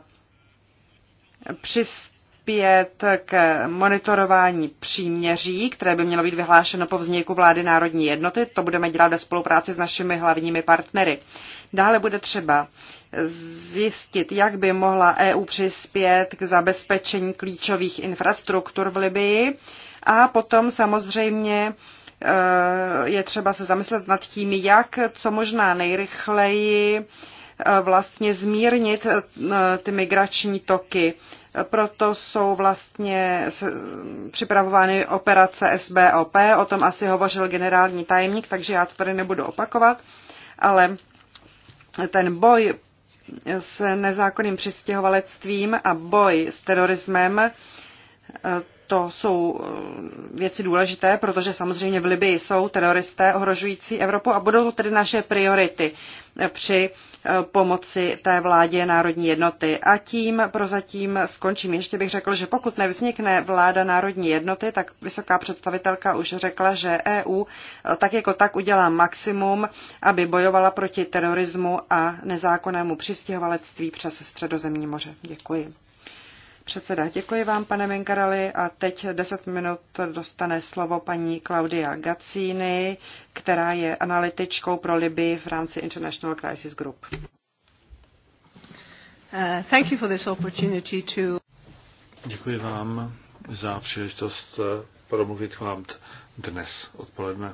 přispět přispět k monitorování příměří, které by mělo být vyhlášeno po vzniku vlády národní jednoty. To budeme dělat ve spolupráci s našimi hlavními partnery. Dále bude třeba zjistit, jak by mohla EU přispět k zabezpečení klíčových infrastruktur v Libii a potom samozřejmě eh, je třeba se zamyslet nad tím, jak co možná nejrychleji Eh, vlastně zmírnit eh, ty migrační toky. Proto jsou vlastně připravovány operace SBOP, o tom asi hovořil generální tajemník, takže já to tady nebudu opakovat, ale ten boj s nezákonným přistěhovalectvím a boj s terorismem eh, to jsou eh, věci důležité, protože samozřejmě v Libii jsou teroristé ohrožující Evropu a budou to tedy naše priority při eh, pomoci té vládě národní jednoty. A tím prozatím skončím. Ještě bych řekl, že pokud nevznikne vláda národní jednoty, tak vysoká představitelka už řekla, že EU eh, tak jako tak udělá maximum, aby bojovala proti terorismu a nezákonnému přistěhovalectví přes Středozemní moře. Děkuji. Předseda, děkuji vám, pane Minkarali, a teď 10 minut dostane slovo paní Claudia Gacíny, která je analytičkou pro Libii v rámci International Crisis Group. Uh, thank you for this opportunity to... Děkuji vám za příležitost uh, promluvit vám dnes odpoledne.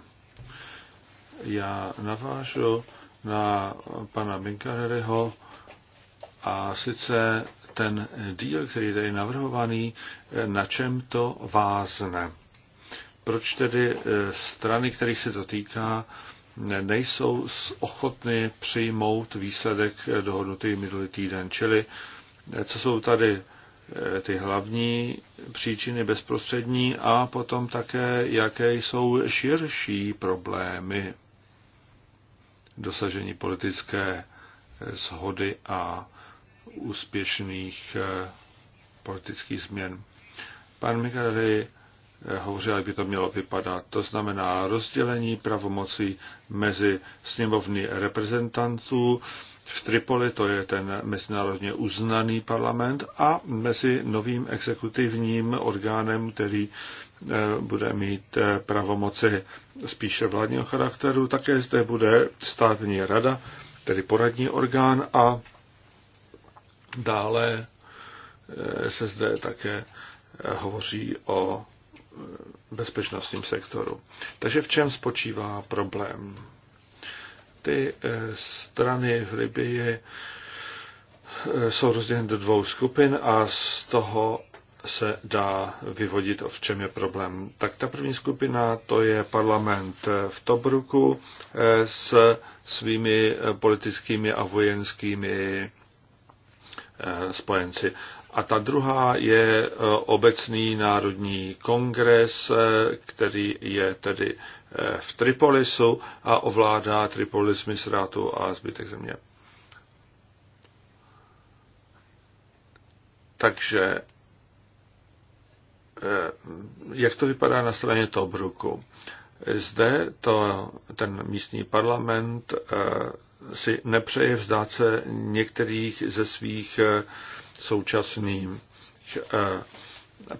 Já navážu na pana Minkareryho a sice ten díl, který je tady navrhovaný, na čem to vázne. Proč tedy eh, strany, kterých se to týká, nejsou ochotny přijmout výsledek eh, dohodnutý minulý týden. Čili eh, co jsou tady ty hlavní příčiny bezprostřední a potom také, jaké jsou širší problémy dosažení politické shody a úspěšných eh, politických změn. Pan Mikali eh, hovořil, jak by to mělo vypadat. To znamená rozdělení pravomocí mezi sněmovny reprezentantů v Tripoli, to je ten mezinárodně uznaný parlament, a mezi novým exekutivním orgánem, který eh, bude mít pravomoci spíše vládního charakteru. Také zde bude státní rada, tedy poradní orgán a Dále eh, se zde také eh, hovoří o eh, bezpečnostním sektoru. Takže v čem spočívá problém? Ty strany v Libii jsou rozděleny do dvou skupin a z toho se dá vyvodit, v čem je problém. Tak ta první skupina, to je parlament v Tobruku s svými politickými a vojenskými Eh, spojenci. A ta druhá je eh, obecný národní kongres, eh, který je tedy v Tripolisu a ovládá Tripolis, Misrátu a zbytek země. Takže jak to vypadá na straně Tobruku? Zde to, ten místní parlament si nepřeje vzdát se některých ze svých eh, současných eh,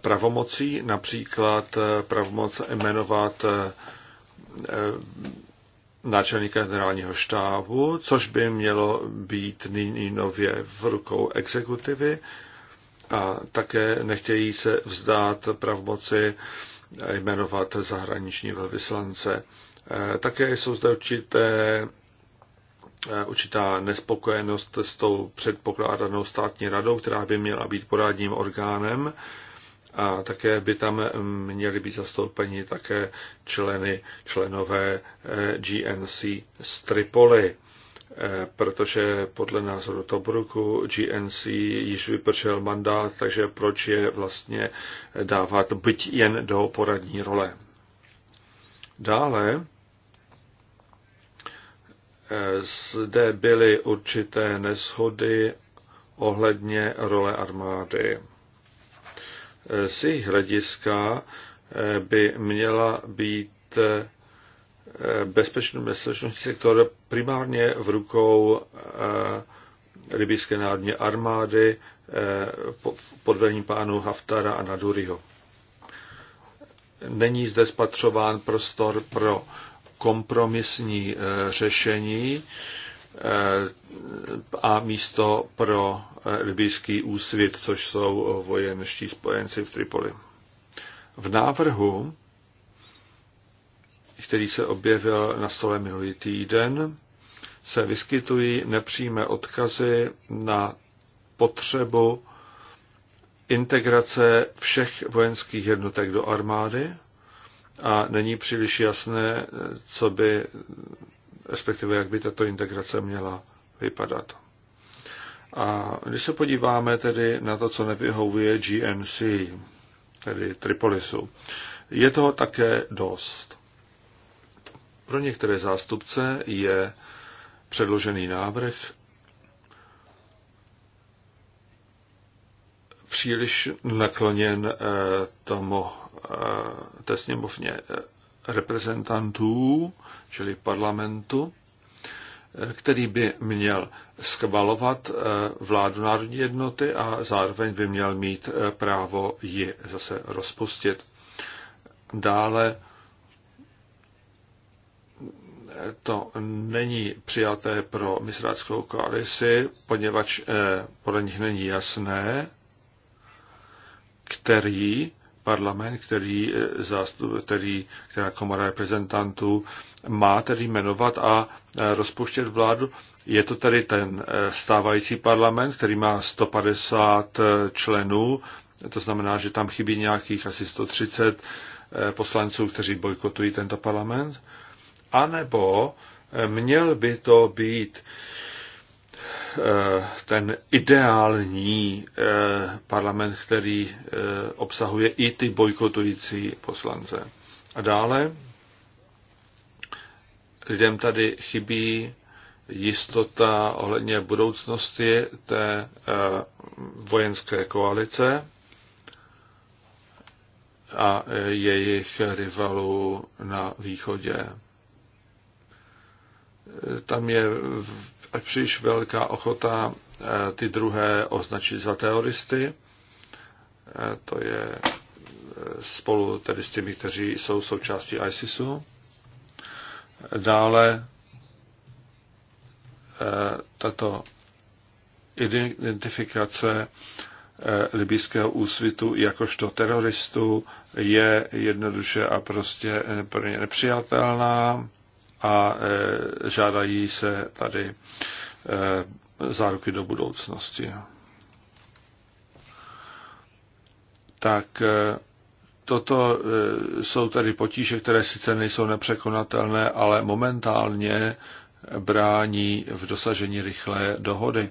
pravomocí, například eh, pravomoc jmenovat náčelníka generálního štábu, což by mělo být nyní nově v rukou exekutivy a také nechtějí se vzdát pravomoci jmenovat zahraniční velvyslance. Také jsou zde určité Eh, určitá nespokojenost s tou předpokládanou státní radou, která by měla být poradním orgánem a také by tam mm, měli být zastoupeni také členy, členové eh, GNC z Tripoli, eh, protože podle názoru Tobruku GNC již vypršel mandát, takže proč je vlastně dávat byť jen do poradní role. Dále zde byly určité neshody ohledně role armády. Z jejich hlediska eh, by měla být eh, bezpečný, bezpečnostní sektor primárně v rukou eh, libijské národní armády pod vedením pánu Haftara a Naduriho. Není zde spatřován prostor pro kompromisní eh, řešení eh, a místo pro eh, libijský úsvit, což jsou vojenští spojenci v Tripoli. V návrhu, který se objevil na stole minulý týden, se vyskytují nepřímé odkazy na potřebu integrace všech vojenských jednotek do armády a není příliš jasné, co by, respektive jak by tato integrace měla vypadat. A když se podíváme tedy na to, co nevyhovuje GNC, tedy Tripolisu, je toho také dost. Pro některé zástupce je předložený návrh příliš nakloněn eh, tomu eh, té sněmovně eh, reprezentantů, čili parlamentu, který by měl schvalovat vládu národní jednoty a zároveň by měl mít právo ji zase rozpustit. Dále to není přijaté pro misráckou koalici, poněvadž podle nich není jasné, který parlament, který, eh, zástup, který která komora reprezentantů má tedy jmenovat a eh, rozpuštět vládu. Je to tedy ten eh, stávající parlament, který má 150 členů, to znamená, že tam chybí nějakých asi 130 poslanců, kteří bojkotují tento parlament. A nebo měl by to být Eh, ten ideální eh, parlament, který eh, obsahuje i ty bojkotující poslance. A dále lidem tady chybí jistota ohledně budoucnosti té vojenské koalice a jejich rivalů na východě. Tam je příliš velká ochota eh, ty druhé označit za teroristy. Eh, to je eh, spolu tedy s těmi, kteří jsou součástí ISISu. Dále tato identifikace libijského úsvitu jakožto teroristů je jednoduše a prostě pro ně nepřijatelná a e, žádají se tady e, záruky do budoucnosti. Tak e, toto jsou tedy potíže, které sice nejsou nepřekonatelné, ale momentálně brání v dosažení rychlé dohody.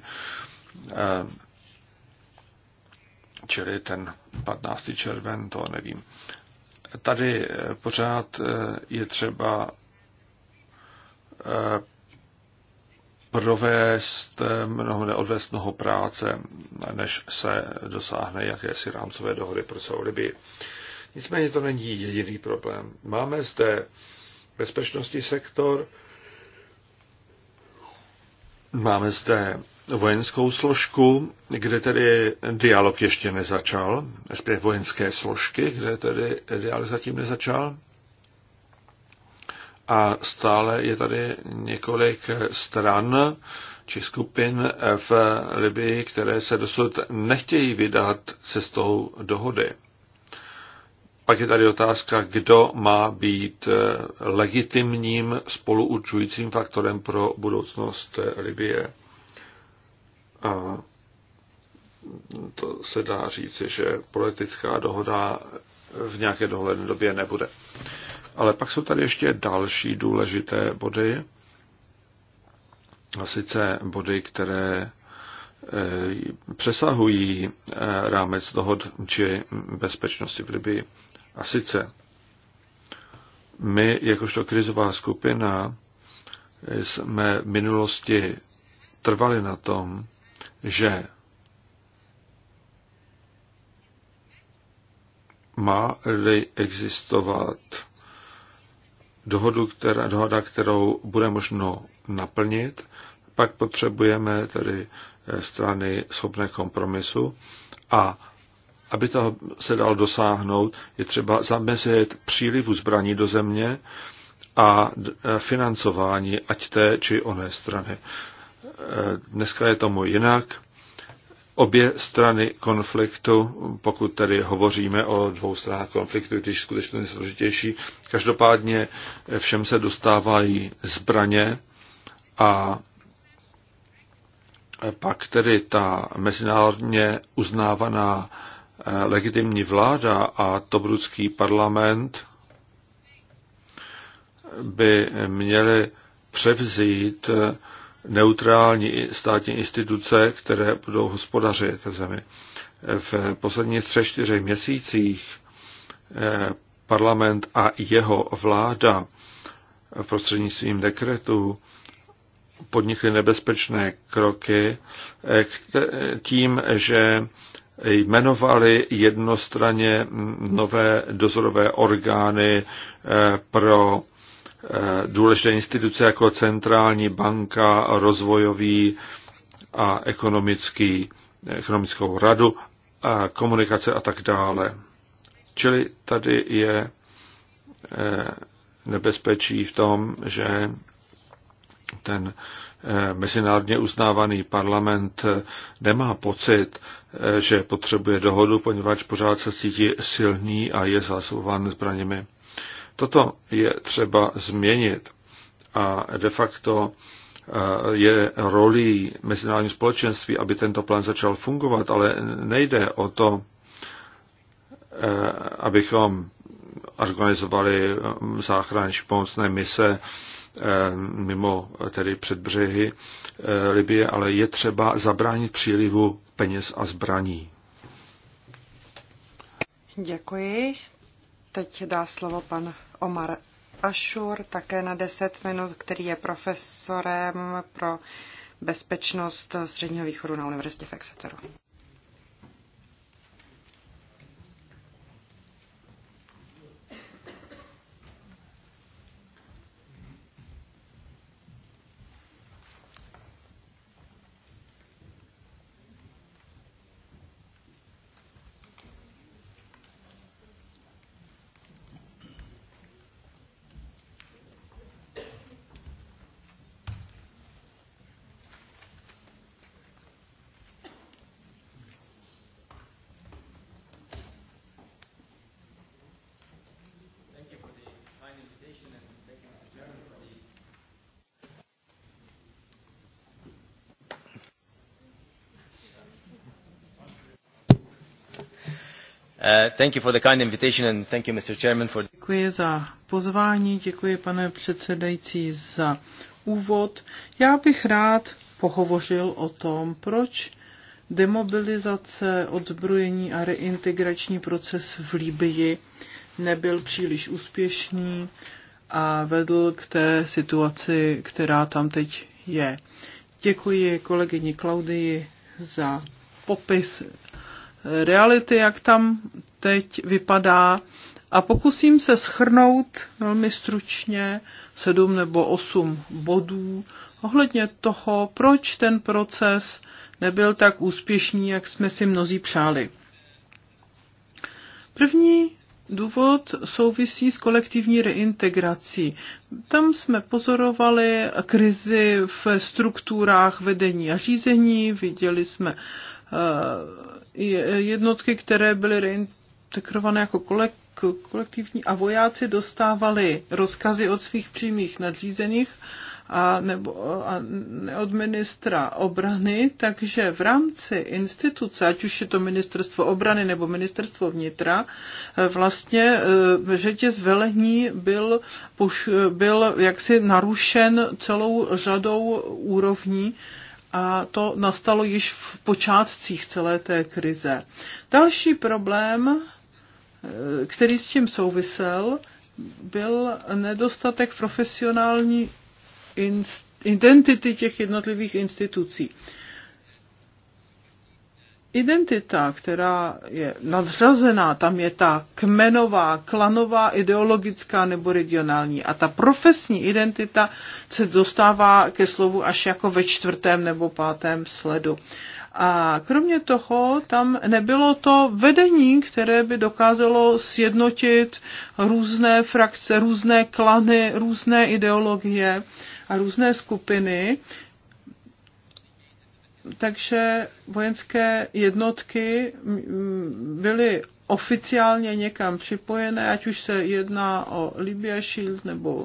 Čili ten 15. červen, to nevím. Tady pořád je třeba Eh, provést eh, mnoho, neodvést mnoho práce, než se dosáhne jakési rámcové dohody pro celou Libii. Nicméně to není jediný problém. Máme zde bezpečnostní sektor, máme zde vojenskou složku, kde tedy dialog ještě nezačal, respektive vojenské složky, kde tedy dialog zatím nezačal a stále je tady několik stran či skupin v Libii, které se dosud nechtějí vydat cestou dohody. Pak je tady otázka, kdo má být legitimním spoluurčujícím faktorem pro budoucnost Libie. A to se dá říci, že politická dohoda v nějaké dohledné době nebude. Ale pak jsou tady ještě další důležité body, a sice body, které eh, přesahují eh, rámec dohod či bezpečnosti v Libii. A sice my, jakožto krizová skupina, jsme v minulosti trvali na tom, že má-li existovat dohodu, která, dohoda, kterou bude možno naplnit. Pak potřebujeme tedy eh, strany schopné kompromisu a aby toho se dal dosáhnout, je třeba zamezit přílivu zbraní do země a eh, financování ať té či oné strany. Eh, dneska je tomu jinak obě strany konfliktu, pokud tedy hovoříme o dvou stranách konfliktu, když skutečně je složitější. Každopádně všem se dostávají zbraně a pak tedy ta mezinárodně uznávaná eh, legitimní vláda a Tobrudský parlament by měli převzít eh, neutrální státní instituce, které budou hospodařit v zemi. V posledních třech, čtyřech měsících eh, parlament a jeho vláda v prostřednictvím dekretu podnikly nebezpečné kroky eh, tím, že jmenovali jednostranně nové dozorové orgány eh, pro důležité instituce jako centrální banka, rozvojový a ekonomický, ekonomickou radu, a komunikace a tak dále. Čili tady je eh, nebezpečí v tom, že ten eh, mezinárodně uznávaný parlament eh, nemá pocit, že potřebuje dohodu, poněvadž pořád se cítí silný a je zásobovan zbraněmi. Toto je třeba změnit a de facto eh, je rolí mezinárodní společenství, aby tento plán začal fungovat, ale nejde o to, eh, abychom organizovali eh, záchranní pomocné mise mimo tedy předbřehy, Libie, ale je třeba zabránit přílivu peněz a zbraní. Děkuji. Teď dá slovo pan Omar Ashur, také na 10 minut, který je profesorem pro bezpečnost Středního východu na Univerzitě v Exeteru. Děkuji za pozvání, děkuji, pane předsedající, za úvod. Já bych rád pohovořil o tom, proč demobilizace, odzbrojení a reintegrační proces v Libii nebyl příliš úspěšný a vedl k té situaci, která tam teď je. Děkuji kolegyni Klaudii za popis reality, jak tam teď vypadá a pokusím se schrnout velmi stručně sedm nebo osm bodů ohledně toho, proč ten proces nebyl tak úspěšný, jak jsme si mnozí přáli. První důvod souvisí s kolektivní reintegrací. Tam jsme pozorovali krizi v strukturách vedení a řízení, viděli jsme eh, jednotky, které byly integrované jako kolek, kolektivní a vojáci dostávali rozkazy od svých přímých nadřízených a, nebo, a od ministra obrany, takže v rámci instituce, ať už je to ministerstvo obrany nebo ministerstvo vnitra, vlastně řetěz velení byl, byl jaksi narušen celou řadou úrovní, a to nastalo již v počátcích celé té krize. Další problém Eh, který s tím souvisel, byl nedostatek profesionální identity těch jednotlivých institucí. Identita, která je nadřazená, tam je ta kmenová, klanová, ideologická nebo regionální. A ta profesní identita se dostává ke slovu až jako ve čtvrtém nebo pátém sledu. Uh, a kromě toho tam nebylo to vedení, které by dokázalo sjednotit různé frakce, různé klany, různé ideologie a různé skupiny. Takže vojenské jednotky byly oficiálně někam připojené, ať už se jedná o Libya Shield nebo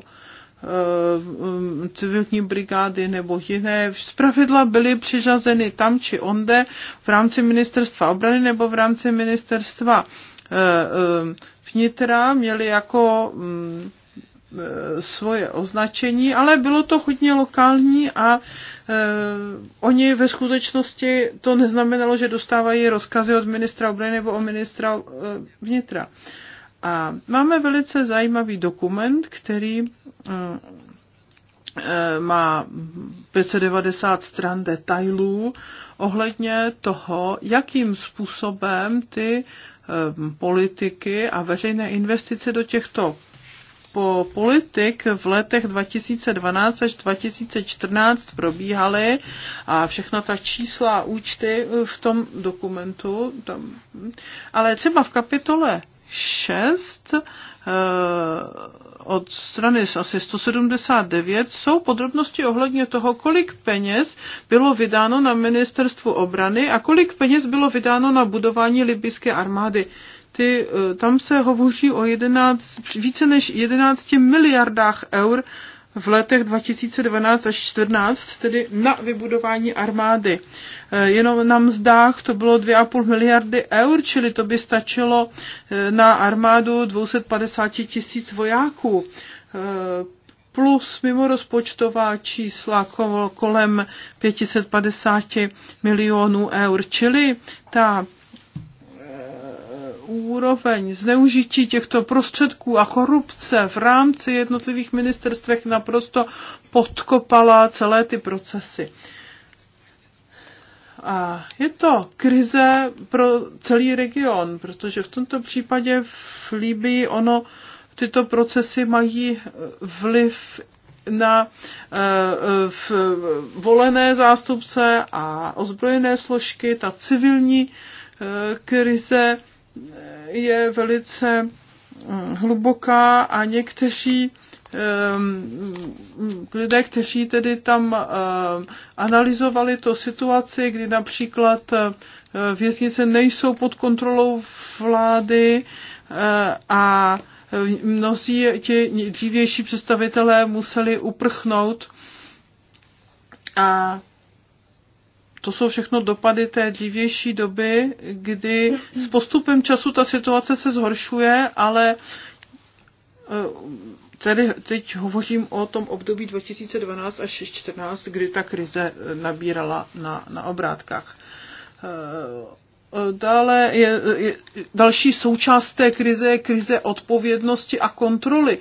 Eh, civilní brigády nebo jiné, pravidla byly přiřazeny tam či onde v rámci ministerstva obrany nebo v rámci ministerstva eh, eh, vnitra, měly jako mm, svoje označení, ale bylo to hodně lokální a oni ve skutečnosti to neznamenalo, že dostávají rozkazy od ministra obrany nebo od ministra vnitra. A máme velice zajímavý dokument, který mm, eh, má 590 stran detailů ohledně toho, jakým způsobem ty eh, politiky a veřejné investice do těchto po politik v letech 2012 až 2014 probíhaly a všechna ta čísla a účty v tom dokumentu. Tam, ale třeba v kapitole 6 eh, od strany asi 179 jsou podrobnosti ohledně toho, kolik peněz bylo vydáno na ministerstvu obrany a kolik peněz bylo vydáno na budování libyské armády. Ty, eh, tam se hovoří o 11, více než 11 miliardách eur v letech 2012 až 2014, tedy na vybudování armády. Eh, jenom na mzdách to bylo 2,5 miliardy eur, čili to by stačilo eh, na armádu 250 tisíc vojáků eh, plus mimo rozpočtová čísla kolem 550 milionů eur. Čili ta úroveň zneužití těchto prostředků a korupce v rámci jednotlivých ministerstvech naprosto podkopala celé ty procesy. A je to krize pro celý region, protože v tomto případě v Líbii ono, tyto procesy mají eh, vliv na eh, v volené zástupce a ozbrojené složky. Ta civilní eh, krize je velice hm, hluboká a někteří Ehm, lidé, kteří tedy tam ehm, analyzovali to situaci, kdy například eh, věznice nejsou pod kontrolou vlády eh, a eh, mnozí ti dřívější představitelé museli uprchnout a to jsou všechno dopady té dřívější doby, kdy s postupem času ta situace se zhoršuje, ale Tady teď hovořím o tom období 2012 až 2014, kdy ta krize eh, nabírala na, na obrátkách. Eh, dále je, je další součást té krize je krize odpovědnosti a kontroly.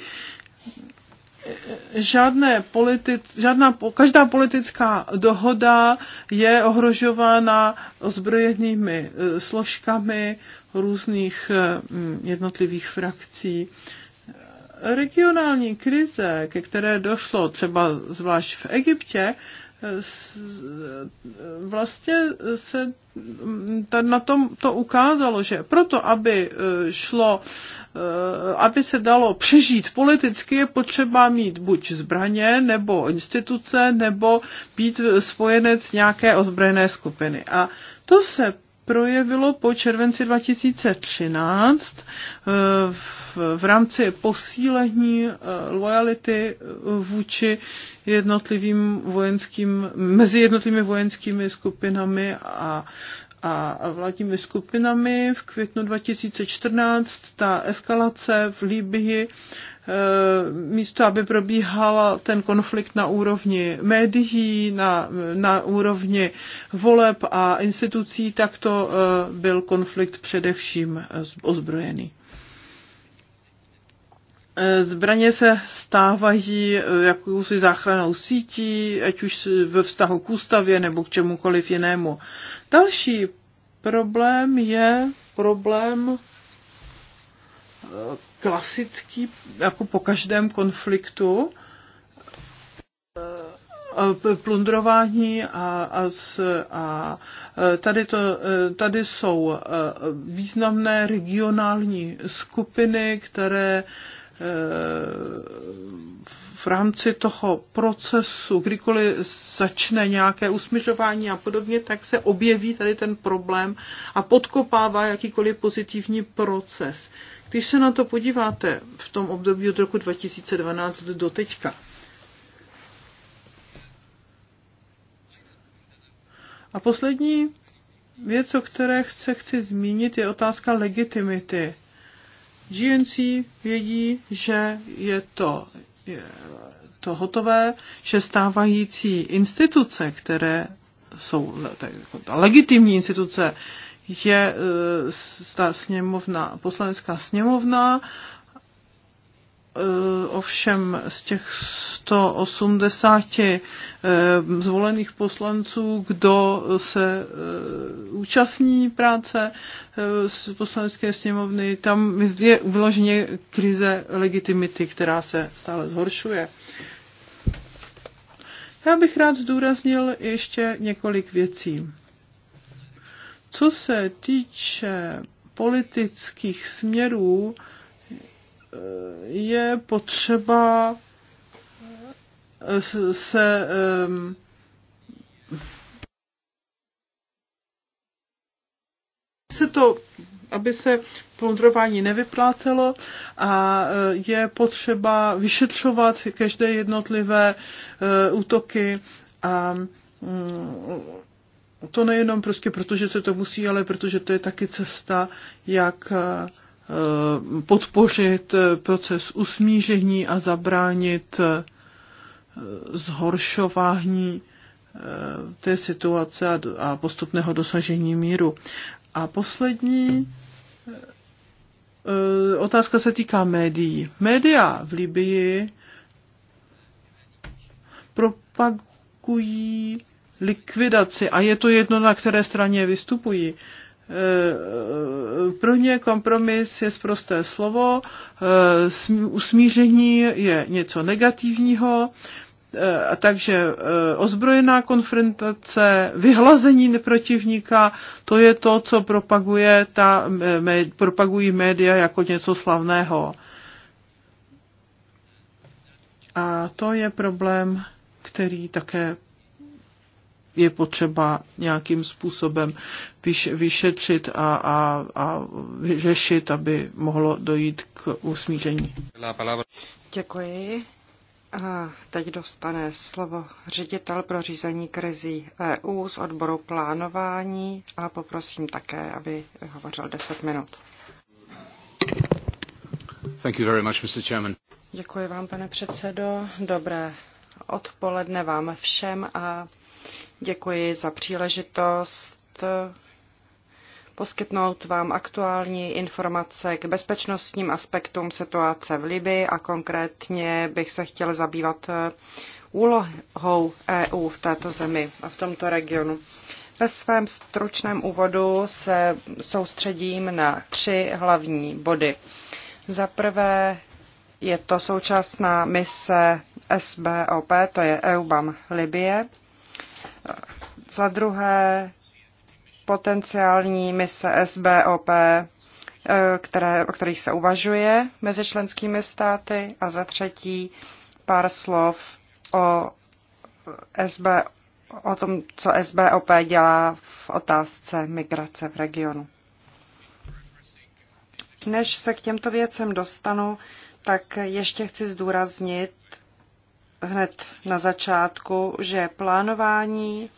Eh, žádné politic, žádná, každá politická dohoda je ohrožována ozbrojenými složkami různých jednotlivých frakcí. Regionální krize, ke které došlo třeba zvlášť v Egyptě, vlastně se na tom to ukázalo, že proto, aby e, šlo, e, aby se dalo přežít politicky, je potřeba mít buď zbraně, nebo instituce, nebo být spojenec nějaké ozbrojené skupiny. A to se projevilo po červenci 2013 eh, v rámci posílení eh, lojality eh, vůči jednotlivým vojenským, mezi jednotlivými vojenskými skupinami a a vládními skupinami. V květnu 2014 ta eskalace v Líbii Eh, místo aby probíhal ten konflikt na úrovni médií, na, na úrovni voleb a institucí, tak to eh, byl konflikt především eh, ozbrojený. Zbraně se stávají jakousi záchranou sítí, ať už ve vztahu k ústavě nebo k čemukoliv jinému. Další problém je problém Eh, klasický, jako po každém konfliktu, eh, eh, plundrování a, a, a tady, to, tady jsou významné regionální skupiny, které v rámci toho procesu, kdykoliv začne nějaké usmířování a podobně, tak se objeví tady ten problém a podkopává jakýkoliv pozitivní proces. Když se na to podíváte v tom období od roku 2012 do teďka, A poslední věc, o které se chci zmínit, je otázka legitimity. GNC vědí, že je to, je to hotové, že stávající instituce, které jsou jako legitimní instituce, je e, ta sněmovna, poslanecká sněmovna, e, ovšem z těch 180 e, zvolených poslanců, kdo se účastní práce z poslanecké sněmovny, tam je vyloženě krize legitimity, která se stále zhoršuje. Já bych rád zdůraznil ještě několik věcí. Co se týče politických směrů, eh, je potřeba eh, se ehm, se to, aby se plundrování nevyplácelo a eh, je potřeba vyšetřovat každé jednotlivé útoky a mm, to nejenom prostě proto, že se to musí, ale protože to je taky cesta, jak eh, podpořit eh, proces usmížení a zabránit eh, zhoršování té situace a postupného dosažení míru. A poslední otázka se týká médií. Média v Libii propagují likvidaci a je to jedno, na které straně vystupují. E, pro ně kompromis je zprosté slovo, e, usmíření je něco negativního, e, a takže ozbrojená konfrontace, vyhlazení protivníka, to je to, co propaguje ta, propagují média jako něco slavného. A to je problém, který také je potřeba nějakým způsobem vyšetřit a, a, a řešit, aby mohlo dojít k usmíření. Děkuji. A teď dostane slovo ředitel pro řízení krizí EU z odboru plánování a poprosím také, aby hovořil 10 minut. Thank you very much, Mr. Chairman. Děkuji vám, pane předsedo. Dobré odpoledne vám všem a Děkuji za příležitost poskytnout vám aktuální informace k bezpečnostním aspektům situace v Libii a konkrétně bych se chtěl zabývat eh, úlohou EU v této zemi a v tomto regionu. Ve svém stručném úvodu se soustředím na tři hlavní body. Za prvé je to současná mise SBOP, to je EUBAM Libie. Za druhé potenciální mise SBOP, eh, které, o kterých se uvažuje mezi členskými státy. A za třetí pár slov o, SB, o tom, co SBOP dělá v otázce migrace v regionu. Než se k těmto věcem dostanu, tak ještě chci zdůraznit, hned na začátku, že plánování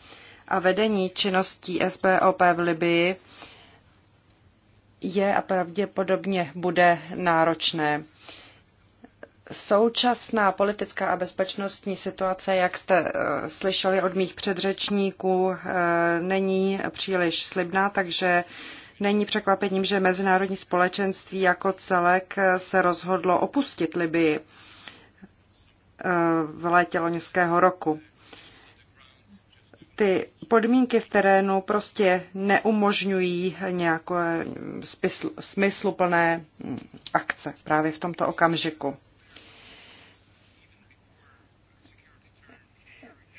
a vedení činností SBOP v Libii je a pravděpodobně bude náročné. Současná politická a bezpečnostní situace, jak jste eh, slyšeli od mých předřečníků, eh, není příliš slibná, takže není překvapením, že mezinárodní společenství jako celek eh, se rozhodlo opustit Libii v létě loňského roku. Ty podmínky v terénu prostě neumožňují nějaké mm, smysluplné mm, akce právě v tomto okamžiku.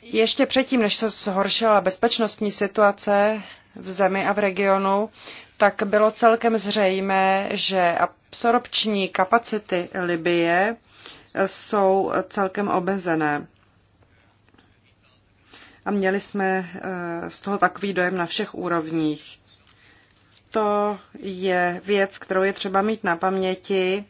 Ještě předtím, než se zhoršila bezpečnostní situace v zemi a v regionu, tak bylo celkem zřejmé, že absorpční kapacity Libie jsou celkem obezené. A měli jsme eh, z toho takový dojem na všech úrovních. To je věc, kterou je třeba mít na paměti,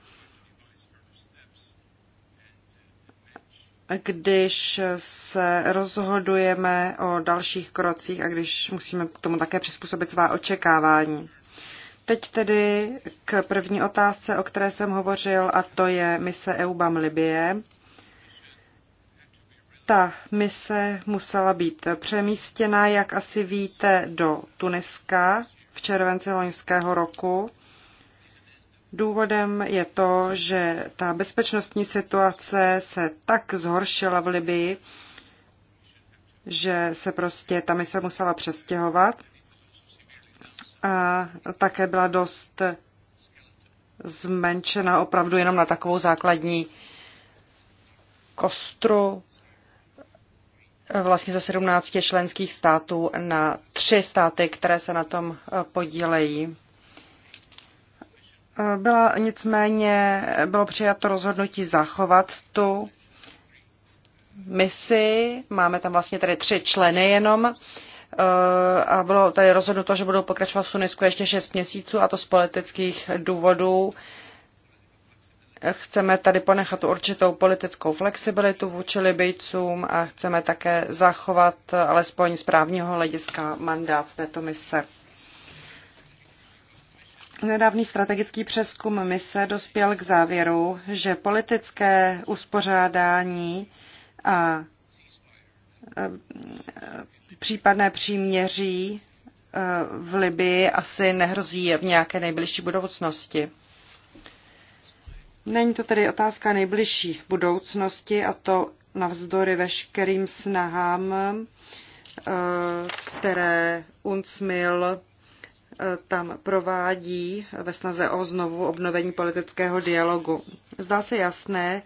když se rozhodujeme o dalších krocích a když musíme k tomu také přizpůsobit svá očekávání. Teď tedy k první otázce, o které jsem hovořil, a to je mise EUBAM Libie. Ta mise musela být přemístěna, jak asi víte, do Tuniska v červenci loňského roku. Důvodem je to, že ta bezpečnostní situace se tak zhoršila v Libii, že se prostě ta mise musela přestěhovat a také byla dost zmenšena opravdu jenom na takovou základní kostru vlastně ze 17 členských států na tři státy, které se na tom eh, podílejí. Eh, byla, nicméně bylo přijato rozhodnutí zachovat tu misi. Máme tam vlastně tady tři členy jenom Eh, a bylo tady rozhodnuto, že budou pokračovat v Tunisku ještě 6 měsíců a to z politických důvodů. Chceme tady ponechat určitou politickou flexibilitu vůči Libijcům a chceme také zachovat alespoň z právního hlediska mandát této mise. Nedávný strategický přeskum mise dospěl k závěru, že politické uspořádání a Eh, případné příměří eh, v Libii asi nehrozí v nějaké nejbližší budoucnosti. Není to tedy otázka nejbližší budoucnosti a to navzdory veškerým snahám, eh, které UNCMIL tam provádí ve snaze o znovu obnovení politického dialogu. Zdá se jasné,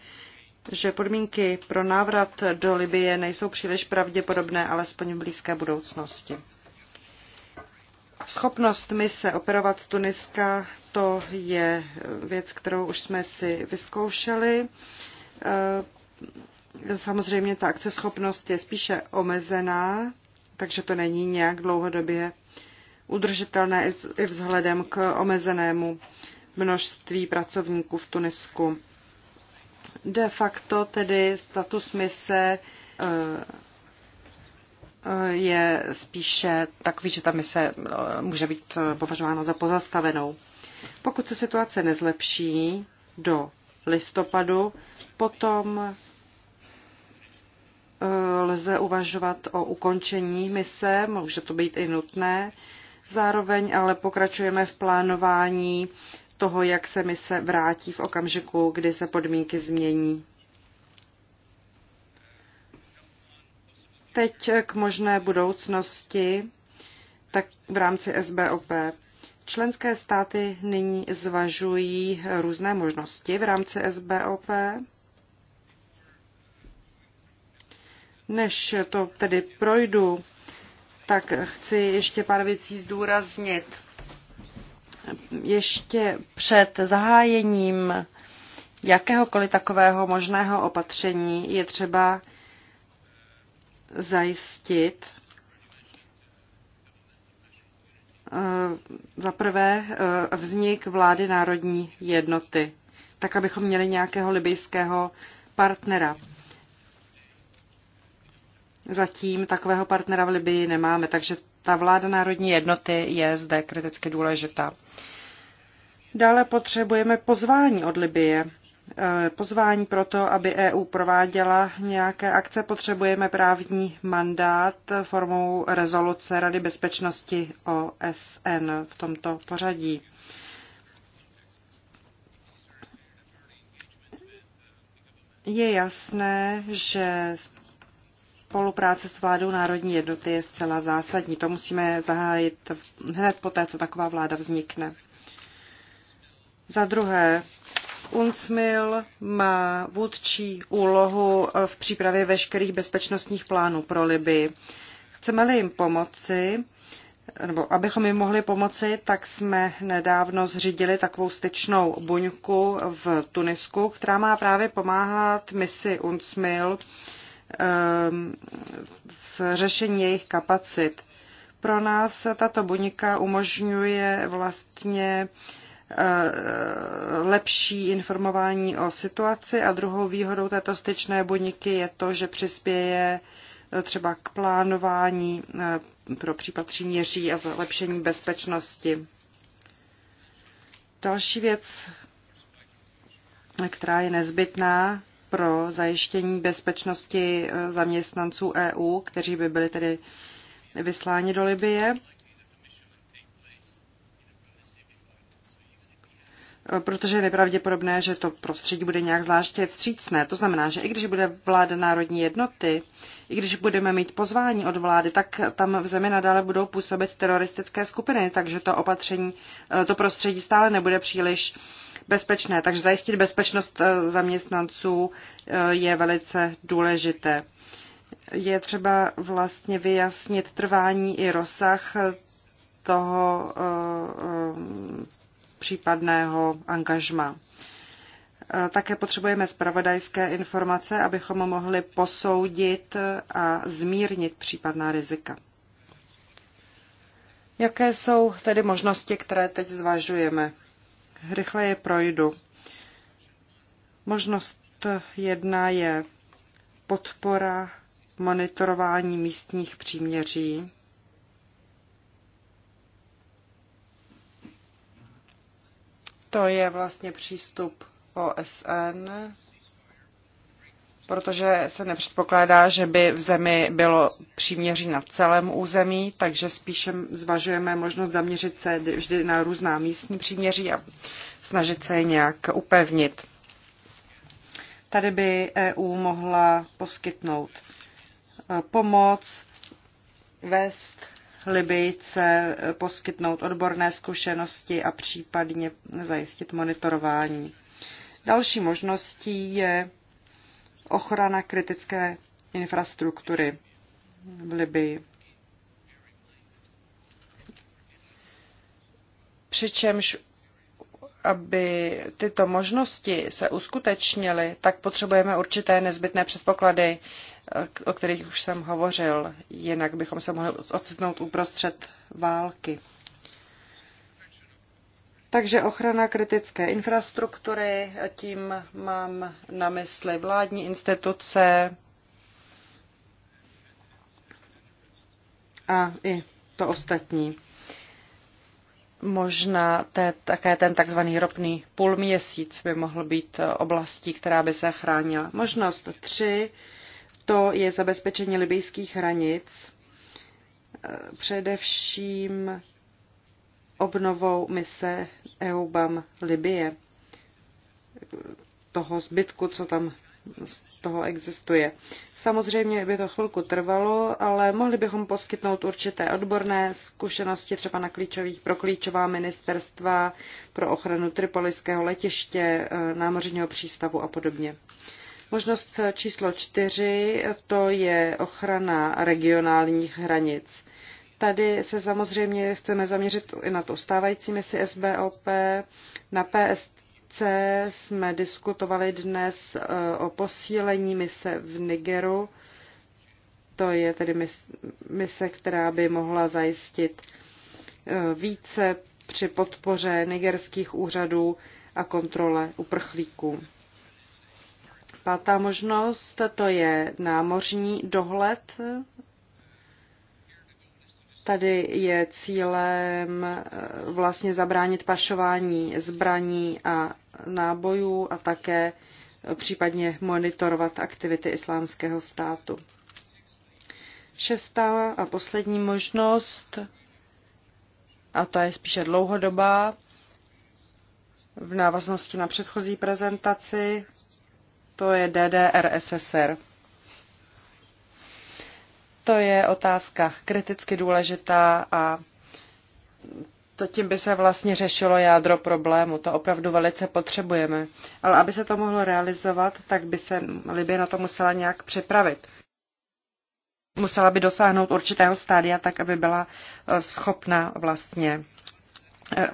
že podmínky pro návrat do Libie nejsou příliš pravděpodobné, alespoň v blízké budoucnosti. Schopnost mise operovat z Tuniska, to je věc, kterou už jsme si vyzkoušeli. E, samozřejmě ta akceschopnost je spíše omezená, takže to není nějak dlouhodobě udržitelné i vzhledem k omezenému množství pracovníků v Tunisku. De facto tedy status mise eh, je spíše takový, že ta mise eh, může být eh, považována za pozastavenou. Pokud se situace nezlepší do listopadu, potom lze uvažovat o ukončení mise, může to být i nutné. Zároveň ale pokračujeme v plánování toho, jak se mise vrátí v okamžiku, kdy se podmínky změní. Teď k možné budoucnosti, tak v rámci SBOP. Členské státy nyní zvažují různé možnosti v rámci SBOP. Než to tedy projdu, tak chci ještě pár věcí zdůraznit ještě před zahájením jakéhokoliv takového možného opatření je třeba zajistit eh, za prvé eh, vznik vlády národní jednoty, tak abychom měli nějakého libijského partnera. Zatím takového partnera v Libii nemáme, takže ta vláda národní jednoty je zde kriticky důležitá. Dále potřebujeme pozvání od Libie. Eh, pozvání pro to, aby EU prováděla nějaké akce, potřebujeme právní mandát formou rezoluce Rady bezpečnosti OSN v tomto pořadí. Je jasné, že spolupráce s vládou Národní jednoty je zcela zásadní. To musíme zahájit hned poté, co taková vláda vznikne. Za druhé, UNCMIL má vůdčí úlohu v přípravě veškerých bezpečnostních plánů pro Libii. Chceme-li jim pomoci, nebo abychom jim mohli pomoci, tak jsme nedávno zřídili takovou styčnou buňku v Tunisku, která má právě pomáhat misi UNCMIL Ehm, v řešení jejich kapacit. Pro nás tato buňka umožňuje vlastně eh, lepší informování o situaci a druhou výhodou této styčné buňky je to, že přispěje eh, třeba k plánování eh, pro případ příměří a zlepšení bezpečnosti. Další věc, která je nezbytná, pro zajištění bezpečnosti eh, zaměstnanců EU, kteří by byli tedy vysláni do Libie. Eh, protože je nepravděpodobné, že to prostředí bude nějak zvláště vstřícné. To znamená, že i když bude vláda národní jednoty, i když budeme mít pozvání od vlády, tak tam v zemi nadále budou působit teroristické skupiny, takže to opatření, eh, to prostředí stále nebude příliš bezpečné. Takže zajistit bezpečnost eh, zaměstnanců eh, je velice důležité. Je třeba vlastně vyjasnit trvání i rozsah eh, toho případného angažma. Také potřebujeme zpravodajské informace, abychom mohli posoudit a zmírnit případná rizika. Jaké jsou tedy možnosti, které teď zvažujeme? rychle je projdu. Možnost jedna je podpora monitorování místních příměří. To je vlastně přístup OSN protože se nepředpokládá, že by v zemi bylo příměří na celém území, takže spíše zvažujeme možnost zaměřit se vždy na různá místní příměří a snažit se je nějak upevnit. Tady by EU mohla poskytnout eh, pomoc, vést Libijce, eh, poskytnout odborné zkušenosti a případně zajistit monitorování. Další možností je ochrana kritické infrastruktury v Libii. Přičemž, aby tyto možnosti se uskutečnily, tak potřebujeme určité nezbytné předpoklady, o kterých už jsem hovořil. Jinak bychom se mohli ocitnout uprostřed války. Takže ochrana kritické infrastruktury, tím mám na mysli vládní instituce a i to ostatní. Možná té, také ten takzvaný ropný půlměsíc by mohl být oblastí, která by se chránila. Možnost tři, to je zabezpečení libijských hranic, především obnovou mise EUBAM Libie, toho zbytku, co tam z toho existuje. Samozřejmě by to chvilku trvalo, ale mohli bychom poskytnout určité odborné zkušenosti třeba na klíčových, pro klíčová ministerstva, pro ochranu tripoliského letiště, eh, námořního přístavu a podobně. Možnost číslo čtyři to je ochrana regionálních hranic. Tady se samozřejmě chceme zaměřit i na tu stávající misi SBOP. Na PSC jsme diskutovali dnes e, o posílení mise v Nigeru. To je tedy mise, která by mohla zajistit e, více při podpoře nigerských úřadů a kontrole uprchlíků. Pátá možnost to je námořní dohled Tady je cílem eh, vlastně zabránit pašování zbraní a nábojů a také eh, případně monitorovat aktivity islámského státu. Šestá a poslední možnost, a to je spíše dlouhodobá, v návaznosti na předchozí prezentaci, to je DDR SSR. To je otázka kriticky důležitá a to tím by se vlastně řešilo jádro problému. To opravdu velice potřebujeme. Ale aby se to mohlo realizovat, tak by se Libie na to musela nějak připravit. Musela by dosáhnout určitého stádia, tak aby byla eh, schopna vlastně eh,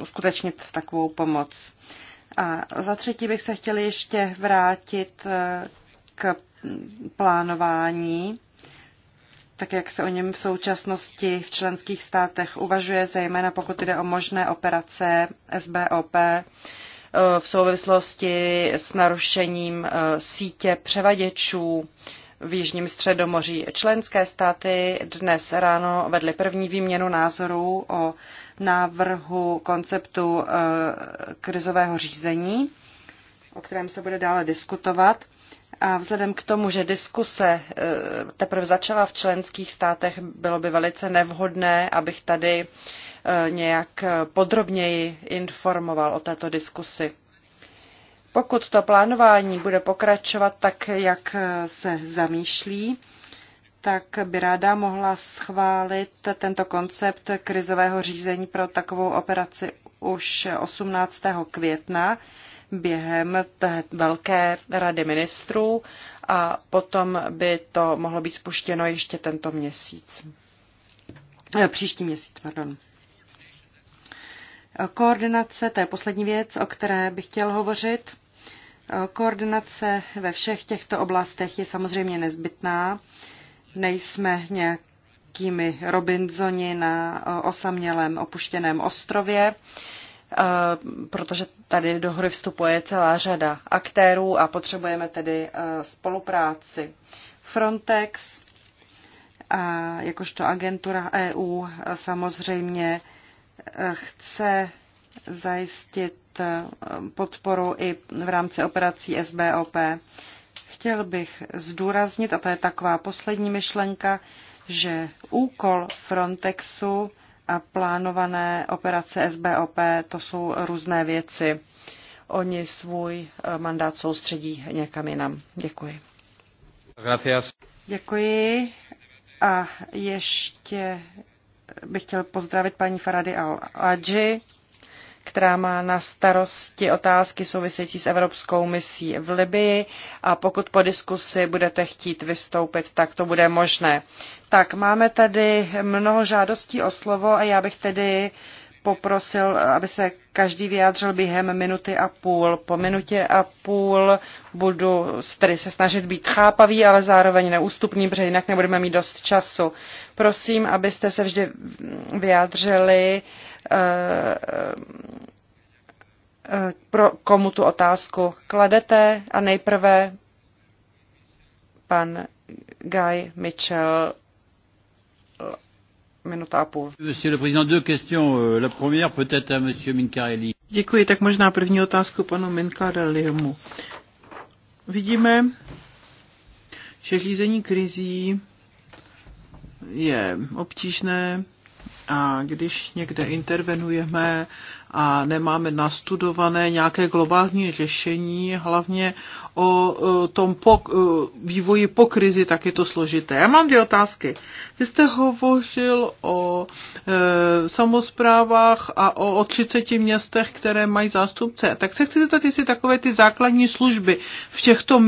uskutečnit takovou pomoc. A za třetí bych se chtěla ještě vrátit eh, k plánování tak jak se o něm v současnosti v členských státech uvažuje, zejména pokud jde o možné operace SBOP eh, v souvislosti s narušením eh, sítě převaděčů v Jižním středomoří. Členské státy dnes ráno vedly první výměnu názorů o návrhu konceptu eh, krizového řízení, o kterém se bude dále diskutovat. A vzhledem k tomu, že diskuse eh, teprve začala v členských státech, bylo by velice nevhodné, abych tady eh, nějak eh, podrobněji informoval o této diskusi. Pokud to plánování bude pokračovat tak, jak se zamýšlí, tak by ráda mohla schválit tento koncept krizového řízení pro takovou operaci už 18. května během té velké rady ministrů a potom by to mohlo být spuštěno ještě tento měsíc. Eh, příští měsíc, pardon. Eh, koordinace, to je poslední věc, o které bych chtěl hovořit. Eh, koordinace ve všech těchto oblastech je samozřejmě nezbytná. Nejsme nějakými Robinzoni na osamělém opuštěném ostrově. Eh, protože tady do hry vstupuje celá řada aktérů a potřebujeme tedy eh, spolupráci. Frontex, a jakožto agentura EU eh, samozřejmě chce zajistit podporu i v rámci operací SBOP. Chtěl bych zdůraznit, a to je taková poslední myšlenka, že úkol Frontexu a plánované operace SBOP, to jsou různé věci. Oni svůj eh, mandát soustředí někam jinam. Děkuji. Gracias. Děkuji. A ještě bych chtěl pozdravit paní Farady Al-Adži která má na starosti otázky související s evropskou misí v Libii a pokud po diskusi budete chtít vystoupit, tak to bude možné. Tak, máme tady mnoho žádostí o slovo a já bych tedy poprosil, aby se každý vyjádřil během minuty a půl. Po minutě a půl budu tedy se snažit být chápavý, ale zároveň neústupný, protože jinak nebudeme mít dost času. Prosím, abyste se vždy vyjádřili eh, eh, pro komu tu otázku kladete a nejprve pan Guy Mitchell minuta a půl. Děkuji, tak možná první otázku panu Minkareliemu. Vidíme, že řízení krizí je obtížné, a když někde intervenujeme a nemáme nastudované nějaké globální řešení, hlavně o e, tom po, e, vývoji po krizi, tak je to složité. Já mám dvě otázky. Vy jste hovořil o e, samozprávách a o, o 30 městech, které mají zástupce. Tak se chci zeptat, jestli takové ty základní služby v těchto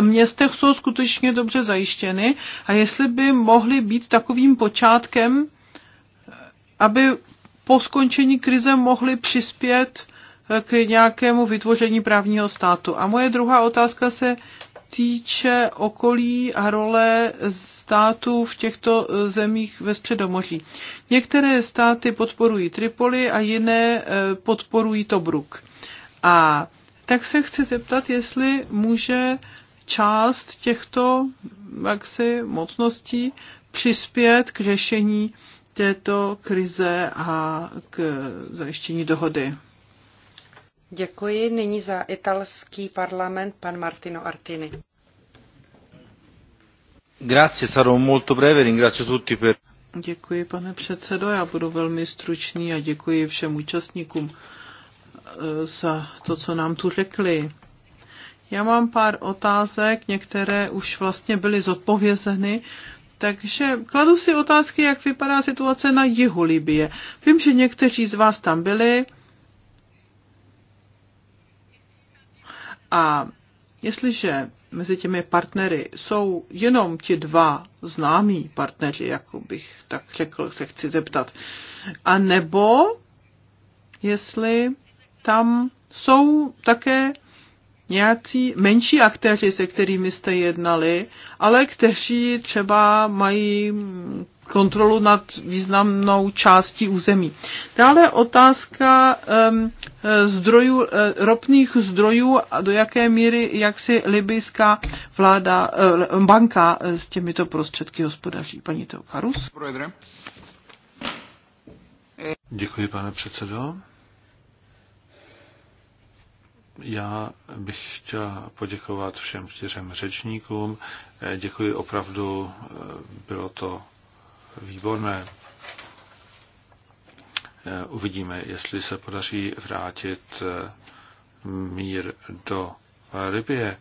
městech jsou skutečně dobře zajištěny a jestli by mohly být takovým počátkem aby po skončení krize mohli přispět eh, k nějakému vytvoření právního státu. A moje druhá otázka se týče okolí a role států v těchto eh, zemích ve Středomoří. Některé státy podporují Tripoli a jiné eh, podporují Tobruk. A tak se chci zeptat, jestli může část těchto jaksi, mocností přispět k řešení této krize a k zajištění dohody. Děkuji. Nyní za italský parlament pan Martino Artini. Grazie, sarò molto breve, ringrazio tutti per... Děkuji, pane předsedo, já budu velmi stručný a děkuji všem účastníkům eh, za to, co nám tu řekli. Já mám pár otázek, některé už vlastně byly zodpovězeny takže kladu si otázky, jak vypadá situace na jihu Libie. Vím, že někteří z vás tam byli. A jestliže mezi těmi partnery jsou jenom ti dva známí partneři, jako bych tak řekl, se chci zeptat, a nebo jestli tam jsou také nějací menší aktéři, se kterými jste jednali, ale kteří třeba mají kontrolu nad významnou částí území. Dále otázka um, zdrojů, eh, ropných zdrojů a do jaké míry, jak si libyská vláda, eh, banka eh, s těmito prostředky hospodaří. Paní Teokarus. Děkuji, pane předsedo. Já bych chtěla poděkovat všem čtyřem řečníkům. Děkuji opravdu, eh, bylo to výborné. Eh, uvidíme, jestli se podaří vrátit eh, mír do Libie.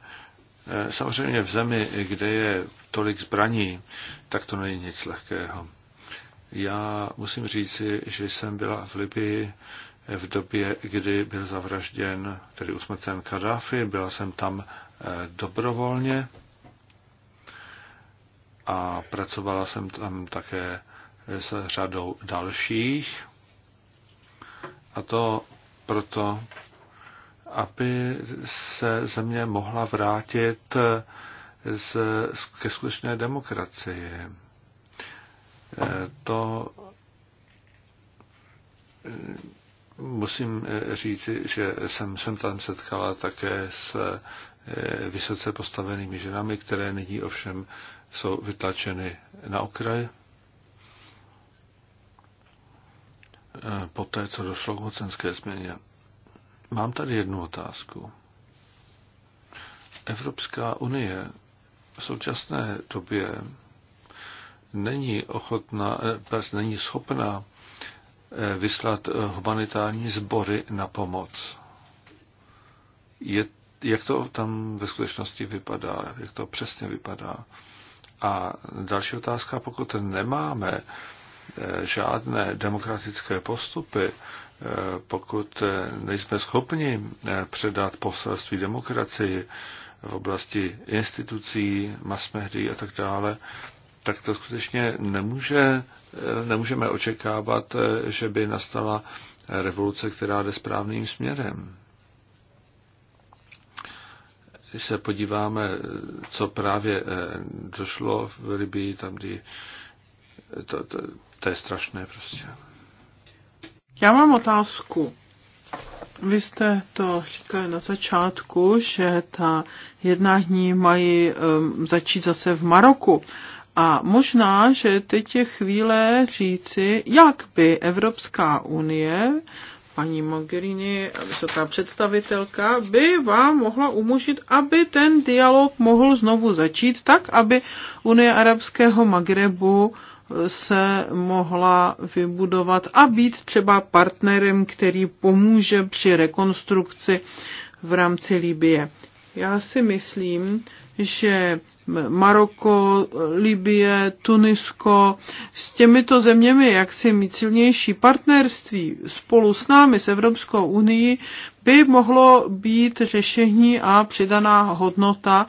Samozřejmě v zemi, kde je tolik zbraní, tak to není nic lehkého. Já musím říci, že jsem byla v Libii v době, kdy byl zavražděn, tedy usmrcen Kadáfi. Byla jsem tam eh, dobrovolně a pracovala jsem tam také s řadou dalších. A to proto, aby se země mohla vrátit z, eh, ke skutečné demokracii. Eh, to Musím eh, říci, že jsem, jsem tam setkala také s eh, vysoce postavenými ženami, které nyní ovšem jsou vytlačeny na okraj. Eh, Poté, co došlo k mocenské změně. Mám tady jednu otázku. Evropská unie v současné době není ochotná, není schopná Eh, vyslat eh, humanitární sbory na pomoc. Je, jak to tam ve skutečnosti vypadá, jak to přesně vypadá. A další otázka, pokud nemáme eh, žádné demokratické postupy, pokud nejsme schopni předat poselství demokracii v oblasti institucí, masmehdy a tak dále, tak to skutečně nemůže, nemůžeme očekávat, že by nastala revoluce, která jde správným směrem. Když se podíváme, co právě eh, došlo v Libii, tam, kdy eh, to, to, to je strašné prostě. Já mám otázku. Vy jste to říkali na začátku, že ta jednání mají um, začít zase v Maroku. A možná, že teď je chvíle říci, jak by Evropská unie, paní Mogherini, vysoká představitelka, by vám mohla umožnit, aby ten dialog mohl znovu začít, tak aby Unie arabského Magrebu eh, se mohla vybudovat a být třeba partnerem, který pomůže při rekonstrukci v rámci Libie. Já si myslím, že Maroko, Libie, Tunisko. S těmito zeměmi, jak si mít silnější partnerství spolu s námi, s Evropskou unii, by mohlo být řešení a přidaná hodnota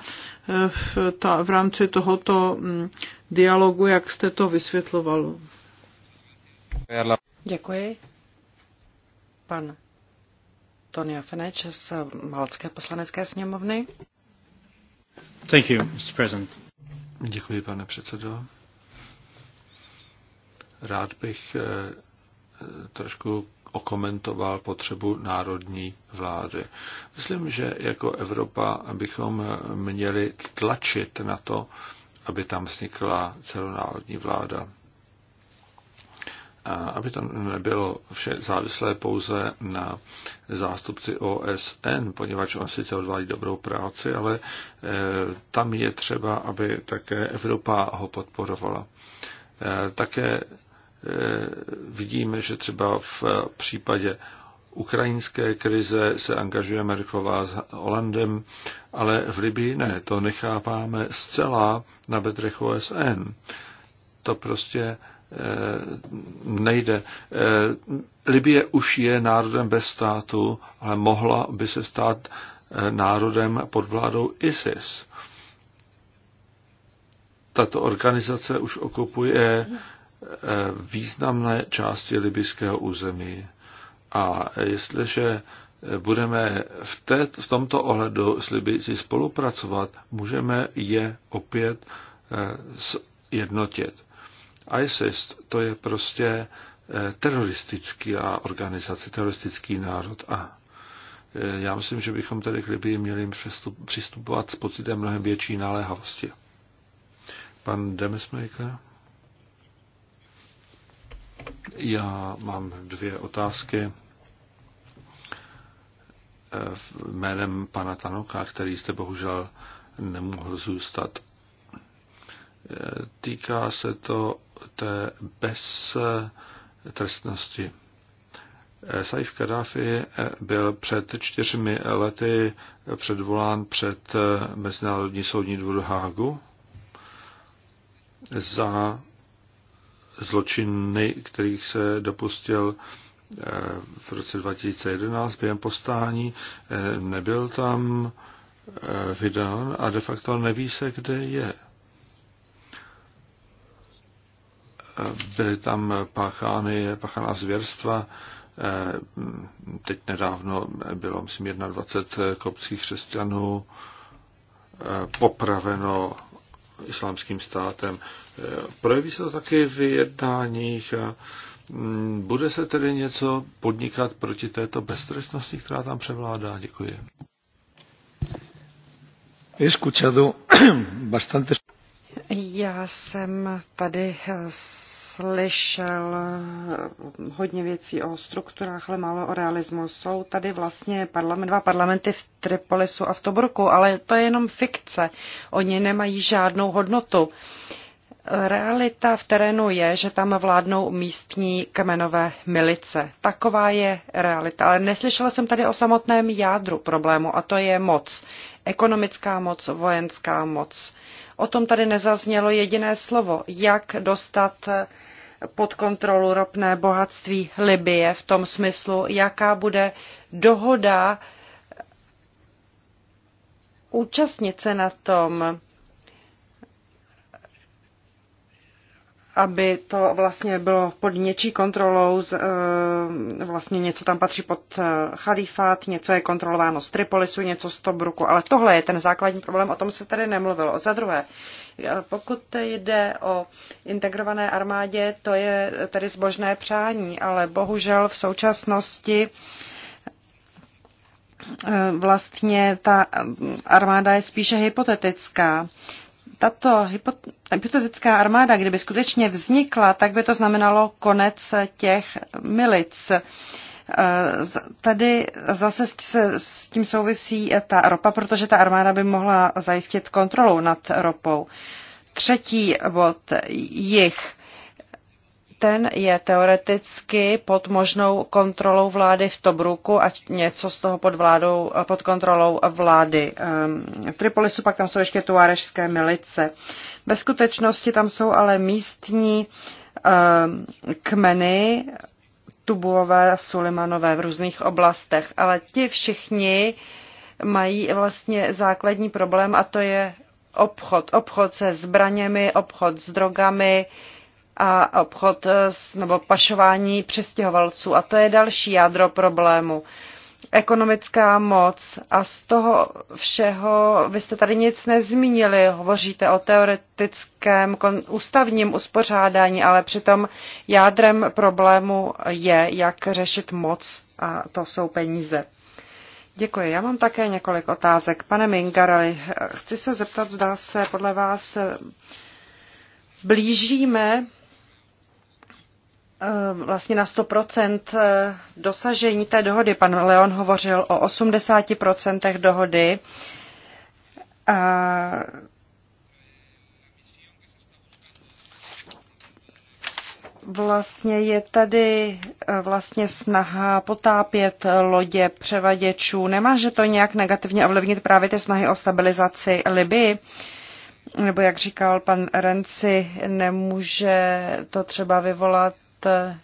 eh, v, ta, v rámci tohoto mm, dialogu, jak jste to vysvětloval. Děkuji. Pan Tonio Feneč z Malcké poslanecké sněmovny. Thank you, Mr. President. Děkuji, pane předsedo. Rád bych eh, trošku okomentoval potřebu národní vlády. Myslím, že jako Evropa bychom měli tlačit na to, aby tam vznikla celonárodní vláda. A aby to nebylo vše závislé pouze na zástupci OSN, poněvadž on sice odvádí dobrou práci, ale e, tam je třeba, aby také Evropa ho podporovala. E, také e, vidíme, že třeba v případě ukrajinské krize se angažuje Merklová s Holandem, ale v Libii ne. To necháváme zcela na bedrech OSN. To prostě Eh, nejde. Eh, Libie už je národem bez státu, ale mohla by se stát eh, národem pod vládou ISIS. Tato organizace už okupuje významné části libyského území. A jestliže budeme v, té, v tomto ohledu s Libyci spolupracovat, můžeme je opět sjednotit. ISIS to je prostě eh, teroristický a organizace, teroristický národ a eh, já myslím, že bychom tedy k Libii měli přistupovat s pocitem mnohem větší naléhavosti. Pan Demesmaker? Já mám dvě otázky eh, jménem pana Tanoka, který jste bohužel nemohl zůstat. Týká se to té beztrestnosti. Saif Gaddafi byl před čtyřmi lety předvolán před Mezinárodní soudní dvůr Hágu za zločiny, kterých se dopustil eh, v roce 2011 během postání. Eh, nebyl tam eh, vydán a de facto neví se, kde je. byly tam páchány, páchána zvěrstva. Eh, teď nedávno bylo, myslím, 21 kopských křesťanů eh, popraveno islámským státem. Eh, projeví se to taky v jednáních. Mm, bude se tedy něco podnikat proti této beztrestnosti, která tam převládá? Děkuji. He escuchado [clears throat] bastantes já jsem tady eh, slyšel eh, hodně věcí o strukturách, ale málo o realismu. Jsou tady vlastně parlament, dva parlamenty v Tripolisu a v Toborku, ale to je jenom fikce. Oni nemají žádnou hodnotu. Realita v terénu je, že tam vládnou místní kmenové milice. Taková je realita. Ale neslyšela jsem tady o samotném jádru problému a to je moc. Ekonomická moc, vojenská moc O tom tady nezaznělo jediné slovo, jak dostat eh, pod kontrolu ropné bohatství Libie v tom smyslu, jaká bude dohoda účastnit se na tom, aby to vlastně bylo pod něčí kontrolou, eh, vlastně něco tam patří pod eh, chalifát, něco je kontrolováno z Tripolisu, něco z Tobruku, ale tohle je ten základní problém, o tom se tady nemluvilo. Za druhé, eh, pokud jde o integrované armádě, to je tady zbožné přání, ale bohužel v současnosti vlastně ta armáda je spíše hypotetická tato hypotetická armáda, kdyby skutečně vznikla, tak by to znamenalo konec těch milic. E, tady zase s tím souvisí ta ropa, protože ta armáda by mohla zajistit kontrolu nad ropou. Třetí bod, jich ten je teoreticky pod možnou kontrolou vlády v Tobruku a něco z toho pod, vládou, pod kontrolou vlády. Ehm, v Tripolisu pak tam jsou ještě tuárešské milice. Ve skutečnosti tam jsou ale místní ehm, kmeny, Tubuové a Sulimanové v různých oblastech, ale ti všichni mají vlastně základní problém a to je obchod. Obchod se zbraněmi, obchod s drogami, uh, a obchod eh, nebo pašování přistěhovalců. A to je další jádro problému. Ekonomická moc a z toho všeho vy jste tady nic nezmínili. Hovoříte o teoretickém ústavním uspořádání, ale přitom jádrem problému je, jak řešit moc a to jsou peníze. Děkuji. Já mám také několik otázek. Pane Mingarali, chci se zeptat, zdá se podle vás eh, blížíme Ehm, vlastně na 100% eh, dosažení té dohody. Pan Leon hovořil o 80% dohody. A vlastně je tady eh, vlastně snaha potápět lodě převaděčů. Nemá, že to nějak negativně ovlivnit právě ty snahy o stabilizaci Libii? Nebo jak říkal pan Renci, nemůže to třeba vyvolat Eh,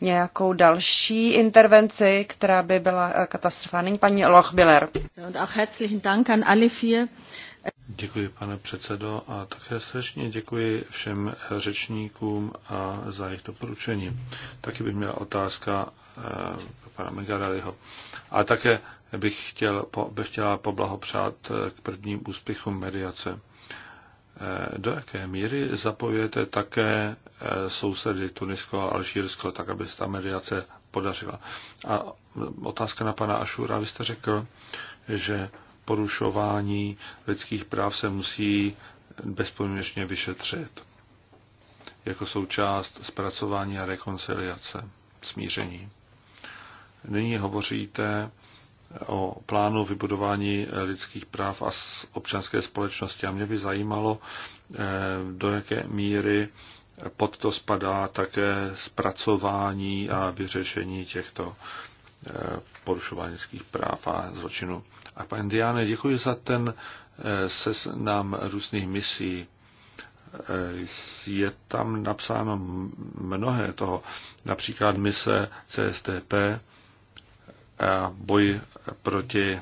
nějakou další intervenci, která by byla eh, katastrofální. Paní Lochbiller. Děkuji, pane předsedo, a také srdečně děkuji všem eh, řečníkům a za jejich doporučení. Taky bych měla otázka pana Megaraliho. A také bych, chtěl, bych chtěla poblahopřát k prvním úspěchům mediace. Eh, do jaké míry zapojujete také eh, sousedy Tunisko a Alžírsko, tak aby se ta mediace podařila. A mm, otázka na pana Ašura. Vy jste řekl, že porušování lidských práv se musí bezpodmínečně vyšetřit jako součást zpracování a rekonciliace, smíření. Nyní hovoříte o plánu vybudování eh, lidských práv a občanské společnosti. A mě by zajímalo, eh, do jaké míry pod to spadá také zpracování a vyřešení těchto eh, porušování lidských práv a zločinů. A pan Diane, děkuji za ten seznam různých misí. Je tam napsáno mnohé toho, například mise CSTP, a boj proti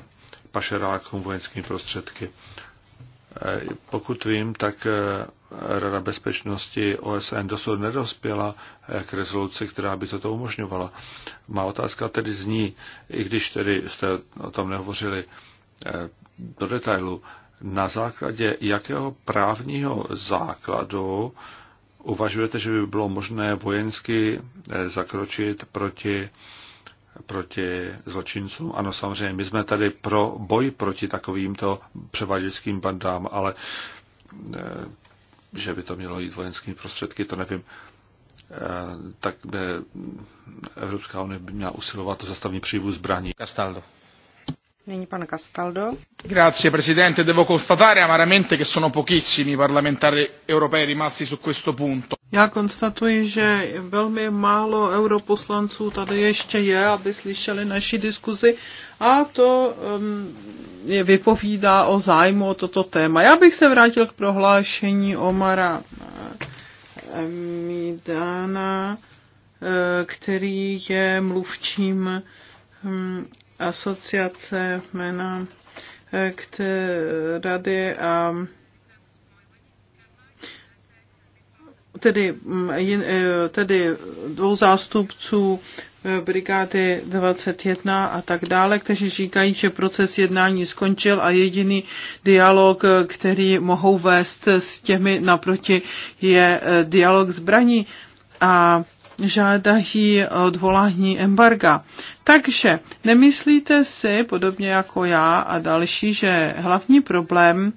pašerákům vojenskými prostředky. E, pokud vím, tak e, Rada bezpečnosti OSN dosud nedospěla e, k rezoluci, která by toto umožňovala. Má otázka tedy zní, i když tedy jste o tom nehovořili do detailu, na základě jakého právního základu uvažujete, že by bylo možné vojensky zakročit proti proti zločincům. Ano, samozřejmě, my jsme tady pro boj proti takovýmto převaděčským bandám, ale eh, že by to mělo jít vojenskými prostředky, to nevím. Eh, tak by Evropská unie by měla usilovat o zastavní přívu zbraní. Castaldo. Nyní pan Castaldo. Grazie Presidente, devo constatare amaramente che sono pochissimi parlamentari europei rimasti su questo punto. Já konstatuji, že velmi málo europoslanců tady ještě je, aby slyšeli naši diskuzi a to um, je vypovídá o zájmu o toto téma. Já bych se vrátil k prohlášení Omara eh, Midana, eh, který je mluvčím hm, asociace jména eh, k rady a tedy, mm, eh, tedy dvou zástupců eh, brigády 21 a tak dále, kteří říkají, že proces jednání skončil a jediný dialog, eh, který mohou vést s těmi naproti, je dialog zbraní a žádají odvolání embarga. Takže nemyslíte si, podobně jako já a další, že hlavní problém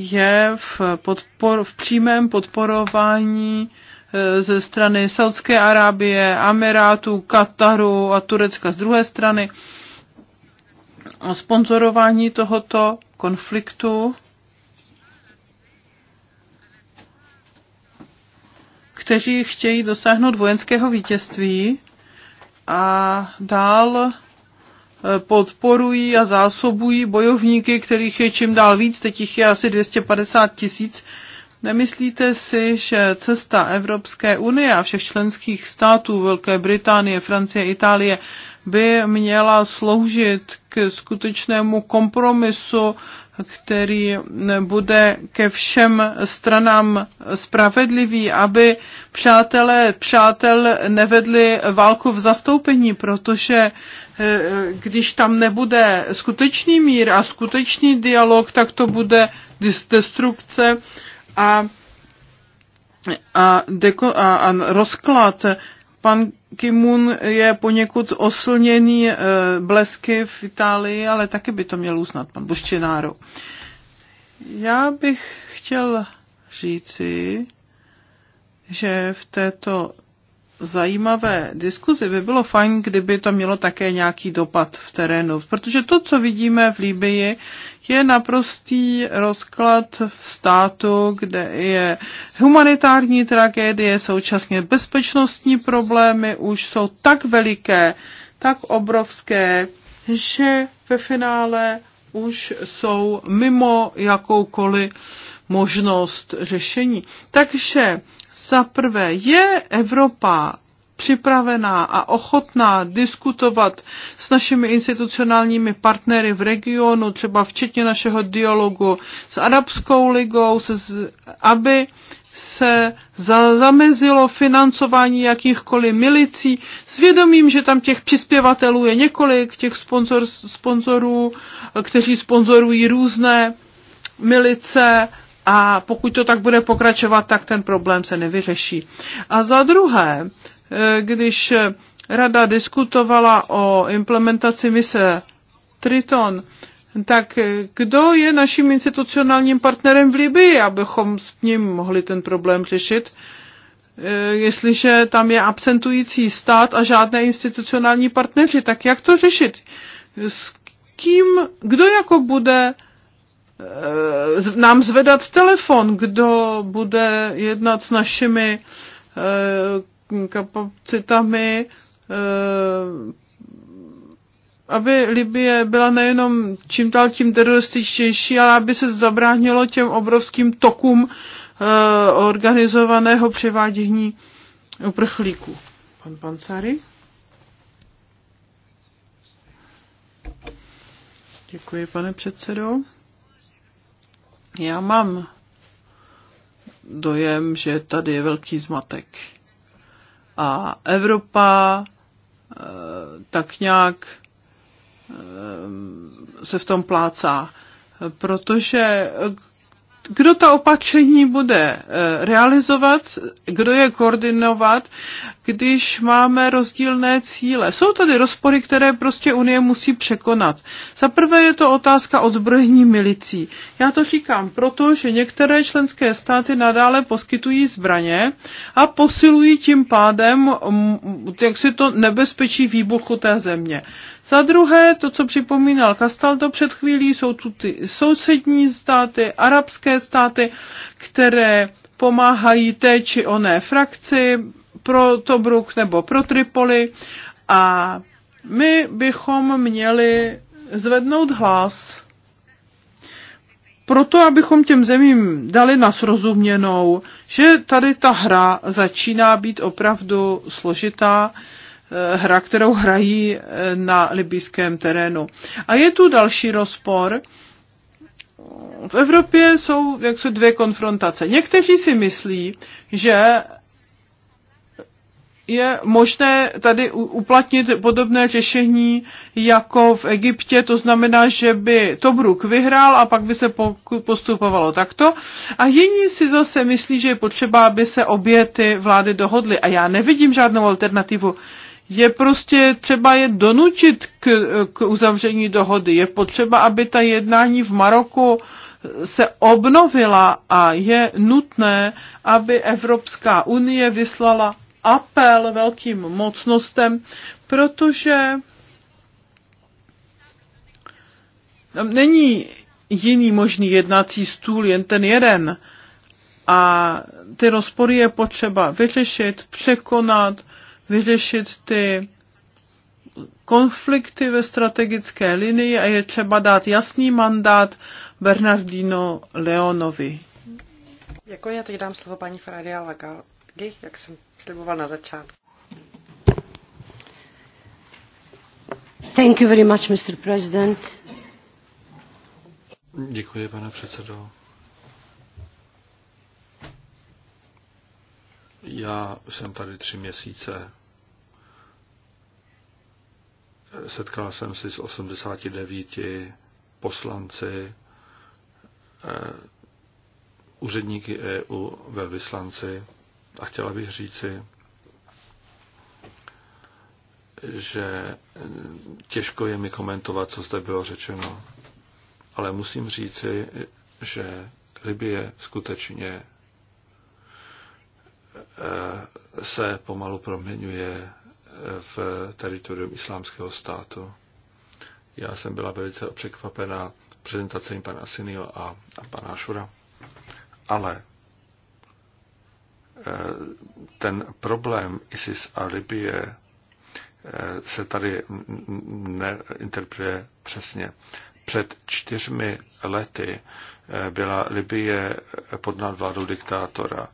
je v, podpor, v přímém podporování e, ze strany Saudské Arábie, Amerátu, Kataru a Turecka z druhé strany. Sponzorování tohoto konfliktu, kteří chtějí dosáhnout vojenského vítězství a dál podporují a zásobují bojovníky, kterých je čím dál víc, teď jich je asi 250 tisíc. Nemyslíte si, že cesta Evropské unie a všech členských států Velké Británie, Francie, Itálie by měla sloužit k skutečnému kompromisu, který bude ke všem stranám spravedlivý, aby přátelé přátel nevedli válku v zastoupení, protože Eh, eh, když tam nebude skutečný mír a skutečný dialog, tak to bude destrukce a, a, deko, a, a rozklad. Pan Kimun je poněkud oslněný eh, blesky v Itálii, ale taky by to měl uznat pan Boštěnáro. Já bych chtěl říci, že v této zajímavé diskuzi by bylo fajn, kdyby to mělo také nějaký dopad v terénu, protože to, co vidíme v Líbii, je naprostý rozklad státu, kde je humanitární tragédie, současně bezpečnostní problémy už jsou tak veliké, tak obrovské, že ve finále už jsou mimo jakoukoliv možnost řešení. Takže za prvé, je Evropa připravená a ochotná diskutovat s našimi institucionálními partnery v regionu, třeba včetně našeho dialogu s Arabskou ligou, se, aby se za, zamezilo financování jakýchkoliv milicí s vědomím, že tam těch přispěvatelů je několik, těch sponzor, sponzorů, kteří sponzorují různé milice a pokud to tak bude pokračovat, tak ten problém se nevyřeší. A za druhé, eh, když rada diskutovala o implementaci mise Triton, tak kdo je naším institucionálním partnerem v Libii, abychom s ním mohli ten problém řešit, eh, jestliže tam je absentující stát a žádné institucionální partneři, tak jak to řešit? S kým, kdo jako bude Eh, nám zvedat telefon, kdo bude jednat s našimi eh, kapacitami, eh, aby Libie byla nejenom čím dál tím terorističtější, ale aby se zabránilo těm obrovským tokům organizovaného převádění uprchlíků. Pan Pancari? Děkuji, pane předsedo. Já mám dojem, že tady je velký zmatek. A Evropa eh, tak nějak eh, se v tom plácá, protože kdo ta opatření bude eh, realizovat, kdo je koordinovat, když máme rozdílné cíle. Jsou tady rozpory, které prostě Unie musí překonat. Za prvé je to otázka odzbrojení milicí. Já to říkám proto, že některé členské státy nadále poskytují zbraně a posilují tím pádem mm, jak si to nebezpečí výbuchu té země. Za druhé, to, co připomínal Castaldo před chvílí, jsou tu ty sousední státy, arabské státy, které pomáhají té či oné frakci pro Tobruk nebo pro Tripoli a my bychom měli zvednout hlas proto, abychom těm zemím dali na srozuměnou, že tady ta hra začíná být opravdu složitá Eh, hra, kterou hrají eh, na libijském terénu. A je tu další rozpor. V Evropě jsou, jaksi dvě konfrontace. Někteří si myslí, že je možné tady uplatnit podobné řešení jako v Egyptě, to znamená, že by Tobruk vyhrál a pak by se postupovalo takto. A jiní si zase myslí, že je potřeba, aby se obě ty vlády dohodly. A já nevidím žádnou alternativu je prostě třeba je donučit k, k uzavření dohody. Je potřeba, aby ta jednání v Maroku se obnovila a je nutné, aby Evropská unie vyslala apel velkým mocnostem, protože není jiný možný jednací stůl, jen ten jeden. A ty rozpory je potřeba vyřešit, překonat, vyřešit ty konflikty ve strategické linii a je třeba dát jasný mandát Bernardino Leonovi. Jako já teď dám slovo paní Faradia Lagardi, jak jsem sliboval na začátku. Thank you very much, Mr. President. Děkuji, pane předsedo. Já jsem tady tři měsíce setkal jsem se s 89 poslanci, eh, úředníky EU ve vyslanci a chtěla bych říci, že eh, těžko je mi komentovat, co zde bylo řečeno. Ale musím říci, že Libie skutečně eh, se pomalu proměňuje v teritorium islámského státu. Já jsem byla velice překvapená prezentacemi pana Asinio a, a pana Šura. Ale eh, ten problém ISIS a Libie eh, se tady neinterpretuje přesně. Před čtyřmi lety eh, byla Libie pod nadvládou diktátora.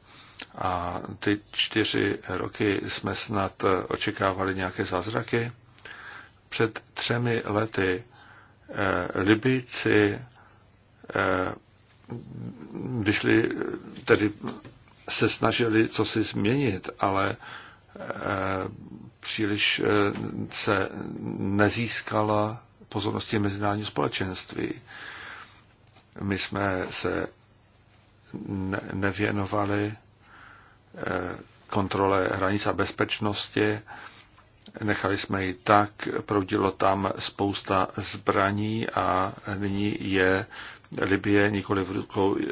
A ty čtyři roky jsme snad očekávali nějaké zázraky. Před třemi lety eh, Libíci eh, vyšli, tedy se snažili co si změnit, ale eh, příliš eh, se nezískala pozornosti mezinárodního společenství. My jsme se nevěnovali kontrole hranic a bezpečnosti. Nechali jsme ji tak, proudilo tam spousta zbraní a nyní je Libie nikoli v rukou e, eh,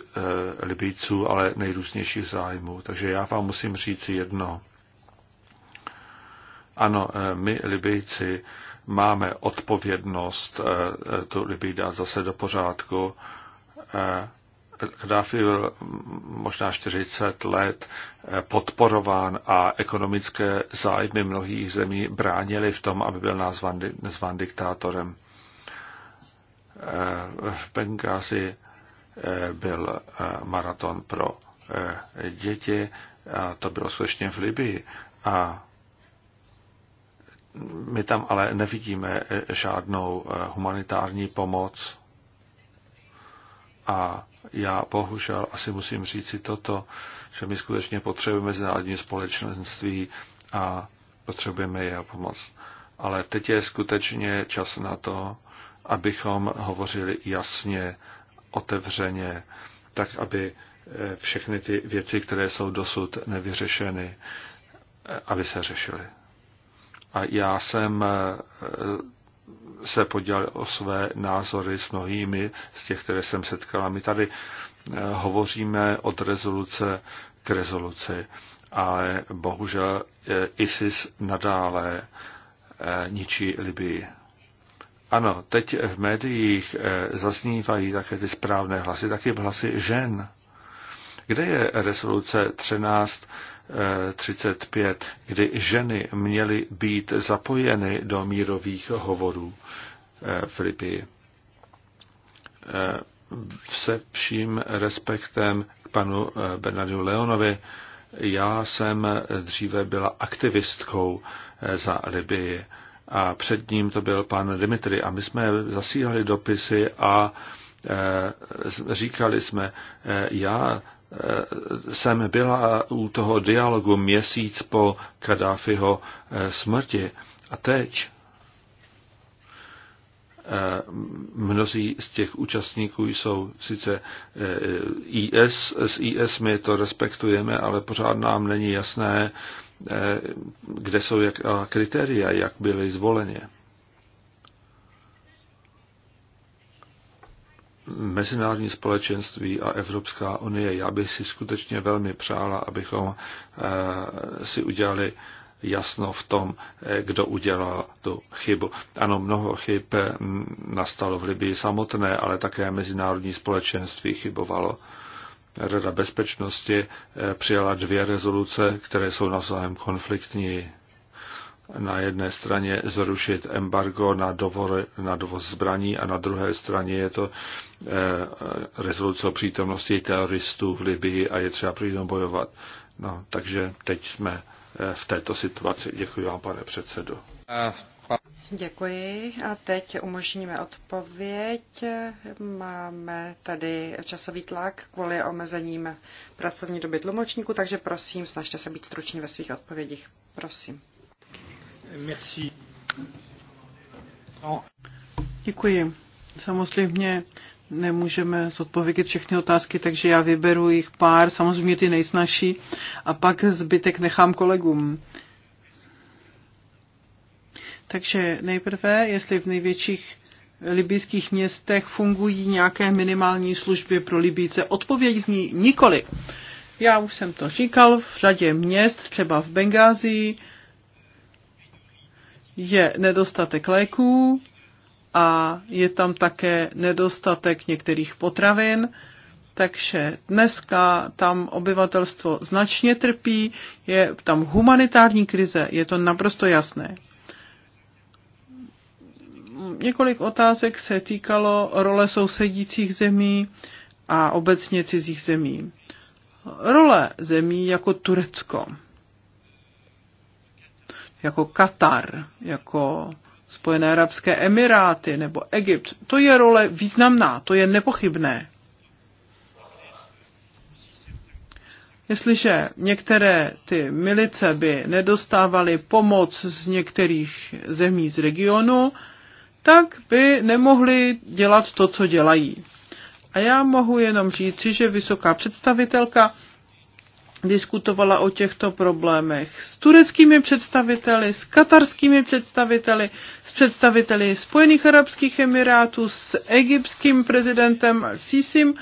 Libíců, ale nejrůznějších zájmů. Takže já vám musím říct jedno. Ano, eh, my Libijci máme odpovědnost e, tu Libii dát zase do pořádku. E, Gaddafi byl možná 40 let eh, podporován a ekonomické zájmy mnohých zemí bránili v tom, aby byl nazván, nazván diktátorem. Eh, v Bengázi eh, byl maraton pro děti a to bylo skutečně v Libii. A my tam ale nevidíme žádnou humanitární pomoc a já bohužel asi musím říci toto, že my skutečně potřebujeme mezinárodní společenství a potřebujeme jeho pomoc. Ale teď je skutečně čas na to, abychom hovořili jasně, otevřeně, tak aby eh, všechny ty věci, které jsou dosud nevyřešeny, eh, aby se řešily. A já jsem eh, se podělil o své názory s mnohými z těch, které jsem setkala. My tady eh, hovoříme od rezoluce k rezoluci, ale bohužel eh, ISIS nadále eh, ničí Libii. Ano, teď v médiích zaznívají také ty správné hlasy, taky hlasy žen. Kde je rezoluce 13 35, kdy ženy měly být zapojeny do mírových hovorů eh, Libii. Eh, se vším respektem k panu eh, Bernardu Leonovi, já jsem dříve byla aktivistkou za Libii a před ním to byl pan Dimitri a my jsme zasílali dopisy a říkali jsme, já Eh, jsem byla u toho dialogu měsíc po Kadáfiho eh, smrti. A teď eh, mnozí z těch účastníků jsou sice IS, s IS my to respektujeme, ale pořád nám není jasné, kde jsou jak kritéria, jak byly zvoleně. mezinárodní společenství a Evropská unie. Já bych si skutečně velmi přála, abychom eh, si udělali jasno v tom, eh, kdo udělal tu chybu. Ano, mnoho chyb eh, nastalo v Libii samotné, ale také mezinárodní společenství chybovalo. Rada bezpečnosti přijala dvě rezoluce, které jsou navzájem konfliktní na jedné straně zrušit embargo na, dovor, na dovoz zbraní a na druhé straně je to eh, rezoluce o přítomnosti teroristů v Libii a je třeba přijít bojovat. No, takže teď jsme eh, v této situaci. Děkuji vám, pane předsedo. Děkuji a teď umožníme odpověď. Máme tady časový tlak kvůli omezením pracovní doby tlumočníku, takže prosím, snažte se být struční ve svých odpovědích. Prosím. Merci. No. Děkuji. Samozřejmě nemůžeme zodpovědět všechny otázky, takže já vyberu jich pár, samozřejmě ty nejsnažší, a pak zbytek nechám kolegům. Takže nejprve, jestli v největších libijských městech fungují nějaké minimální služby pro Libíce. Odpověď zní nikoli. Já už jsem to říkal, v řadě měst, třeba v Bengázii, je nedostatek léků a je tam také nedostatek některých potravin. Takže dneska tam obyvatelstvo značně trpí, je tam humanitární krize, je to naprosto jasné. Několik otázek se týkalo role sousedících zemí a obecně cizích zemí. Role zemí jako Turecko jako Katar, jako Spojené arabské emiráty nebo Egypt. To je role významná, to je nepochybné. Jestliže některé ty milice by nedostávaly pomoc z některých zemí z regionu, tak by nemohli dělat to, co dělají. A já mohu jenom říci, že vysoká představitelka diskutovala o těchto problémech s tureckými představiteli, s katarskými představiteli, s představiteli Spojených Arabských Emirátů, s egyptským prezidentem Sisim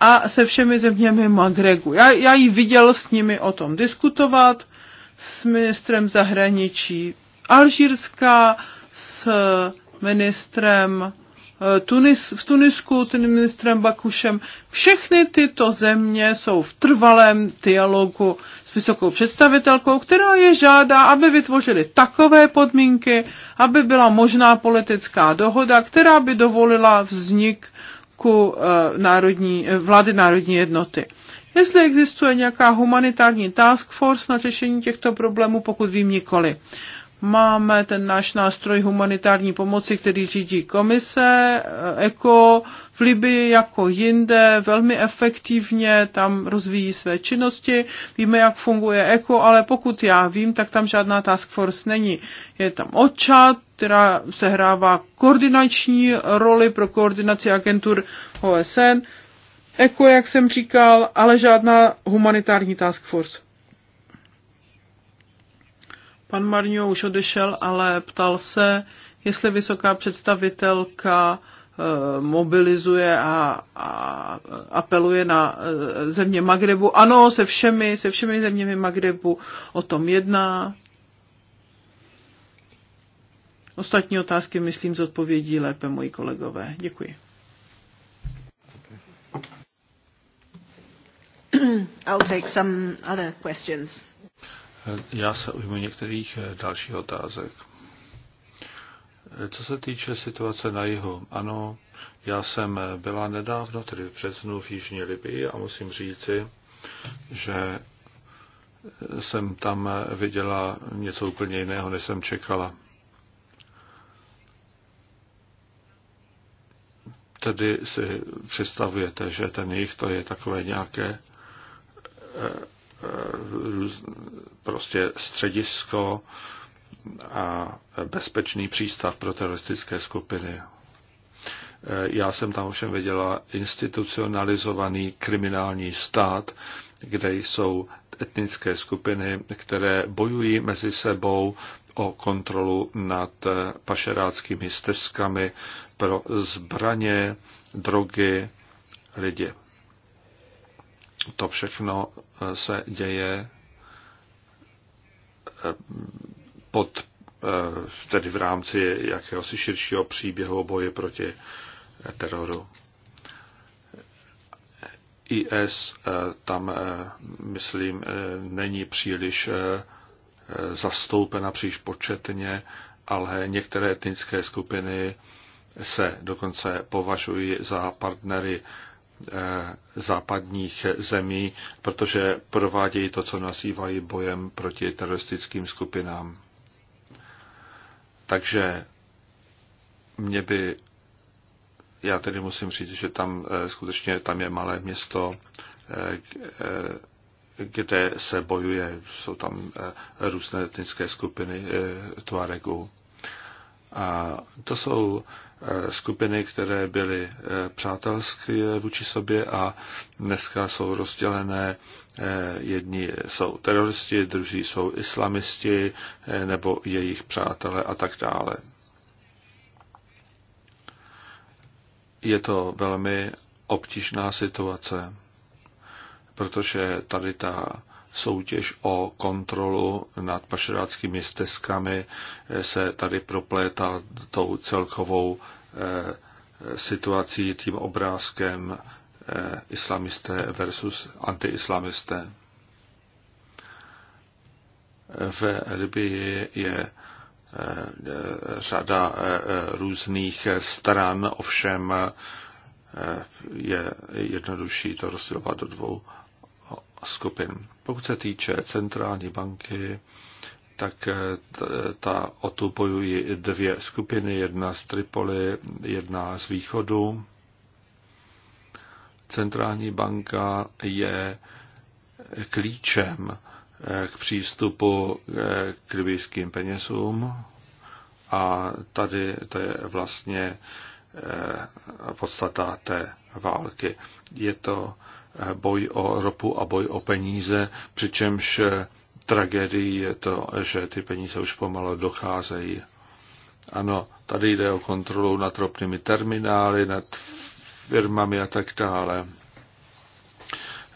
a se všemi zeměmi Magregu. Já, já ji viděl s nimi o tom diskutovat, s ministrem zahraničí Alžírska, s ministrem Tunis, v Tunisku, tím ministrem Bakušem. Všechny tyto země jsou v trvalém dialogu s vysokou představitelkou, která je žádá, aby vytvořili takové podmínky, aby byla možná politická dohoda, která by dovolila vznik ku eh, národní, eh, vlády národní jednoty. Jestli existuje nějaká humanitární task force na řešení těchto problémů, pokud vím nikoli. Uh, Máme ten náš nástroj humanitární pomoci, který řídí komise, eh, ECO, v Libii jako jinde, velmi efektivně tam rozvíjí své činnosti. Víme, jak funguje ECO, ale pokud já vím, tak tam žádná task force není. Je tam OCHA, která sehrává koordinační roli pro koordinaci agentur OSN, ECO, jak jsem říkal, ale žádná humanitární task force. Pan Marňo už odešel, ale ptal se, jestli vysoká představitelka eh, mobilizuje a, a apeluje na eh, země Magrebu. Ano, se všemi, se všemi zeměmi Magrebu o tom jedná. Ostatní otázky, myslím, zodpovědí lépe moji kolegové. Děkuji. I'll take some other questions. Já se ujmu některých eh, dalších otázek. Eh, co se týče situace na jihu, ano, já jsem eh, byla nedávno, tedy v březnu v Jižní Libii a musím říci, že jsem tam viděla něco úplně jiného, než jsem čekala. Tedy si představujete, že ten jich to je takové nějaké prostě středisko a bezpečný přístav pro teroristické skupiny. Já jsem tam ovšem viděla institucionalizovaný kriminální stát, kde jsou etnické skupiny, které bojují mezi sebou o kontrolu nad pašeráckými stezkami pro zbraně, drogy, lidi. To všechno eh, se děje eh, pod, eh, tedy v rámci jakéhosi širšího příběhu boje proti teroru. IS tam, myslím, není příliš zastoupena příliš početně, ale některé etnické skupiny se dokonce považují za partnery Eh, západních zemí, protože provádějí to, co nazývají bojem proti teroristickým skupinám. Takže mě by, já tedy musím říct, že tam eh, skutečně tam je malé město, eh, kde se bojuje, jsou tam různé etnické skupiny Tuaregu. A to jsou eh, skupiny, které byly eh, přátelské vůči sobě a dneska jsou rozdělené. Eh, jedni jsou teroristi, druzí jsou islamisti nebo jejich přátelé a tak dále. Je to velmi obtížná situace, protože tady ta soutěž o kontrolu nad pašeráckými stezkami se tady proplétá tou celkovou eh, situací, tím obrázkem eh, islamisté versus antiislamisté. V Libii je eh, řada různých stran, ovšem je jednodušší to rozdělovat do dvou skupin. Pokud se týče centrální banky, tak eh, ta, o tu bojují dvě skupiny, jedna z Tripoli, jedna z východu. Centrální banka je eh, klíčem eh, k přístupu k libijským penězům a tady to je vlastně podstata té války. Je to boj o ropu a boj o peníze, přičemž tragédií je to, že ty peníze už pomalu docházejí. Ano, tady jde o kontrolu nad ropnými terminály, nad firmami a tak dále.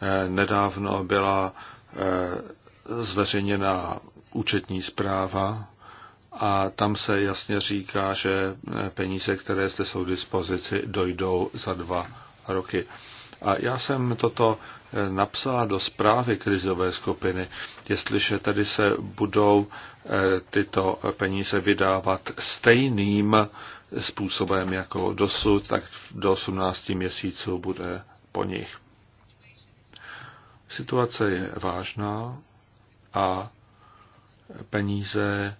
Eh, nedávno byla eh, zveřejněna účetní zpráva a tam se jasně říká, že eh, peníze, které zde jsou k dispozici, dojdou za dva roky. A já jsem toto eh, napsala do zprávy krizové skupiny, jestliže tady se budou eh, tyto peníze vydávat stejným eh, způsobem jako dosud, tak do 18 měsíců bude po nich. Situace je vážná a peníze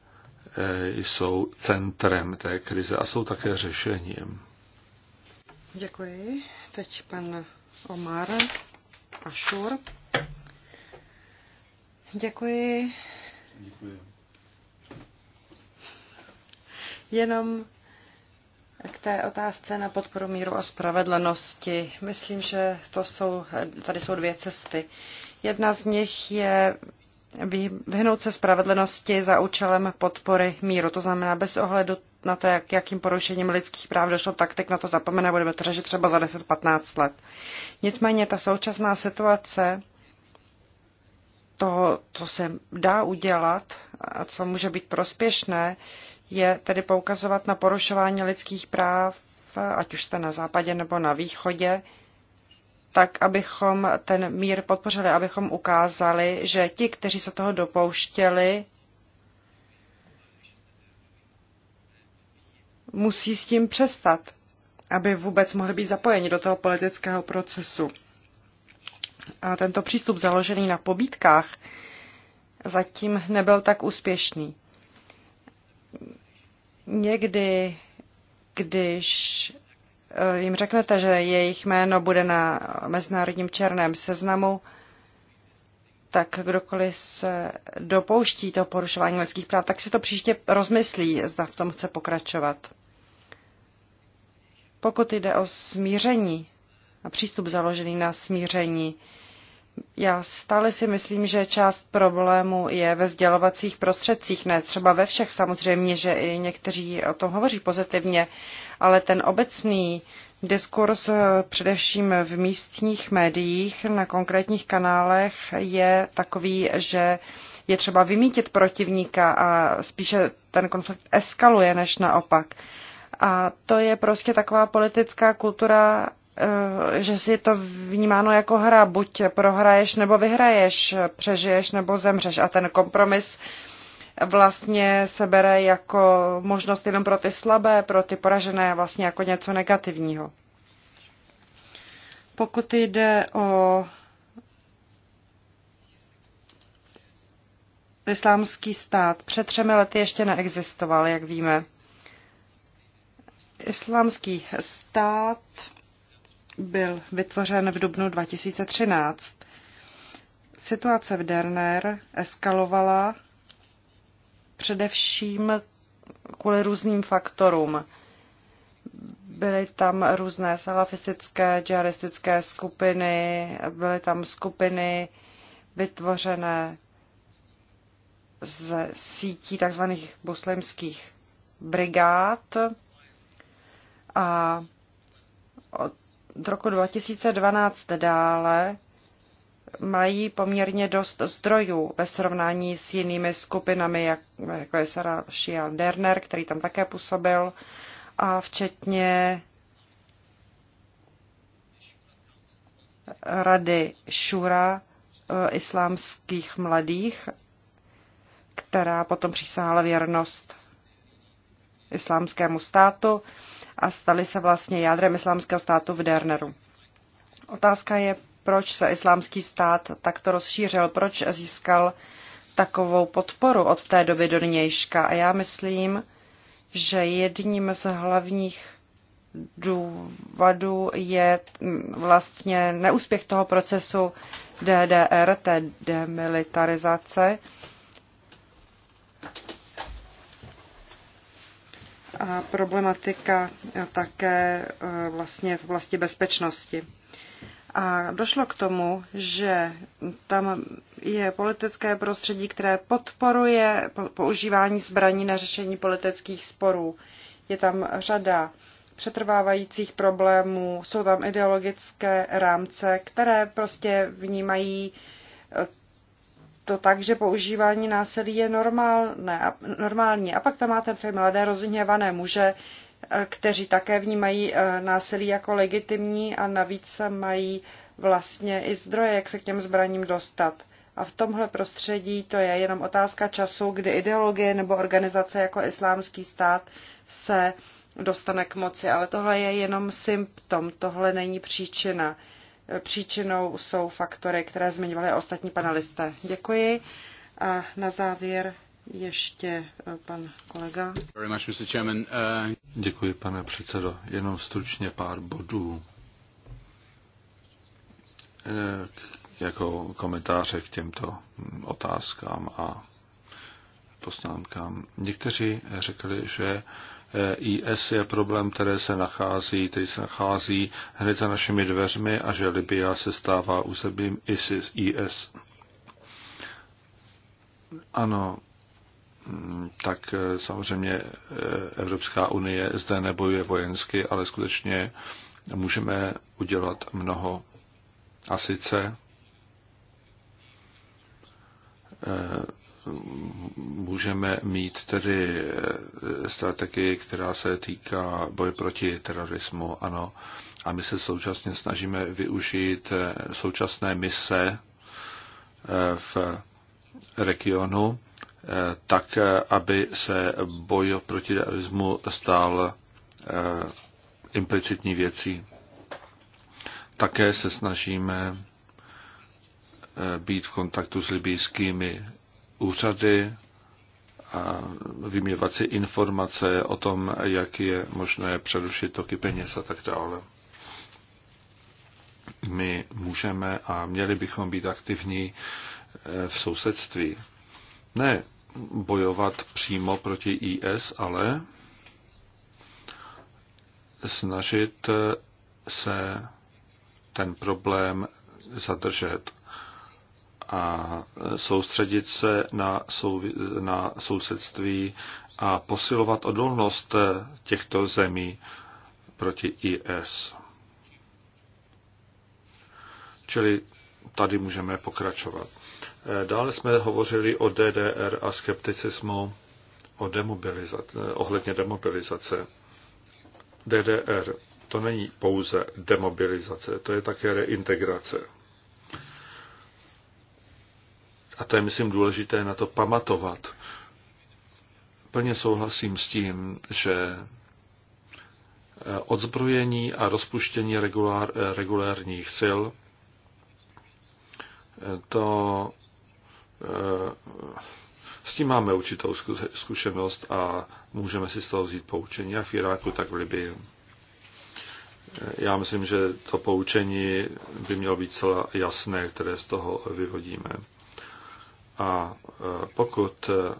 jsou centrem té krize a jsou také řešením. Děkuji. Teď pan Omar Ashur. Děkuji. Děkuji. Jenom k té otázce na podporu míru a spravedlnosti. Myslím, že to jsou, tady jsou dvě cesty. Jedna z nich je vyhnout se spravedlnosti za účelem podpory míru, to znamená bez ohledu na to, jak, jakým porušením lidských práv došlo, tak teď na to zapomeneme budeme to řešit třeba za 10-15 let. Nicméně ta současná situace toho, co se dá udělat a co může být prospěšné, je tedy poukazovat na porušování lidských práv, ať už jste na západě nebo na východě, tak abychom ten mír podpořili, abychom ukázali, že ti, kteří se toho dopouštěli, musí s tím přestat, aby vůbec mohli být zapojeni do toho politického procesu. A tento přístup založený na pobítkách zatím nebyl tak úspěšný. Někdy, když eh, jim řeknete, že jejich jméno bude na mezinárodním černém seznamu, tak kdokoliv se dopouští toho porušování lidských práv, tak si to příště rozmyslí, zda v tom chce pokračovat. Pokud jde o smíření a přístup založený na smíření, já stále si myslím, že část problému je ve sdělovacích prostředcích, ne třeba ve všech samozřejmě, že i někteří o tom hovoří pozitivně, ale ten obecný diskurs eh, především v místních médiích na konkrétních kanálech je takový, že je třeba vymítit protivníka a spíše ten konflikt eskaluje než naopak. A to je prostě taková politická kultura, eh, že si to vnímáno jako hra. Buď prohraješ nebo vyhraješ, přežiješ nebo zemřeš. A ten kompromis vlastně se bere jako možnost jenom pro ty slabé, pro ty poražené, vlastně jako něco negativního. Pokud jde o islámský stát, před třemi lety ještě neexistoval, jak víme. Islámský stát byl vytvořen v dubnu 2013. Situace v Derner eskalovala především kvůli různým faktorům. Byly tam různé salafistické, džihadistické skupiny, byly tam skupiny vytvořené z sítí tzv. muslimských brigád, a od roku 2012 dále mají poměrně dost zdrojů ve srovnání s jinými skupinami, jak, jako je Sarah Shian Derner, který tam také působil, a včetně Rady Šura eh, islámských mladých, která potom přísahala věrnost islámskému státu a staly se vlastně jádrem islámského státu v Derneru. Otázka je, proč se islámský stát takto rozšířil, proč získal takovou podporu od té doby do nynějška. A já myslím, že jedním z hlavních důvodů je vlastně neúspěch toho procesu DDR, té demilitarizace, a problematika eh, také eh, vlastně v oblasti bezpečnosti. A došlo k tomu, že tam je politické prostředí, které podporuje používání zbraní na řešení politických sporů. Je tam řada přetrvávajících problémů, jsou tam ideologické rámce, které prostě vnímají eh, to tak, že používání násilí je normálné, normální. A pak tam máte ty mladé rozhněvané muže, eh, kteří také vnímají eh, násilí jako legitimní a navíc mají vlastně i zdroje, jak se k těm zbraním dostat. A v tomhle prostředí to je jenom otázka času, kdy ideologie nebo organizace jako islámský stát se dostane k moci. Ale tohle je jenom symptom, tohle není příčina příčinou jsou faktory, které zmiňovali ostatní panelisté. Děkuji. A na závěr ještě eh, pan kolega. Uh, Děkuji, pane předsedo. Jenom stručně pár bodů eh, jako komentáře k těmto otázkám a poznámkám. Někteří řekli, že E IS je problém, které se nachází, který se nachází hned za našimi dveřmi a že Libia se stává územím ISIS, IS. Ano, mm, tak e, samozřejmě e, Evropská unie zde nebojuje vojensky, ale skutečně můžeme udělat mnoho. A sice můžeme mít tedy eh, strategii, která se týká boje proti terorismu, ano. A my se současně snažíme využít eh, současné mise eh, v regionu, tak, aby se boj proti terorismu stal implicitní věcí. Také se snažíme být v kontaktu s libijskými úřady a vyměvat si informace o tom, jak je možné přerušit toky peněz a tak dále. My můžeme a měli bychom být aktivní eh, v sousedství. Ne bojovat přímo proti IS, ale snažit eh, se ten problém zadržet a soustředit se na, sou, na sousedství a posilovat odolnost těchto zemí proti IS. Čili tady můžeme pokračovat. Dále jsme hovořili o DDR a skepticismu o demobilizace, ohledně demobilizace. DDR to není pouze demobilizace, to je také reintegrace a to je, myslím, důležité na to pamatovat. Plně souhlasím s tím, že eh, odzbrojení a rozpuštění regulár, eh, regulárních sil eh, to s tím máme určitou zkušenost a můžeme si z toho vzít poučení, jak v Iráku, tak v Libii. Já myslím, že to poučení by mělo být celá jasné, které z toho vyvodíme. A e, pokud e,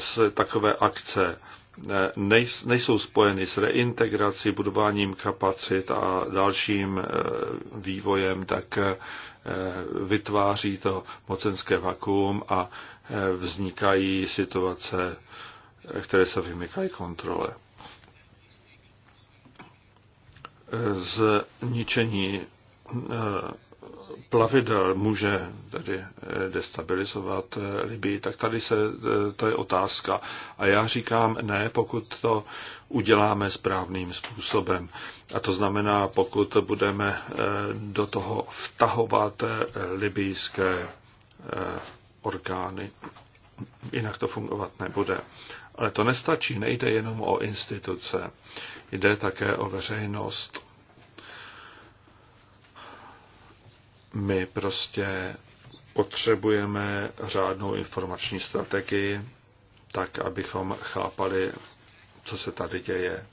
se takové akce e, nejsou spojeny s reintegrací, budováním kapacit a dalším vývojem, tak vytváří to mocenské vakuum a vznikají situace, které se vymykají kontrole. Zničení plavidel může tedy eh, destabilizovat Libii, eh, tak tady se, eh, to je otázka. A já říkám ne, pokud to uděláme správným způsobem. A to znamená, pokud budeme do toho vtahovat libijské orgány. Jinak to fungovat nebude. Ale to nestačí, nejde jenom o instituce, jde také o veřejnost My prostě potřebujeme řádnou informační strategii, tak abychom chápali, co se tady děje.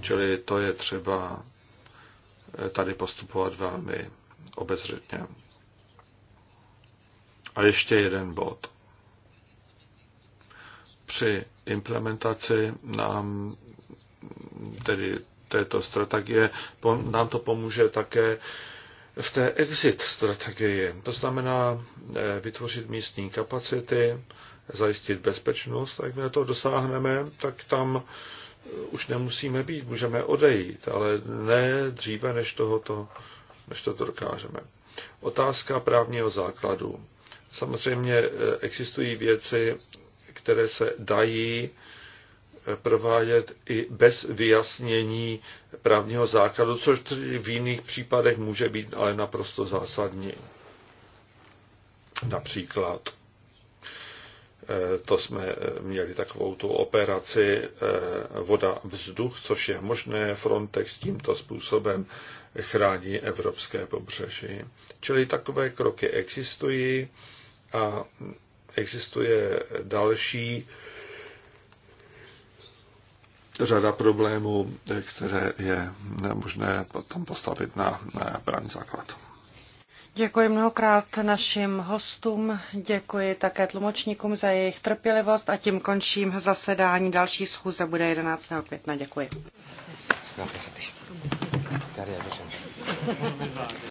Čili to je třeba eh, tady postupovat velmi obezřetně. A ještě jeden bod. Při implementaci nám tedy této strategie nám to pomůže také v té exit strategii, to znamená eh, vytvořit místní kapacity, zajistit bezpečnost, a jakmile to dosáhneme, tak tam eh, už nemusíme být, můžeme odejít, ale ne dříve, než, tohoto, než toto dokážeme. Otázka právního základu. Samozřejmě eh, existují věci, které se dají provádět i bez vyjasnění právního základu, což v jiných případech může být ale naprosto zásadní. Například eh, to jsme eh, měli takovou tu operaci eh, voda vzduch, což je možné. Frontex tímto způsobem chrání evropské pobřeží. Čili takové kroky existují a existuje další řada problémů, které je možné potom postavit na, na právní základ. Děkuji mnohokrát našim hostům, děkuji také tlumočníkům za jejich trpělivost a tím končím zasedání. Další schůze bude 11. května. Děkuji.